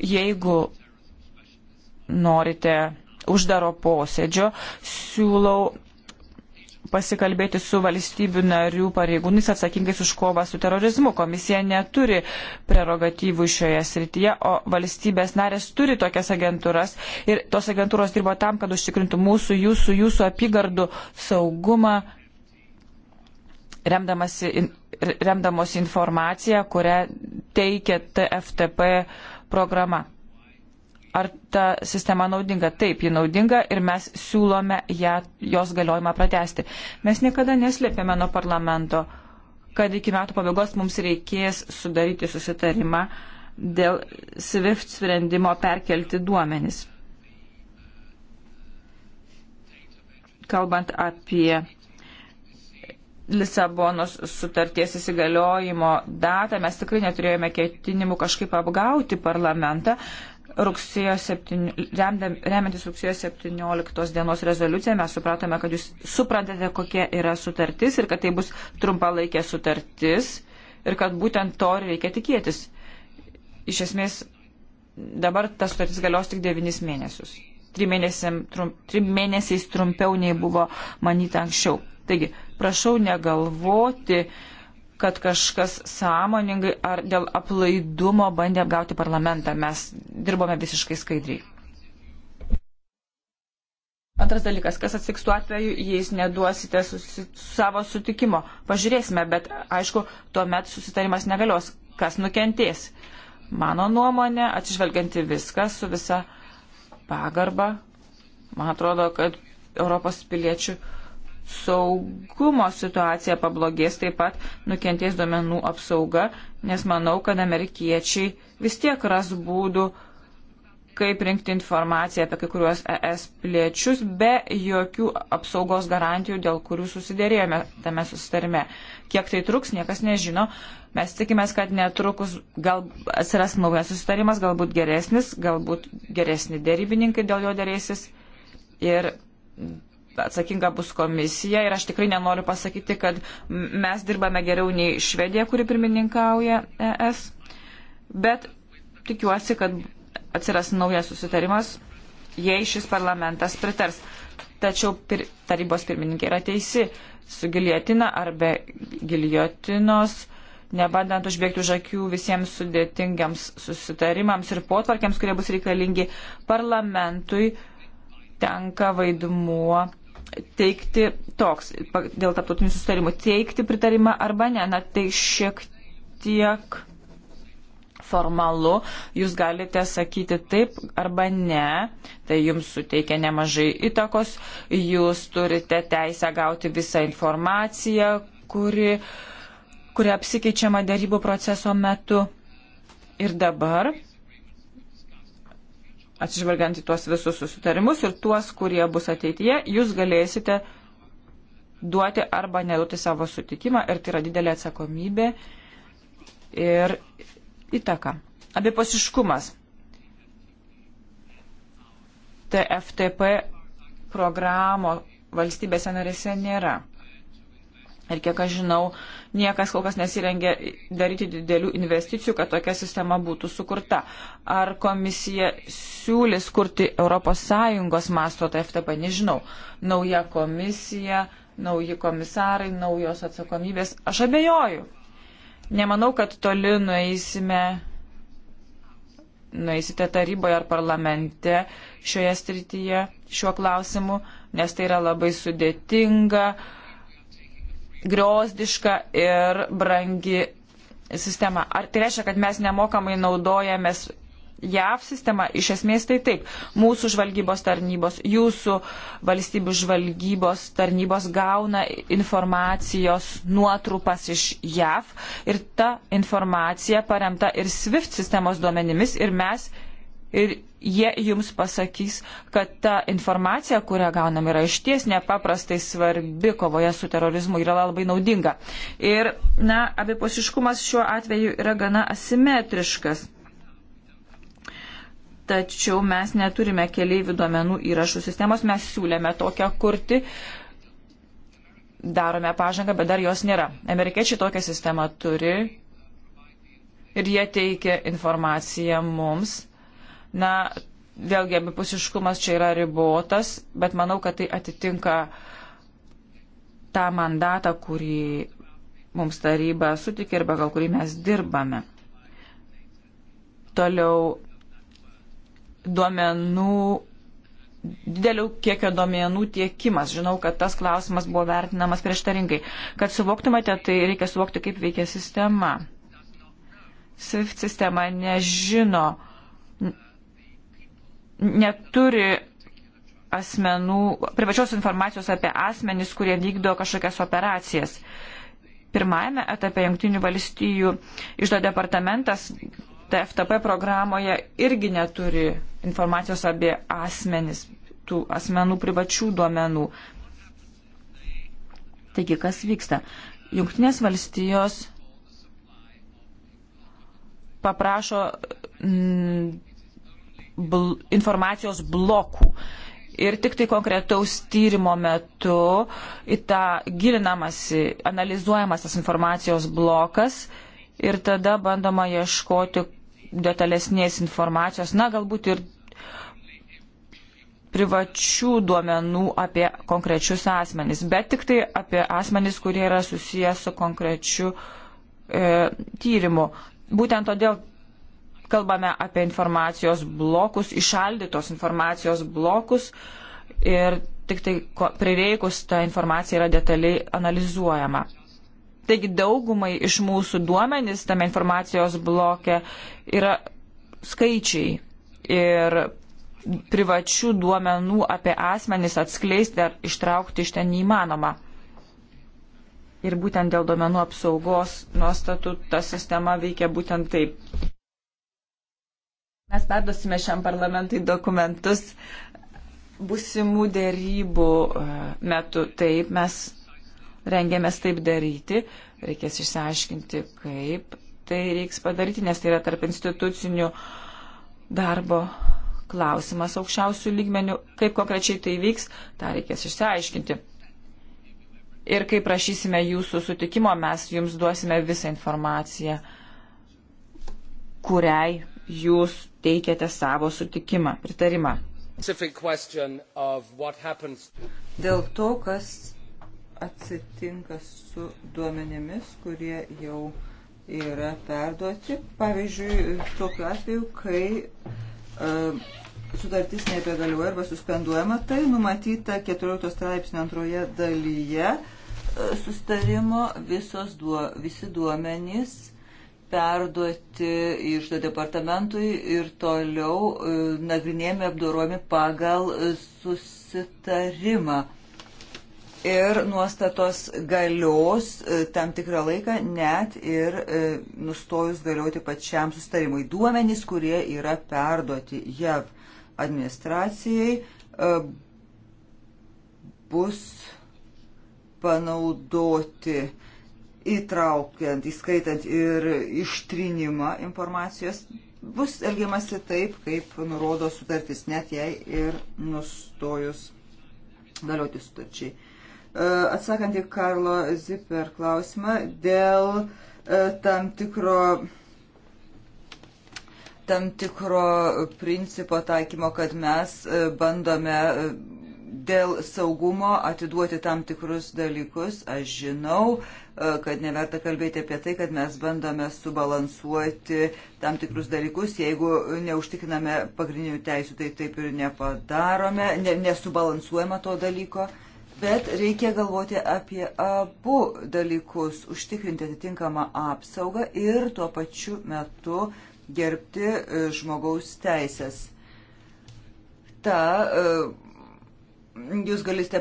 Jeigu norite uždaro posėdžio, siūlau pasikalbėti su valstybių narių pareigūnais atsakingais už kovą su terorizmu. Komisija neturi prerogatyvų šioje srityje, o valstybės narės turi tokias agentūras ir tos agentūros dirbo tam, kad užtikrintų mūsų, jūsų, jūsų apygardų saugumą remdamos informaciją, kurią teikia TFTP programa. Ar ta sistema naudinga? Taip, ji naudinga ir mes siūlome ją, jos galiojimą pratesti. Mes niekada neslėpėme nuo parlamento, kad iki metų pabaigos mums reikės sudaryti susitarimą dėl SWIFT sprendimo perkelti duomenis. Kalbant apie Lisabonos sutarties įsigaliojimo datą mes tikrai neturėjome ketinimų kažkaip apgauti parlamentą. Rugsėjo 7, remiantis rugsėjo 17 dienos rezoliuciją mes supratome, kad jūs suprantate, kokia yra sutartis ir kad tai bus trumpalaikė sutartis ir kad būtent to reikia tikėtis. Iš esmės dabar ta sutartis galios tik 9 mėnesius. 3 mėnesiais, trum, 3 mėnesiais trumpiau nei buvo manyta anksčiau. Taigi, prašau negalvoti, kad kažkas sąmoningai ar dėl aplaidumo bandė apgauti parlamentą. Mes dirbome visiškai skaidriai. Antras dalykas, kas atsiks tuo atveju, jais neduosite susi, savo sutikimo. Pažiūrėsime, bet aišku, tuomet susitarimas negalios. Kas nukentės? Mano nuomonė, atsižvelgianti viską su visa pagarba, man atrodo, kad Europos piliečių saugumo situacija pablogės, taip pat nukentės duomenų apsauga, nes manau, kad amerikiečiai vis tiek ras būdų, kaip rinkti informaciją apie kai kuriuos ES plėčius be jokių apsaugos garantijų, dėl kurių susidėrėjome tame susitarime. Kiek tai truks, niekas nežino. Mes tikimės, kad netrukus gal atsiras naujas susitarimas, galbūt geresnis, galbūt geresni dėrybininkai dėl jo dėrėsis. Ir atsakinga bus komisija ir aš tikrai nenoriu pasakyti, kad mes dirbame geriau nei Švedija, kuri pirmininkauja ES, bet tikiuosi, kad atsiras naujas susitarimas, jei šis parlamentas pritars. Tačiau pir, tarybos pirmininkė yra teisi su giliotina ar be giliotinos, nebandant užbėgti už akių visiems sudėtingiams susitarimams ir potvarkiams, kurie bus reikalingi parlamentui, tenka vaidmuo teikti toks, dėl tarptautinių sustarimų, teikti pritarimą arba ne. Na, tai šiek tiek formalu, jūs galite sakyti taip arba ne, tai jums suteikia nemažai įtakos, jūs turite teisę gauti visą informaciją, kuri, kuri apsikeičiama darybų proceso metu. Ir dabar atsižvelgiant į tuos visus susitarimus ir tuos, kurie bus ateityje, jūs galėsite duoti arba neduoti savo sutikimą ir tai yra didelė atsakomybė ir įtaka. Abipasiškumas. TFTP programo valstybėse narėse nėra. Ir kiek aš žinau, niekas kol kas nesirengia daryti didelių investicijų, kad tokia sistema būtų sukurta. Ar komisija siūlis kurti ES masto TFTP, nežinau. Nauja komisija, nauji komisarai, naujos atsakomybės. Aš abejoju. Nemanau, kad toli nueisime, nueisite taryboje ar parlamente šioje srityje, šiuo klausimu, nes tai yra labai sudėtinga griozdiška ir brangi sistema. Ar tai reiškia, kad mes nemokamai naudojamės JAV sistema, iš esmės tai taip. Mūsų žvalgybos tarnybos, jūsų valstybių žvalgybos tarnybos gauna informacijos nuotrupas iš JAV ir ta informacija paremta ir SWIFT sistemos duomenimis ir mes ir jie jums pasakys, kad ta informacija, kurią gaunam, yra išties nepaprastai svarbi kovoje su terorizmu, yra labai naudinga. Ir, na, abipusiškumas šiuo atveju yra gana asimetriškas. Tačiau mes neturime keliaivių duomenų įrašų sistemos, mes siūlėme tokią kurti, darome pažangą, bet dar jos nėra. Amerikiečiai tokią sistemą turi ir jie teikia informaciją mums Na, vėlgi abipusiškumas čia yra ribotas, bet manau, kad tai atitinka tą mandatą, kurį mums taryba sutikė ir pagal kurį mes dirbame. Toliau duomenų, didelių kiekio duomenų tiekimas. Žinau, kad tas klausimas buvo vertinamas prieštaringai. Kad suvoktumėte, tai reikia suvokti, kaip veikia sistema. SWIFT sistema nežino, neturi asmenų, privačios informacijos apie asmenys, kurie vykdo kažkokias operacijas. Pirmajame etape Junktinių valstijų išdo departamentas TFTP programoje irgi neturi informacijos apie asmenys, tų asmenų privačių duomenų. Taigi, kas vyksta? Junktinės valstijos paprašo m, mm, bl informacijos blokų. Ir tik tai konkretaus tyrimo metu į tą gilinamasi, analizuojamas tas informacijos blokas ir tada bandoma ieškoti detalesnės informacijos, na galbūt ir privačių duomenų apie konkrečius asmenys, bet tik tai apie asmenys, kurie yra susijęs su konkrečiu e, tyrimu. Būtent todėl kalbame apie informacijos blokus, išaldytos informacijos blokus ir tik tai prireikus ta informacija yra detaliai analizuojama. Taigi daugumai iš mūsų duomenys tame informacijos bloke yra skaičiai ir privačių duomenų apie asmenys atskleisti ar ištraukti iš ten neįmanoma. Ir būtent dėl duomenų apsaugos nuostatų ta sistema veikia būtent taip. Mes perdosime šiam parlamentui dokumentus busimų dėrybų e, metu. Taip, mes rengiamės taip daryti. Reikės išsiaiškinti, kaip tai reiks padaryti, nes tai yra tarp institucinių darbo klausimas aukščiausių lygmenių. Kaip konkrečiai tai vyks, tą reikės išsiaiškinti. Ir kai prašysime jūsų sutikimo, mes jums duosime visą informaciją, kuriai jūs teikiate savo sutikimą, pritarimą. Dėl to, kas atsitinka su duomenėmis, kurie jau yra perduoti. Pavyzdžiui, tokiu atveju, kai uh, sutartis nebegaliuoja arba suspenduojama, tai numatyta 14 straipsnio antroje dalyje uh, sustarimo visos duo, visi duomenys perduoti išdo departamentui ir toliau e, nagrinėjami apdorojami pagal e, susitarimą. Ir nuostatos galios e, tam tikrą laiką net ir nustojus galioti pačiam susitarimui. Duomenys, kurie yra perduoti JAV administracijai, bus panaudoti įtraukiant, įskaitant ir ištrinimą informacijos, bus elgiamasi taip, kaip nurodo sutartis, net jei ir nustojus galioti sutarčiai. E, atsakant į Karlo Zipper klausimą dėl e, tam tikro tam tikro principo taikymo, kad mes e, bandome dėl saugumo atiduoti tam tikrus dalykus. Aš žinau, e, kad neverta kalbėti apie tai, kad mes bandome subalansuoti tam tikrus dalykus. Jeigu neužtikriname pagrindinių teisų, tai taip ir nepadarome, ne, nesubalansuojama to dalyko. Bet reikia galvoti apie abu dalykus - užtikrinti atitinkamą apsaugą ir tuo pačiu metu gerbti e, žmogaus teisės. Ta uh, jūs galite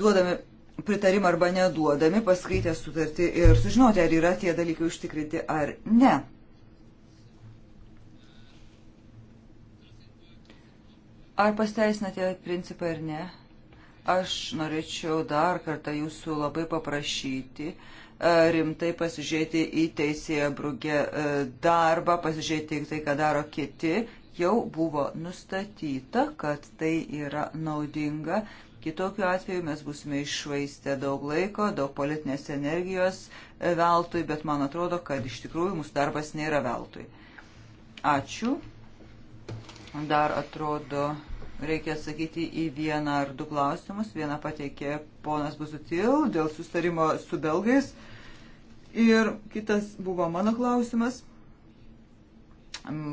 duodami pritarimą arba neduodami paskaitę sutartį ir sužinoti, ar yra tie dalykai užtikrinti ar ne. Ar pasteisina tie principai ar ne? Aš norėčiau dar kartą jūsų labai paprašyti e, rimtai pasižiūrėti į teisėje brūgę e, darbą, pasižiūrėti tai, ką daro kiti jau buvo nustatyta, kad tai yra naudinga. Kitokiu atveju mes būsime išvaistę daug laiko, daug politinės energijos e, veltui, bet man atrodo, kad iš tikrųjų mūsų darbas nėra veltui. Ačiū. Dar atrodo, reikia atsakyti į vieną ar du klausimus. Vieną pateikė ponas Buzutil dėl sustarimo su belgais. Ir kitas buvo mano klausimas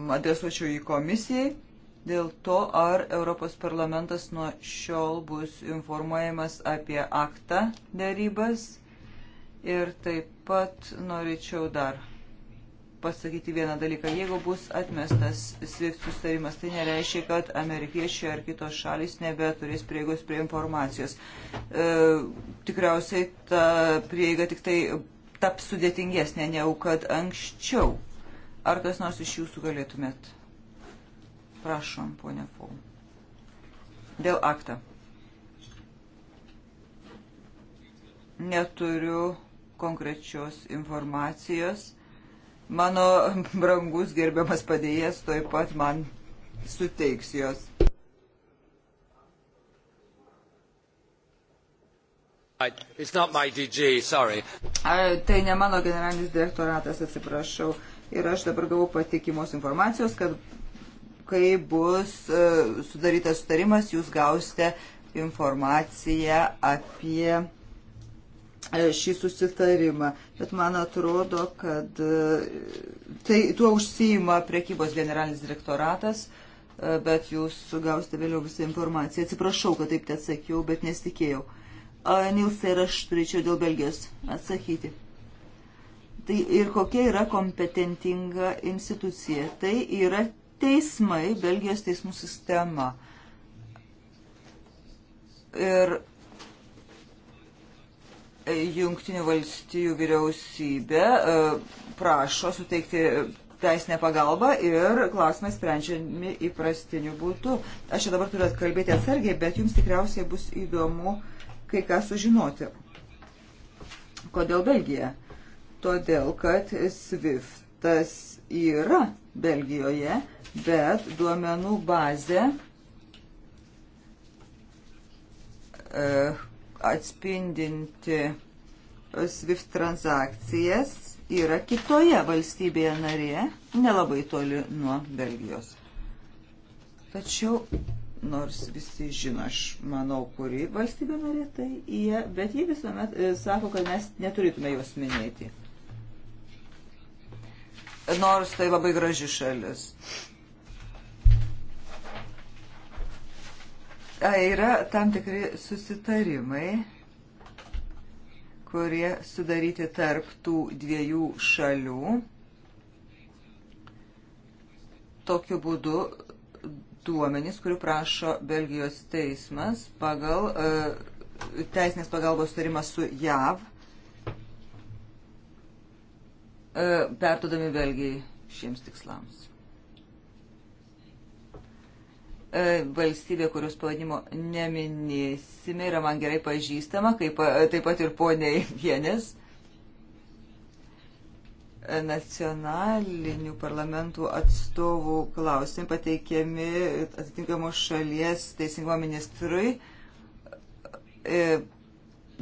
adresuočiau į komisijai dėl to, ar Europos parlamentas nuo šiol bus informuojamas apie aktą dėrybas. Ir taip pat norėčiau dar pasakyti vieną dalyką. Jeigu bus atmestas SWIFT sustarimas, tai nereiškia, kad amerikiečiai ar kitos šalis nebeturės prieigos prie informacijos. E, tikriausiai ta prieiga tik tai taps sudėtingesnė negu kad anksčiau. Ar kas nors iš jūsų galėtumėt? Prašom, ponia Fau. Dėl aktą. Neturiu konkrečios informacijos. Mano brangus gerbiamas padėjėjas toj pat man suteiks jos. It's not my DG, sorry. A, tai ne mano generalinis direktoratas, atsiprašau. Uh, ir aš dabar gavau patikimos informacijos, kad kai bus e, sudarytas sutarimas, jūs gausite informaciją apie e, šį susitarimą. Bet man atrodo, kad e, tai tuo užsijima prekybos generalinis direktoratas, bet jūs gausite vėliau visą informaciją. Atsiprašau, kad taip te atsakiau, bet nesitikėjau. Nilsai ir aš turėčiau dėl Belgijos atsakyti. Tai ir kokia yra kompetentinga institucija. Tai yra teismai, Belgijos teismų sistema. Ir Junktinių valstijų vyriausybė e, prašo suteikti teisinę pagalbą ir klausimai sprendžiami įprastiniu būdu. Aš čia dabar turiu atkalbėti atsargiai, bet jums tikriausiai bus įdomu kai ką sužinoti. Kodėl Belgija? todėl kad SWIFTas yra Belgijoje, bet duomenų bazė e, atspindinti SWIFT transakcijas yra kitoje valstybėje narėje, nelabai toli nuo Belgijos. Tačiau, nors visi žino, aš manau, kuri valstybė narė tai jie, bet jie visuomet e, sako, kad mes neturėtume jos minėti nors tai labai graži šalis. Yra tam tikri susitarimai, kurie sudaryti tarp tų dviejų šalių. Tokiu būdu duomenys, kurių prašo Belgijos teismas pagal e, teisinės pagalbos tarimą su JAV E, perdodami Belgijai šiems tikslams. E, valstybė, kurios pavadinimo neminėsime, yra man gerai pažįstama, kaip, e, taip pat ir poniai Vienės nacionalinių parlamentų atstovų klausimai pateikiami atitinkamos šalies teisingo ministrui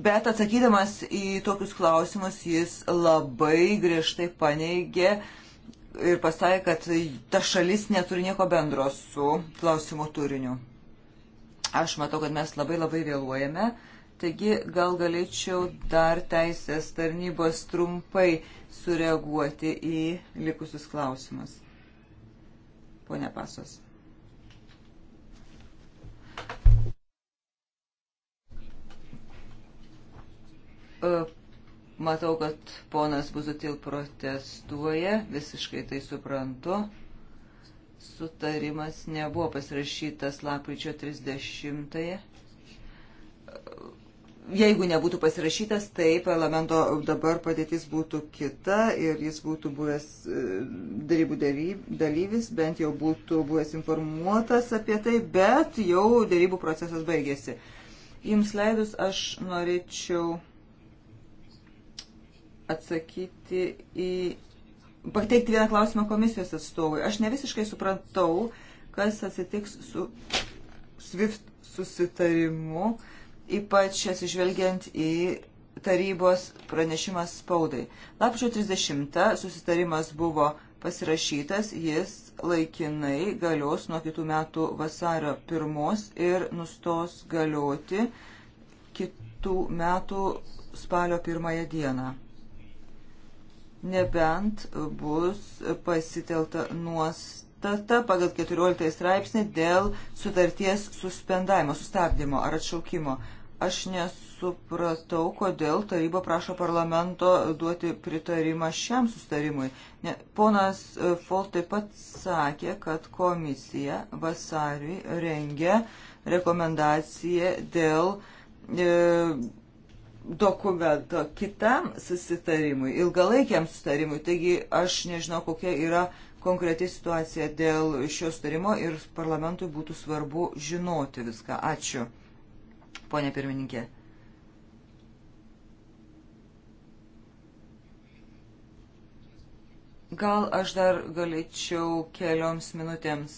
Bet atsakydamas į tokius klausimus jis labai griežtai paneigė ir pasakė, kad ta šalis neturi nieko bendro su klausimo turiniu. Aš matau, kad mes labai labai vėluojame, taigi gal galėčiau dar teisės tarnybos trumpai sureaguoti į likusius klausimus. Pone Pasos. E, matau, kad ponas Buzutil protestuoja, visiškai tai suprantu. Sutarimas nebuvo pasirašytas lapkričio 30-ąją. E, jeigu nebūtų pasirašytas, tai parlamento dabar padėtis būtų kita ir jis būtų buvęs e, darybų dalyvis, bent jau būtų buvęs informuotas apie tai, bet jau darybų procesas baigėsi. Jums leidus aš norėčiau atsakyti į, pateikti vieną klausimą komisijos atstovui. Aš ne visiškai suprantau, kas atsitiks su SWIFT susitarimu, ypač atsižvelgiant į tarybos pranešimas spaudai. Lapčio 30 susitarimas buvo pasirašytas, jis laikinai galios nuo kitų metų vasario 1 ir nustos galioti kitų metų spalio 1 dieną nebent bus pasitelta nuostata pagal 14 straipsnį dėl sutarties suspendavimo, sustabdymo ar atšaukimo. Aš nesupratau, kodėl taryba prašo parlamento duoti pritarimą šiam sustarimui. Ne, ponas Fol taip pat sakė, kad komisija vasariui rengia rekomendaciją dėl e, dokumento kitam susitarimui, ilgalaikiam susitarimui. Taigi aš nežinau, kokia yra konkreti situacija dėl šio sutarimo ir parlamentui būtų svarbu žinoti viską. Ačiū, ponė pirmininkė. Gal aš dar galėčiau kelioms minutėms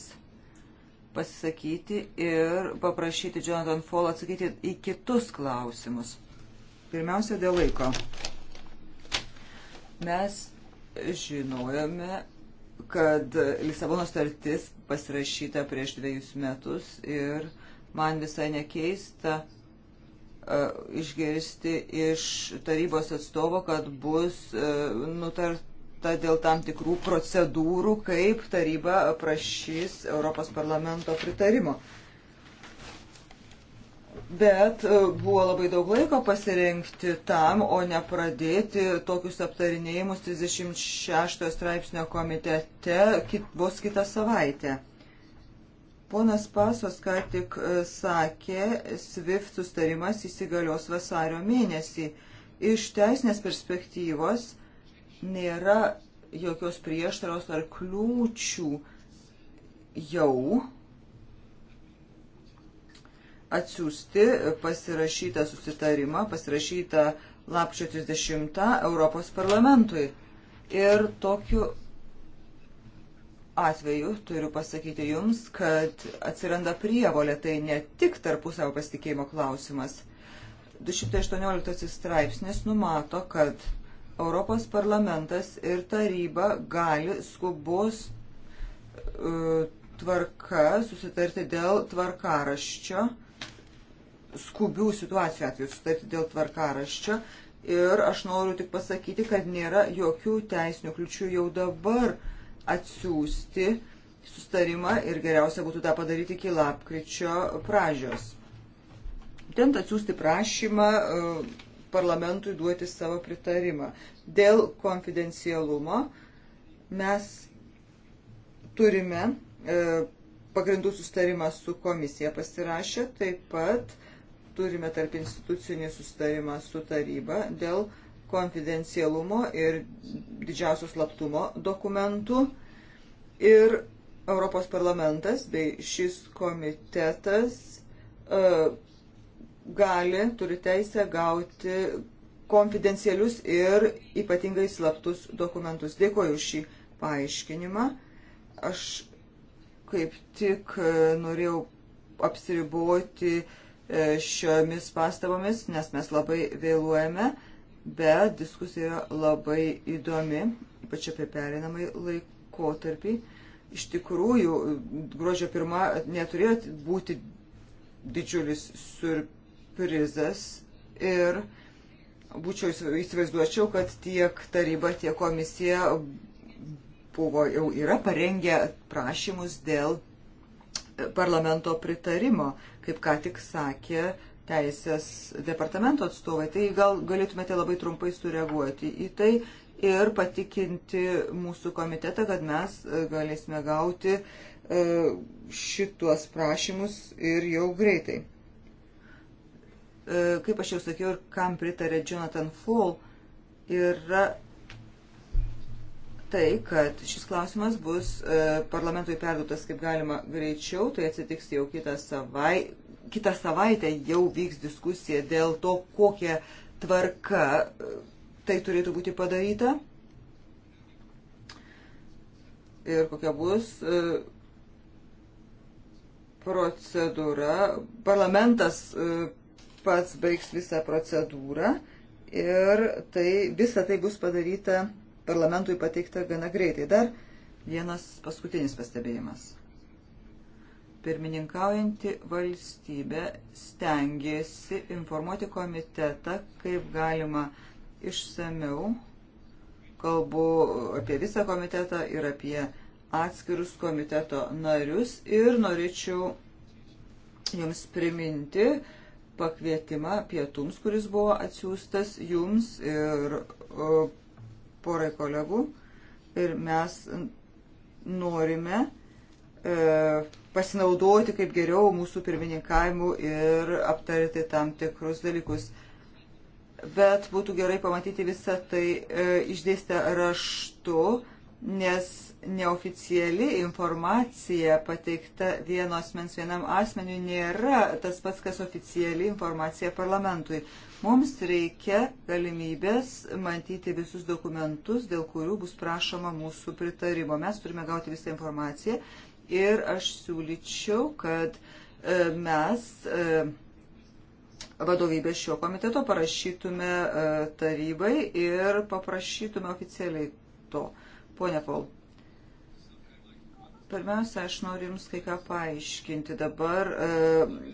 pasisakyti ir paprašyti Jonathan Fall atsakyti į kitus klausimus. Pirmiausia, dėl laiko. Mes žinojome, kad Lisabono startis pasirašyta prieš dviejus metus ir man visai nekeista uh, išgirsti iš tarybos atstovo, kad bus uh, e, nutarta nutarta dėl tam tikrų procedūrų, kaip taryba prašys Europos parlamento pritarimo bet e, buvo labai daug laiko pasirinkti tam, o ne pradėti tokius aptarinėjimus 36 straipsnio komitete kit, vos kitą savaitę. Ponas Pasos ką tik e, sakė, SWIFT sustarimas įsigalios vasario mėnesį. Iš teisinės perspektyvos nėra jokios prieštaros ar kliūčių jau atsiųsti pasirašytą susitarimą, pasirašytą lapčio 30 Europos parlamentui. Ir tokiu atveju turiu pasakyti Jums, kad atsiranda prievolė, tai ne tik tarpusavo pasitikėjimo klausimas. 218 straipsnis numato, kad Europos parlamentas ir taryba gali skubos e, tvarka susitarti dėl tvarkaraščio skubių situacijų atveju sutarti dėl tvarkaraščio. Ir aš noriu tik pasakyti, kad nėra jokių teisinių kliučių jau dabar atsiųsti sustarimą ir geriausia būtų tą padaryti iki lapkričio pradžios. Būtent atsiųsti prašymą e, parlamentui duoti savo pritarimą. Dėl konfidencialumo mes turime e, pagrindų sustarimą su komisija pasirašę, taip pat turime tarp institucinį sustarimą su taryba dėl konfidencialumo ir didžiausios slaptumo dokumentų. Ir Europos parlamentas bei šis komitetas e, gali, turi teisę gauti konfidencialius ir ypatingai slaptus dokumentus. Dėkuoju šį paaiškinimą. Aš kaip tik e, norėjau apsiriboti uh, E, šiomis pastabomis, nes mes labai vėluojame, bet diskusija yra labai įdomi, ypač apie perinamai laikotarpį. Iš tikrųjų, gruodžio pirma neturėjo būti didžiulis surprizas ir būčiau įsivaizduočiau, kad tiek taryba, tiek komisija buvo jau yra parengę prašymus dėl parlamento pritarimo kaip ką tik sakė teisės departamento atstovai. Tai gal galėtumėte labai trumpai sureaguoti į tai ir patikinti mūsų komitetą, kad mes e, galėsime gauti e, šituos prašymus ir jau greitai. E, kaip aš jau sakiau ir kam pritarė Jonathan Fall, yra tai, kad šis klausimas bus e, parlamentui perduotas kaip galima greičiau, tai atsitiks jau kitą, savai, kitą savaitę, jau vyks diskusija dėl to, kokia tvarka e, tai turėtų būti padaryta ir kokia bus e, procedūra. Parlamentas pats baigs visą procedūrą ir tai, visa tai bus padaryta parlamentui pateikta gana greitai. Dar vienas paskutinis pastebėjimas. Pirmininkaujanti valstybė stengiasi informuoti komitetą, kaip galima išsameu. Kalbu apie visą komitetą ir apie atskirus komiteto narius ir norėčiau jums priminti pakvietimą pietums, kuris buvo atsiųstas jums ir porai kolegų ir mes norime e, pasinaudoti kaip geriau mūsų pirmininkavimu ir aptarti tam tikrus dalykus. Bet būtų gerai pamatyti visą tai e, išdėstę raštu, nes neoficiali informacija pateikta vieno asmens vienam asmeniui nėra tas pats, kas oficiali informacija parlamentui. Mums reikia galimybės matyti visus dokumentus, dėl kurių bus prašoma mūsų pritarimo. Mes turime gauti visą informaciją ir aš siūlyčiau, kad e, mes e, vadovybės šio komiteto parašytume e, tarybai ir paprašytume oficialiai to. Pone Paul. Pirmiausia, aš noriu Jums kai ką paaiškinti. Dabar e,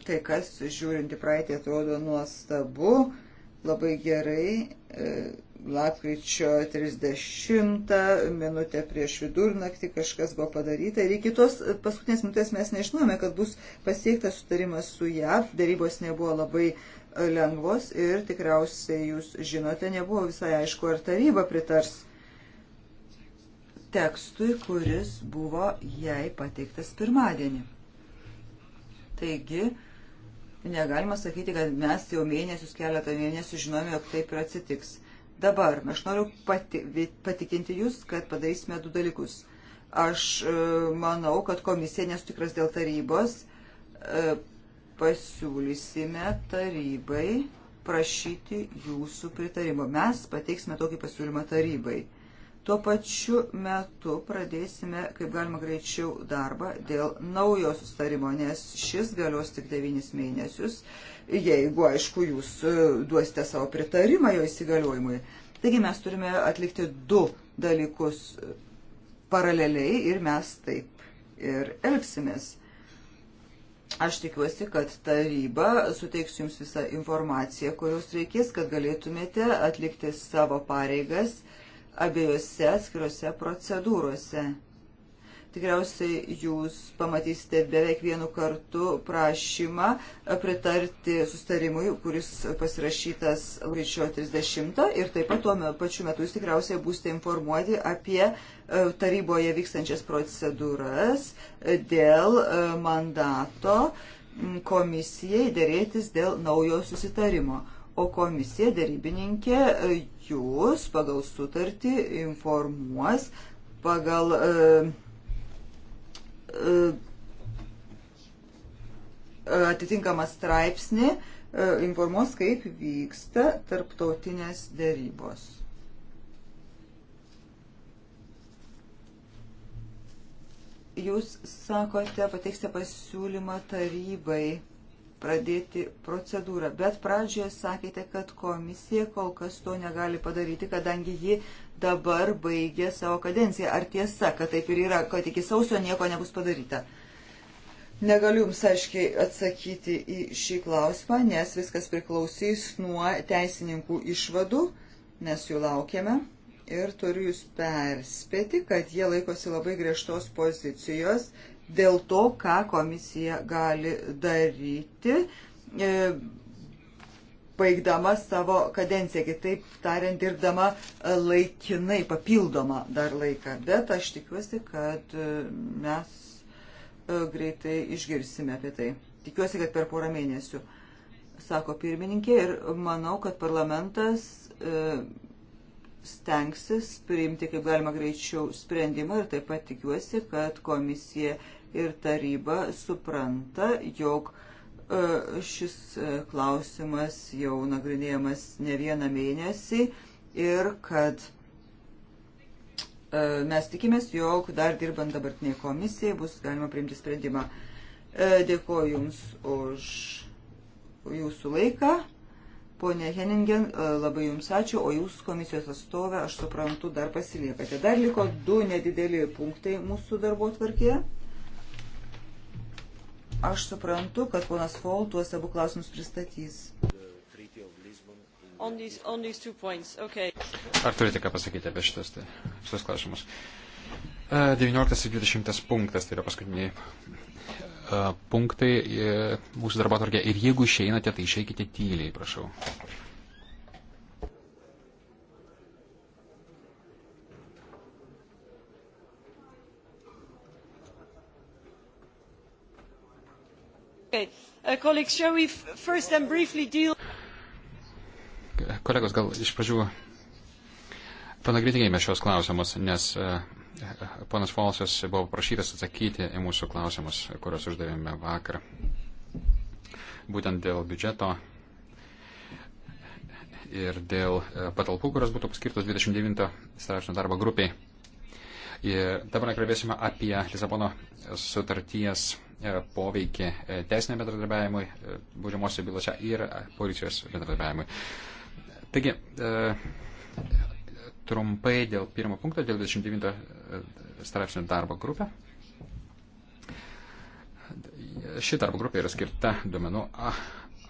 kai kas žiūrint į praeitį atrodo nuostabu, labai gerai. E, lapkričio 30 minutę prieš vidurnaktį kažkas buvo padaryta ir iki tos paskutinės minutės mes nežinome, kad bus pasiektas sutarimas su JAV, darybos nebuvo labai e, lengvos ir tikriausiai jūs žinote, nebuvo visai aišku, ar taryba pritars tekstui, kuris buvo jai pateiktas pirmadienį. Taigi, negalima sakyti, kad mes jau mėnesius, keletą mėnesių žinome, jog taip ir atsitiks. Dabar aš noriu pati, patikinti Jūs, kad padarysime du dalykus. Aš e, manau, kad komisija nesutikras dėl tarybos. E, pasiūlysime tarybai prašyti jūsų pritarimo. Mes pateiksime tokį pasiūlymą tarybai. Tuo pačiu metu pradėsime, kaip galima greičiau, darbą dėl naujo sustarimo, nes šis galios tik devynis mėnesius, jeigu, aišku, jūs e, duosite savo pritarimą jo įsigaliojimui. Taigi mes turime atlikti du dalykus e, paraleliai ir mes taip ir elgsimės. Aš tikiuosi, kad taryba suteiks jums visą informaciją, kurios reikės, kad galėtumėte atlikti savo pareigas – abiejose atskirose procedūrose. Tikriausiai jūs pamatysite beveik vienu kartu prašymą pritarti sustarimui, kuris pasirašytas lapkričio 30 ir taip pat tuo pačiu metu jūs tikriausiai būsite informuoti apie e, taryboje vykstančias procedūras dėl e, mandato komisijai dėrėtis dėl naujo susitarimo o komisija darybininkė e, jūs pagal sutartį informuos pagal e, e, atitinkamą straipsnį, e, informuos, kaip vyksta tarptautinės dėrybos. Jūs sakote, pateiksite pasiūlymą tarybai pradėti procedūrą. Bet pradžioje sakėte, kad komisija kol kas to negali padaryti, kadangi ji dabar baigė savo kadenciją. Ar tiesa, kad taip ir yra, kad iki sausio nieko nebus padaryta? Negaliu Jums aiškiai atsakyti į šį klausimą, nes viskas priklausys nuo teisininkų išvadų, nes jų laukiame. Ir turiu Jūs perspėti, kad jie laikosi labai griežtos pozicijos dėl to, ką komisija gali daryti, e, baigdama savo kadenciją, kitaip tariant, dirbdama laikinai, papildomą dar laiką. Bet aš tikiuosi, kad e, mes e, greitai išgirsime apie tai. Tikiuosi, kad per porą mėnesių, sako pirmininkė, ir manau, kad parlamentas stengsis priimti kaip galima greičiau sprendimą ir taip pat tikiuosi, kad komisija ir taryba supranta, jog e, šis e, klausimas jau nagrinėjamas ne vieną mėnesį ir kad e, mes tikimės, jog dar dirbant dabartiniai komisijai bus galima priimti sprendimą. Dėkuoju Jums už Jūsų laiką. Pone Heningen, labai Jums ačiū, o Jūs komisijos atstovė, aš suprantu, dar pasiliekate. Dar liko du nedideli punktai mūsų darbo tvarkėje. Aš suprantu, kad ponas Fol tuos abu klausimus pristatys. On these, on these points, okay. Ar turite ką pasakyti apie šitas, tai, šitas klausimus? 19 e, ir 20 punktas, tai yra paskutiniai e, punktai e, mūsų darbatvarkė. Ir jeigu išeinate, tai išeikite tyliai, prašau. Okay. Uh, deal... Kolegos, gal iš pradžių panagrinėjame šios klausimus, nes uh, Ponas Falsas buvo paprašytas atsakyti į mūsų klausimus, kuriuos uždavėme vakar. Būtent dėl biudžeto ir dėl uh, patalpų, kurios būtų paskirtos 29 straipsnio darbo grupiai. Ir dabar kalbėsime apie Lisabono sutarties E, poveikį e, teisinėm bendradarbiavimui, e, būdžiamosios bylose ir policijos bendradarbiavimui. Taigi, trumpai dėl pirmo punkto, dėl 29 straipsnio darbo grupė. Ši darbo grupė yra skirta duomenų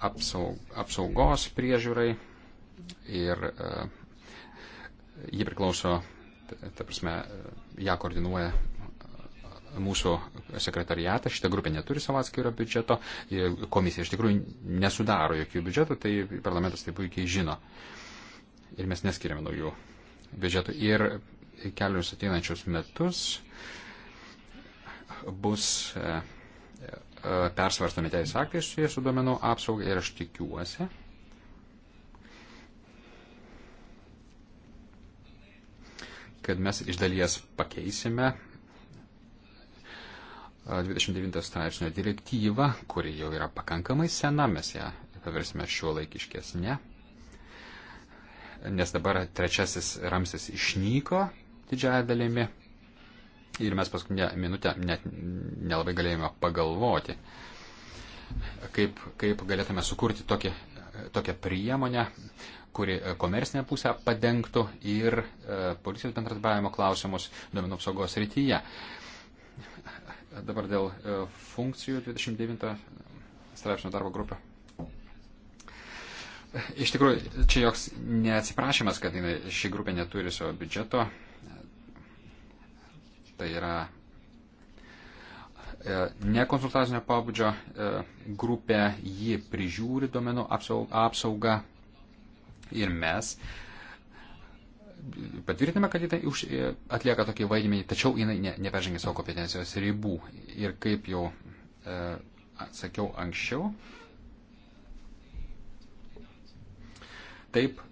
apsaugos priežiūrai ir ji priklauso, ta prasme, ją koordinuoja mūsų sekretariatas, šita grupė neturi savo atskiro biudžeto, komisija iš tikrųjų nesudaro jokių biudžetų, tai parlamentas tai puikiai žino. Ir mes neskiriame naujų biudžetų. Ir kelius ateinančius metus bus e, e, persvarstami teisės aktai susijęs su duomenų apsauga ir aš tikiuosi, kad mes iš dalies pakeisime 29 straipsnio direktyvą, kuri jau yra pakankamai sena, mes ją paversime šiuo laikiškesnė. Nes dabar trečiasis ramsis išnyko didžiąją dalimi ir mes paskutinę minutę net nelabai galėjome pagalvoti, kaip, kaip galėtume sukurti tokį, tokią priemonę, kuri komersinę pusę padengtų ir e, policijos bendradarbiavimo klausimus duomenų apsaugos rytyje. E, Dabar dėl e, funkcijų 29 straipsnio darbo grupė. Iš tikrųjų, čia joks neatsiprašymas, kad ši grupė neturi savo biudžeto. Tai yra e, nekonsultacinio pabudžio e, grupė, ji prižiūri domenų apsaugą ir mes patvirtiname, kad jinai už, e, atlieka tokį vaidmenį, tačiau jinai ne, neperžengia savo kompetencijos ribų. Ir kaip jau e, atsakiau anksčiau, taip e,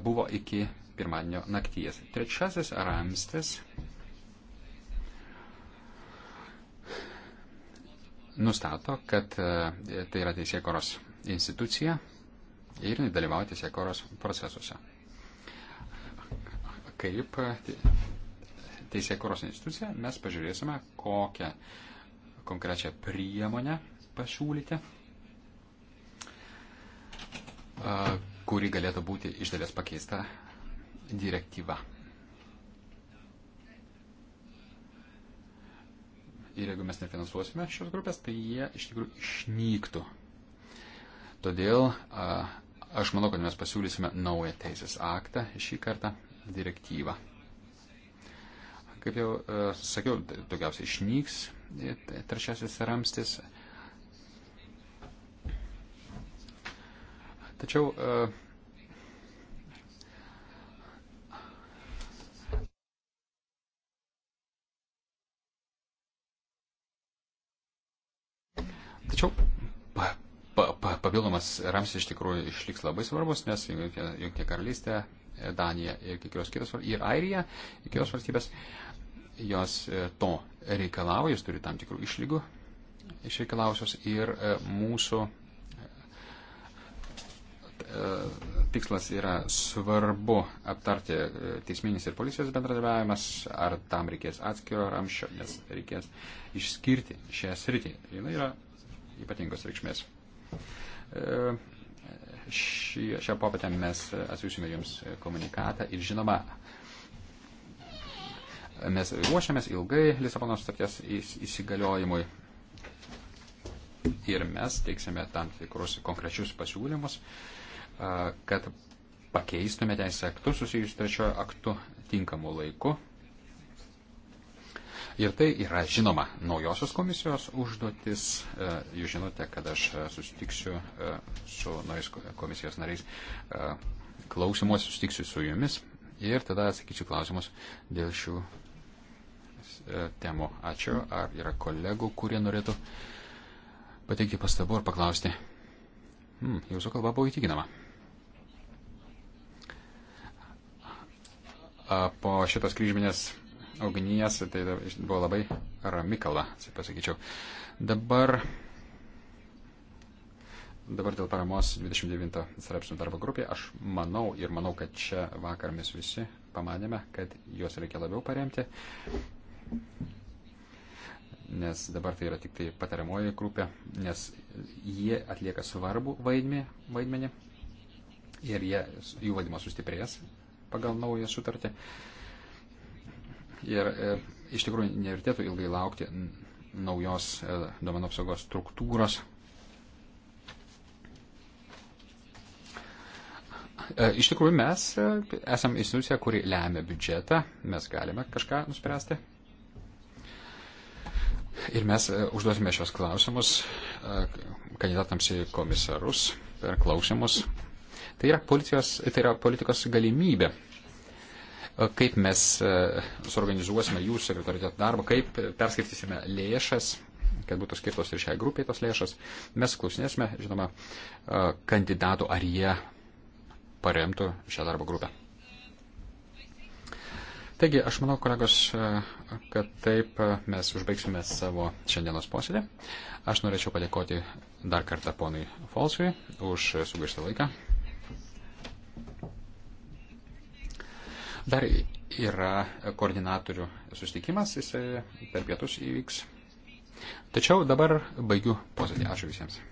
buvo iki pirmadienio nakties. Trečiasis ramstis nustato, kad e, tai yra teisėkoros institucija ir dalyvauja teisėkoros procesuose kaip e, teisėkuros institucija mes pažiūrėsime, kokią konkrečią priemonę pasiūlyti, e, kuri galėtų būti iš dalies pakeista direktyva. Ir jeigu mes nefinansuosime šios grupės, tai jie iš tikrųjų išnyktų. Todėl e, aš manau, kad mes pasiūlysime naują teisės aktą šį kartą direktyvą. Kaip jau e, sakiau, daugiausiai išnyks trečiasis ramstis. Tačiau e, Tačiau pa, pa, papildomas ramsis iš tikrųjų išliks labai svarbus, nes Junktinė karalystė Danija ir kai kurios kitos, ir Airija, ir kitos valstybės, jos e, to reikalauja, jos turi tam tikrų išlygų išreikalausios ir e, mūsų e, tikslas yra svarbu aptarti teisminis ir policijos bendradarbiavimas, ar tam reikės atskiro ramščio, nes reikės išskirti šią sritį. Jis yra ypatingos reikšmės šį, šią popietę mes atsiųsime jums komunikatą ir žinoma, mes ruošiamės ilgai Lisabonos sutarties įsigaliojimui ir mes teiksime tam tikrus konkrečius pasiūlymus, kad pakeistume teisę aktus susijusius trečiojo aktu tinkamu laiku Ir tai yra, žinoma, naujosios komisijos užduotis. E, jūs žinote, kad aš e, susitiksiu e, su naujais komisijos nariais, klausimuose susitiksiu su jumis ir tada atsakysiu klausimus dėl šių temų. Ačiū. Ar yra kolegų, kurie norėtų pateikti pastabų ar paklausti? Hmm, jūsų kalba buvo įtikinama. Po šitos kryžminės augnyjas, tai buvo labai rami kala, taip pasakyčiau. Dabar, dabar dėl paramos 29 straipsnių darbo grupė, aš manau ir manau, kad čia vakar mes visi pamanėme, kad juos reikia labiau paremti, nes dabar tai yra tik tai patariamoji grupė, nes jie atlieka svarbų vaidmenį, vaidmenį ir jie, jų valdymas sustiprės pagal naują sutartį. Uh, Ir e, iš tikrųjų nevertėtų ilgai laukti naujos e, duomenų apsaugos struktūros. E, iš tikrųjų, mes esam institucija, kuri lemia biudžetą, mes galime kažką nuspręsti. Ir mes užduosime šios klausimus kandidatams į komisarus per klausimus. Tai yra, policijos, tai yra politikos galimybė kaip mes e, suorganizuosime jų sekretoriteto darbą, kaip perskirtysime lėšas, kad būtų skirtos ir šiai grupiai tos lėšas. Mes klausinėsime, žinoma, e, kandidatų, ar jie paremtų šią darbo grupę. Taigi, aš manau, kolegos, e, kad taip mes užbaigsime savo šiandienos posėdį. Aš norėčiau padėkoti dar kartą ponui Falsui už sugaištą laiką. Dar yra koordinatorių susitikimas, jisai per pietus įvyks. Tačiau dabar baigiu posėdį. Ačiū visiems.